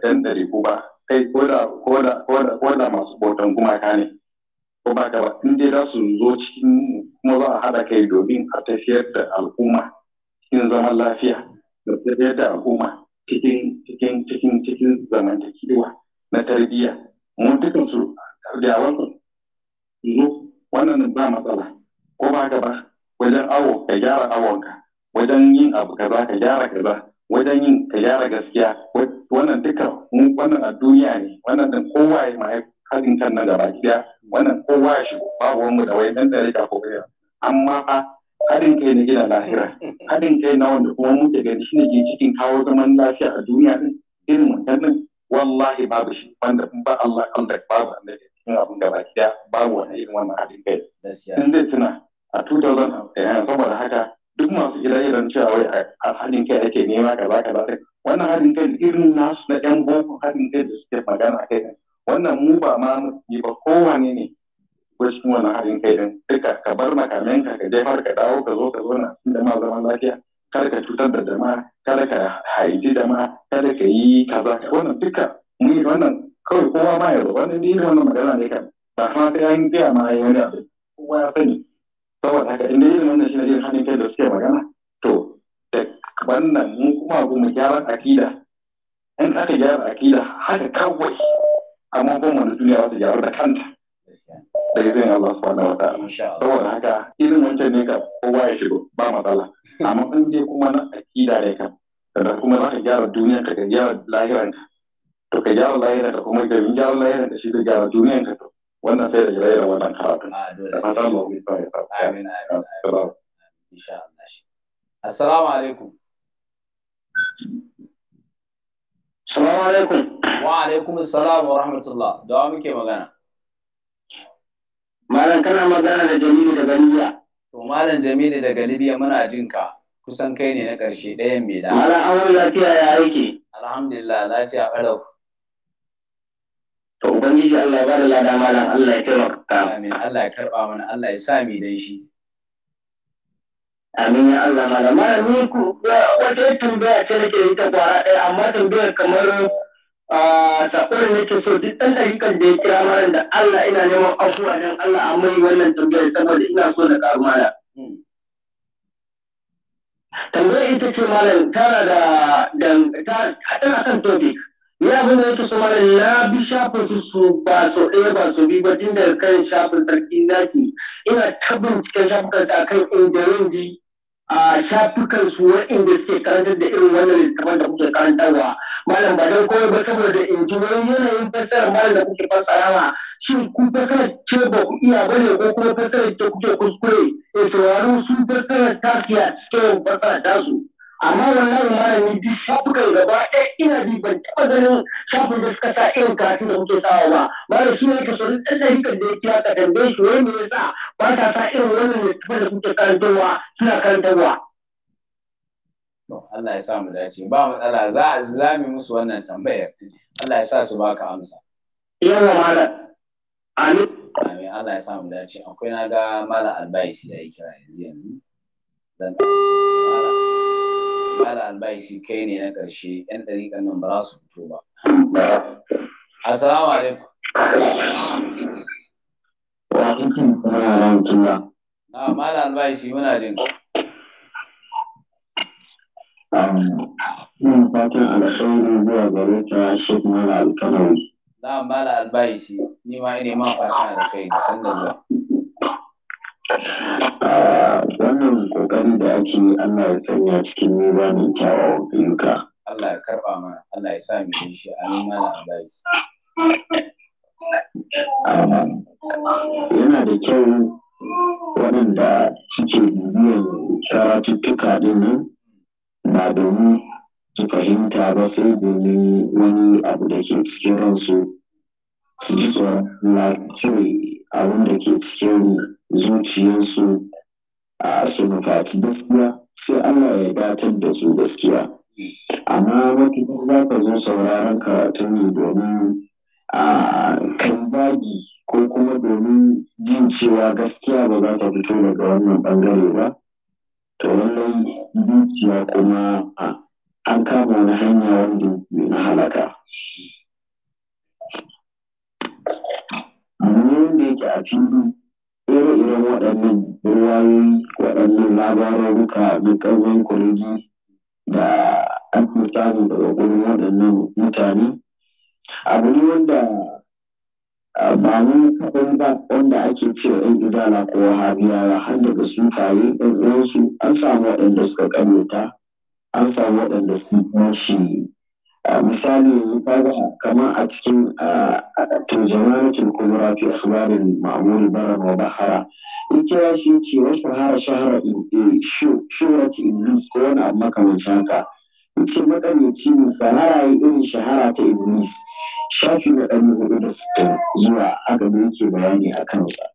ɗan ɗari ko ba kai ko da ko da ko da masu ne ko ba ka ba in dai za su zo cikin a kai a tafiyar da al'umma mu dukan su jawan su wannan ba matsala ko ba ka ba wajen awo ka gyara awonka wajen yin abu kaza ka gyara kaza wajen yin ka gyara gaskiya wannan duka mu wannan a duniya ne wannan din kowa ya mai halin kan na gaba gida wannan kowa ya shigo babu wani da wai dan dare ka ko kai amma a haɗin kai ne gidan lahira (laughs) haɗin kai na wanda kuma muke gani shine ke cikin kawo zaman lafiya a duniya din irin wannan wallahi babu shi wanda in ba Allah ba babu ne cikin abin da baki da ba wani irin wannan abin kai in zai tuna a 2000 eh, saboda haka duk masu gida irin cewa wai a haɗin kai ake nema kaza kaza wannan haɗin kai irin nasu na yan boko haɗin kai da suke magana a kai wannan mu ba ma yi ba kowane ne ko cikin wannan haɗin kai din duka ka bar makamen ka ka jefar ka dawo ka zo ka zo na inda ma zaman lafiya kada ka cutar da jama'a kada ka haiti jama'a kada ka yi kaza wannan duka mun yi wannan kawai kowa ma ya wannan ne wannan magana ne kan ba fa sai an tsaya ma ya wani abu kowa ya sani saboda haka inda yin wannan shi ne irin hannun kai da suke magana to da wannan mu kuma abu mu gyara akida in aka gyara akida haka kawai amma kuma wani duniya wata gyara da kanta da izinin Allah subhanahu wa ta'ala saboda haka irin wancan ne ka kowa ya shigo ba matsala amma in dai kuma na akida ne ka da kuma za ka gyara duniya ka gyara lahiran ka to ka gyara lahiran ka kuma ka gyara lahiran ka shi ka gyara duniyan ka to wannan sai da gyara wannan karatu ah, da fatan Allah ya sa ya sa amin amin insha Allah assalamu alaikum Assalamu alaikum. Wa alaikum assalam wa rahmatullah. Da muke magana? Malam kana magana da Jamilu daga Libya. To Malam Jamilu daga Libya muna jin ka kusan kai ne na ƙarshe ɗayan mai da. Malam an lafiya ya aiki. Alhamdulillah lafiya ƙalau. To Ubangiji Allah ba da lada malam Allah ya taimaka. Amin Allah ya karɓa mana Allah ya sa mi dan shi. Amin ya Allah malam malam ni ku wata tambaya ce nake yi ta kwara ɗaya amma tambayar kamar sakon nake so duk ɗan ɗarikan da ya kira mana da Allah ina neman afuwa don Allah a mai wannan tambayar saboda ina so na karu mana. Tambayar ita ce malam tana da tana kan topic. Ni abin da so malam na bi shafin su su ba so ɗaya ba so biyu ba tun daga kan shafin sarki zaki ina ta binciken shafukan ta akan inda ji a shafukan su waɗanda suke karantar da irin wannan littafin da kuke karantarwa malam ba don kawai ba saboda in ji wani yanayin fassara malam da kuke fassarawa shin kun fassara ce ba ku iya ba ne ko kuma fassara ce kuke kuskure e sauraro sun fassarar ta suke yin ta amma wallahi malami duk shafukan gaba ɗaya ina bi ban taɓa ganin shafin da suka sa irin karatu da muke sawa ba malam shi ne ka sauri ɗan hikar da ya kira ka tambaye shi wai me yasa ba ta sa irin wannan littafin da kuke karantarwa suna karantarwa. Allah ya sa mu dace ba matsala za a zami musu wannan tambayar Allah ya sa su baka amsa. Yawa malam. Amin. Amin Allah ya sa mu dace akwai na ga malam albaisi ya yi kira yanzu yanzu. Dan malam. ala albaisi kai ne na ƙarshe yan ɗariƙan nan ba za su fito ba assalamu alaikum na mala albaisi muna jin Ina fatan alkhairi zuwa gare ta Sheikh Mala Alkalari. Na mala albaisi ni ma ina ma fatan alkhairi sanda zuwa. wannan kokarin da ake yi ana ya sanya cikin mizanin kyawawan ayyuka Allah ya karɓa ma Allah ya sa mu yi shi amin mana Allah yana da kyau waɗanda suke bibiyan karatuttuka din nan ba domin su fahimta ba sai domin wani abu da ke cikin ransu su ji tsoron na cire abin da ke cikin zuciyarsu a su nufaci gaskiya sai Allah ya datar da su gaskiya amma matuƙar za ka zo sauraron karatun ne domin a kan zagi ko kuma domin jin cewa gaskiya ba za ta fito daga wannan bangare ba to lallai zuciya kuma an kama wani hanya wanda na halaka yi da yake a fili ire-iren waɗannan ruwayoyi waɗannan labarurruka na ƙarfin kurji da ake samu daga gurin waɗannan mutane abu ne wanda ba mu kaɗan ba wanda ake cewa ‘yan idala ko wahabiyawa har daga su kayi ɗan uwansu an samu waɗanda suka ƙaryata an samu waɗanda su kuma misali kaga kamar a cikin turjamanatul kubra fi akhbaril ma'amuri bara wa bahara in kira shi ce wasu hara shahara in eh, iblis ko wani abu makamancin haka in ce makamancin ne sanara ya irin shahara ta iblis shafi na ɗari hudu da sittin zuwa aka da yake bayani a kansa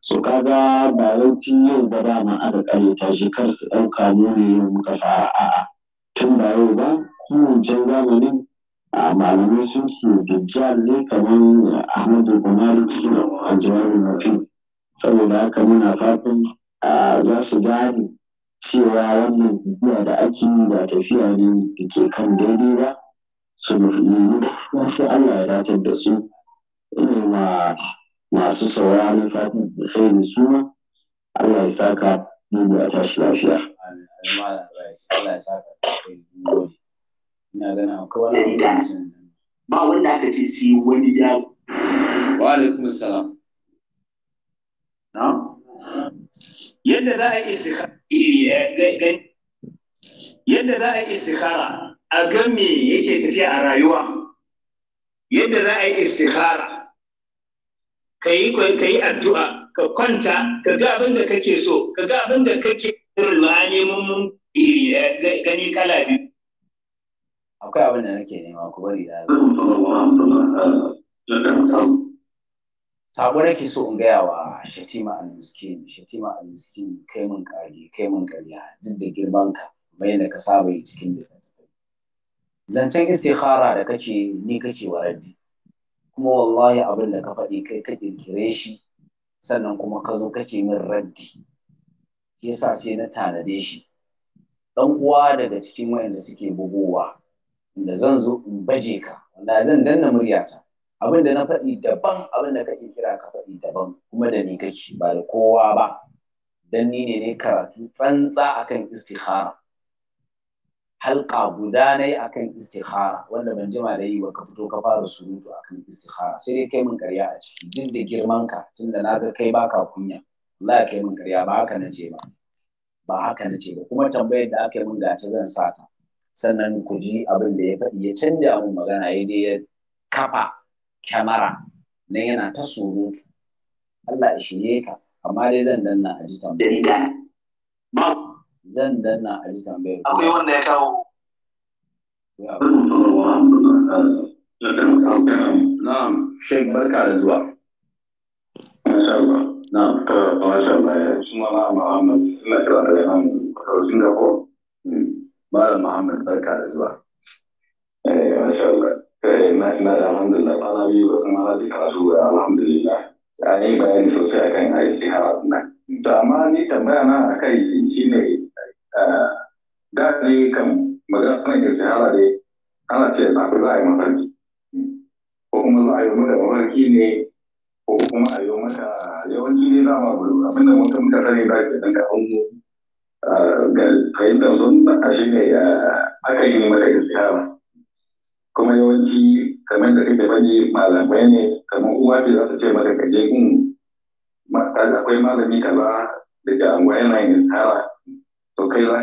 so kaga ba yawanci yau ba dama aka ƙaryata shi kar su ɗauka mu ne yau muka fara a'a tun ba yau ba shi wancan zamanin a malamai sun ce dajjal ne kamar ahmadu buhari suna a jawabin mutum saboda haka muna fatan za su gane cewa wannan tafiya da ake yi ba tafiya ne da ke kan daidai ba su nufi sai Allah ya datar da su ina ma masu sauraron fatan da sai su ma Allah ya saka mu da tashi lafiya. Allah ya saka ɗari ba wanda aka ce wani wa alaikum yadda za a yi istikhara eh, eh, eh, yadda za a yi istikhara a ga me yake tafiya a rayuwa yadda za a yi istikhara ka yi addu'a ka kwanta ka ga abin da kake so ka ga abin da kake irin neman mun gani kala biyu akwai abin da nake nema ku bari da sabo nake so in gaya wa shatima al-miskin shatima al-miskin kai mun kage kai mun duk da girman ka bayan da ka saba yi cikin da zancen istikhara da kake ni kake waradi kuma wallahi abin da ka faɗi kai ka kirkire shi sannan kuma ka zo kake min raddi yasa sai na tanade shi dan uwa daga cikin wayanda suke bugowa da zan zo in baje ka wanda zan danna muryata abin da na faɗi daban abinda ka kake kira ka faɗi daban kuma da ni kake ba da kowa ba dan ni ne ne karatu tsantsa akan istikhara halka guda na yi akan istikhara wanda ban jima da yi ba ka fito ka fara surutu akan istikhara sai dai kai mun karya a ciki duk da girman ka tunda na ga kai baka kunya Allah ya kai mun karya ba haka na ba ba haka na ba kuma tambayar da aka yi min gata zan sa ta sannan ku ji abin da ya faɗi ya canja mun magana ya je ya kafa kyamara na yana ta surutu Allah ya shirye ka amma dai zan danna a ji tambayar zan danna a ji tambayar akwai wanda ya kawo barka da zuwa ba ya na ina da Malam Muhammad barka da zuwa. Eh masha Allah. Eh na ina da alhamdulillah kwana biyu ba kuma hali karatu ba alhamdulillah. Ya yi bayani sosai akan aiki harafin nan. To amma ni tambaya na a akai shi ne eh, da ne kan maganar istihara dai ana ce na ku za a yi mafarki. Ko kuma za a yi maka mafarki ne ko kuma a yi maka yawanci ne za ma abinda mutum ka sani za ka ɗan ka Ah, ga fahimtar sunna a shi ne aka yi mata istihara kuma yawanci kamar da kake bane malamai ne kamar uwa ce za su ce mata kaje in akwai malami kaza da ke anguwa yana yin istihara to kai za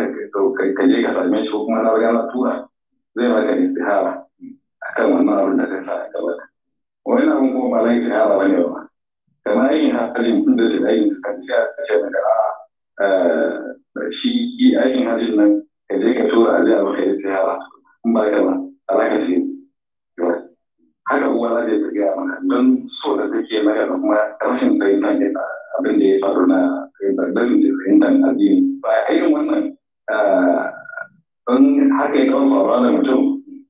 ka je ka same shi ko kuma na riga na tura zai maka istihara akan wannan abin da ka sa a gaba wani abin kuma malam istihara bane ba kamar yin halin da shi da yin istihara ce maka a shi yi aikin hajjin nan ka je ka tura aje a maka istihara in ba ka ba za ka ce haka uwa za ta gaya mana don so da take maka da kuma rashin fahimtar abin da ya faru na na addini ba a irin wannan don ah, haka ya kawo faruwa da mutum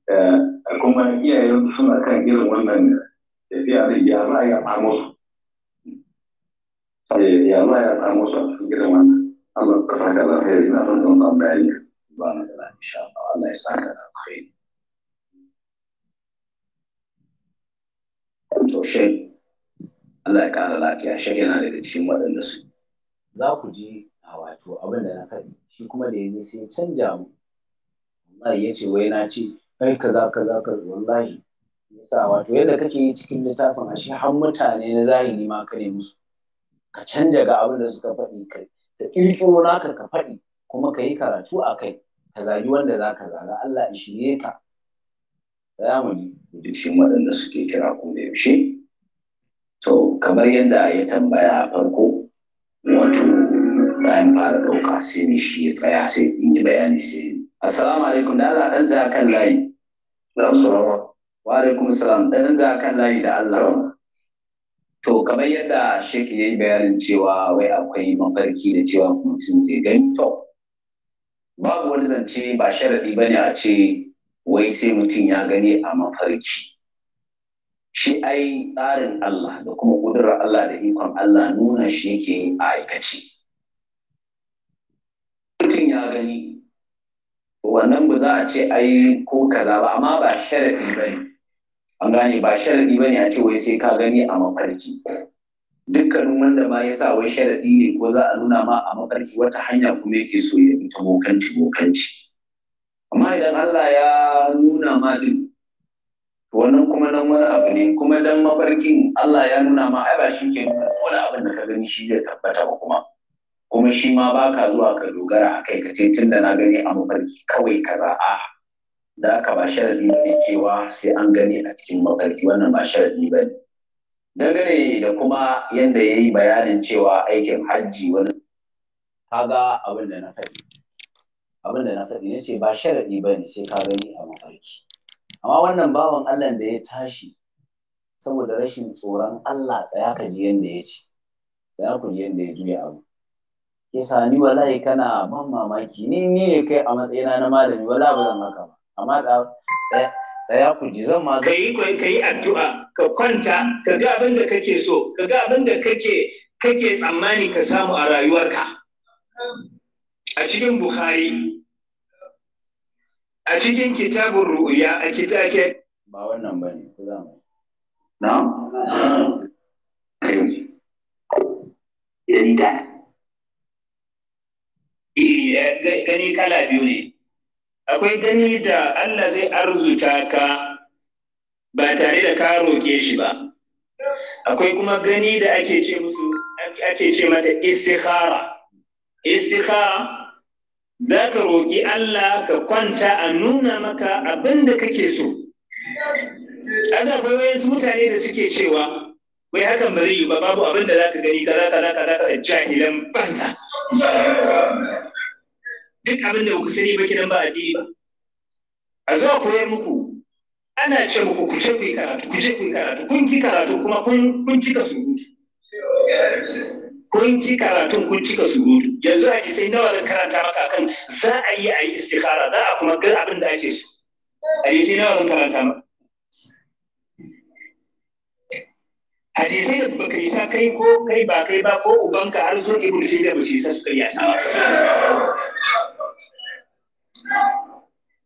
eh, kuma iyayen suna kan irin wannan tafiya da ya za a yi a musu eh, ya za a yi a musu a cikin Allah ka saka da alheri na da wannan bayani subhanahu wa ta'ala insha Allah Allah ya saka da alheri to shi Allah ya kara lafiya shi yana daga cikin waɗanda su za ku ji a wato abin da na faɗi shi kuma da yanzu sai canja mu wallahi ya ce wai na ce kai kaza kaza kaza wallahi yasa wato yadda kake yi cikin littafin a shi? har mutane na zahiri ma ka ne musu ka canja ga abin da suka faɗi kai da ƙirƙiro naka ka faɗi kuma ka yi karatu a kai ka zagi wanda za ka zaga Allah ya shirye ka zamani da cikin waɗanda suke kira ko da yaushe to kamar yadda ya tambaya a farko wato tsayin fara ɗauka sai ne shi ya tsaya sai in yi bayani sai assalamu alaikum da Allah ɗan tsaya kan layi wa alaikum salam ɗan tsaya kan layi da Allah To kamar yadda Sheikh ya yi bayanin cewa wai akwai mafarki da cewa mutum zai gani to babu wani zance ba sharaɗi bane a ce wai sai mutum ya gani a mafarki. Shi ai tsarin Allah da kuma ƙudurar Allah da ikon Allah nuna shi yake a aikace. Mutum ya gani wannan ba za a ce ai ko kaza ba amma ba sharaɗi bane. an gane ba sharadi ne a ce wai sai ka gani a mafarki dukkanin wanda ma ya sa wai sharadi ne ko za a nuna ma a mafarki wata hanya kuma yake so ya bi ta bokanci bokanci amma idan Allah ya nuna ma din wannan kuma nan wani abu ne kuma dan mafarkin Allah ya nuna ma ai ba shi ke wani abin da ka gani shi zai tabbata ba kuma kuma shi ma baka zuwa ka dogara a kai ka ce tun da na gani a mafarki kawai kaza a'a da aka ba sharadi ne cewa sai an gani a cikin mafarki wannan ba sharadi ba ne dangane da kuma yadda ya yi bayanin cewa aikin hajji wani kaga abin da na faɗi abin da na faɗi ne ce ba sharadi ba ne sai ka gani a mafarki amma wannan bawan allah da ya tashi saboda rashin tsoron allah tsaya ka ji yadda ya ce tsaya ku ji yadda ya juya abu ni sani wallahi kana ban mamaki ni ni ne kai a matsayina na malami wala ba zan haka ba amma tsaya ku ji zan ma ka yi addu'a ka kwanta ka ga abin da kake so ka ga abin da kake kake tsammani ka samu a rayuwarka a cikin bukhari a cikin kitabun ru'uya a kitake ba wannan ba ne ku zamu na jarida eh, gani kala biyu ne akwai gani da Allah zai arzuta ka ba tare da ka roƙe shi ba akwai kuma gani da ake ce musu ake ce mata istikhara istikhara za ka roƙi Allah ka kwanta a nuna maka abin da kake so ana bai wayansu mutane da suke cewa wai hakan zai yi ba babu abin da za ka gani ka, ka, za za ka" za ka jahilan banza duk abin da ku sani ba kiran ba addini ba a zuwa koyar muku ana ce muku ku je ku yi karatu ku je ku yi karatu kun ki karatu kuma kun kun cika surutu kun ki karatun kun cika surutu yanzu a ki sai nawa zan karanta maka akan za a yi a yi istikhara za a kuma gar abin da ake so a yi sai nawa zan karanta maka hadisai da kai sa kai ko kai ba kai ba ko ubanka har zo ibnu sai da ba shi sa su karya ta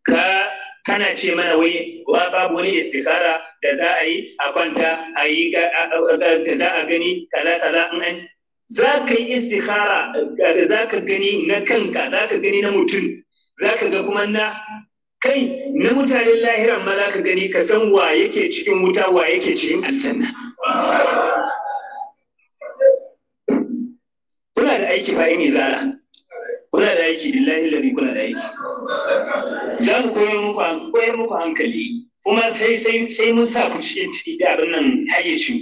ka kana ce mana wai babu wani istikhara da za a yi a kwanta a yi da za a gani kaza kaza in an za ka yi istikhara za ka gani na kanka za ka gani na mutum za ka ga kuma na kai na mutanen lahiran ma za ka gani ka san wa yake cikin wuta wa yake cikin aljanna kuna da aiki ba in izala kuna da aiki illa lari kuna da aiki za mu koyar muku koyar muku hankali kuma sai sai sai mun sa ku cikin cikin abin nan hayyacin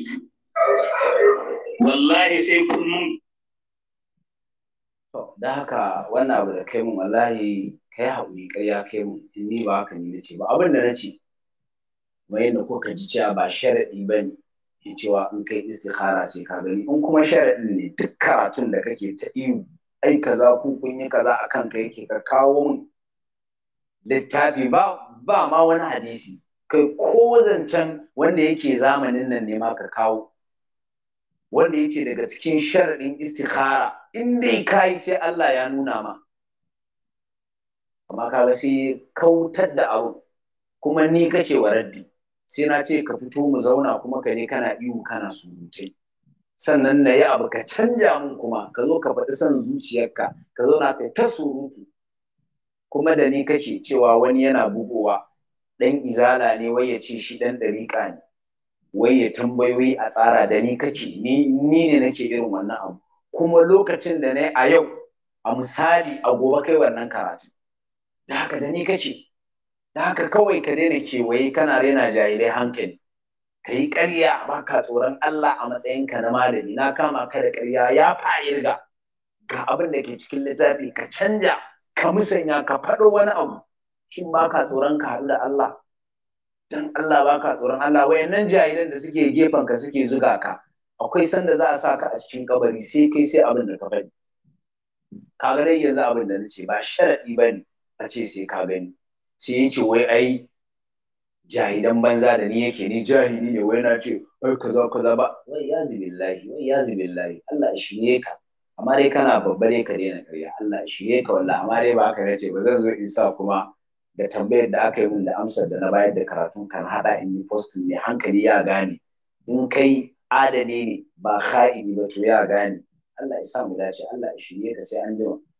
wallahi sai kun mun To, da haka wannan abu da kai mun wallahi kai haƙuri ƙarya kai mun in ni ba haka ni na ce ba abin da na ce kamar yadda kuka ji cewa ba sharaɗi ba ne cewa in kai istikhara sai ka gani in kuma sharaɗin ne duk karatun da kake ta ihu ai kaza ko kun yi kaza akan ka yake ka kawo min littafi ba ba ma wani hadisi kai ko zancen wanda yake zamanin nan ne ma ka kawo wanda yace daga cikin sharaɗin istikhara in dai kai sai Allah ya nuna ma amma kaga sai kautar da abu kuma ni kake wa sai na ce ka fito mu zauna kuma ka ne kana ihu kana surutai sannan na yi abu ka canja mun kuma ka zo ka faɗi son zuciyarka ka zo na kai ta surutu kuma da ni kake cewa wani yana bugowa ɗan izala ne wai ya ce shi ɗan ɗariƙa ne wai ya tambayoyi a tsara da ni kake ni ne nake irin wannan abu kuma lokacin da na a yau a misali a gobe kai wannan karatu da haka da ni kake da haka kawai ka daina kewaye kana rena jahilai hankali ka yi karya, ba ka tsoron Allah a matsayinka na malami na kama ka da ƙarya ya fa'irga ga abin da ke cikin littafi ka canja ka musanya ka faɗo wani abu shin ba tsoron ka haɗu da Allah dan Allah ba tsoron Allah wayannan jahilan da suke gefen ka suke zuga ka akwai sanda za a sa ka a cikin kabari sai kai sai abin da ka faɗi ga dai yanzu abin da nace ba sharaɗi bane a ce sai ka gani sai yace wai ai jahidan banza da ni yake ni jahidi ne wai na ce ai kaza kaza ba wai yazi billahi wai yazi billahi Allah shirye ka amma dai kana babba ne ka daina karya Allah shirye ka wallahi amma dai ba ka nace ba zan zo in sa kuma da tambayar da aka yi mun da amsar da na bayar da karatun kan hada in yi postin ne hankali ya gane in kai adane ne ba kha'ini ba to ya gane Allah ya sa mu dace Allah ya shirye ka sai an jima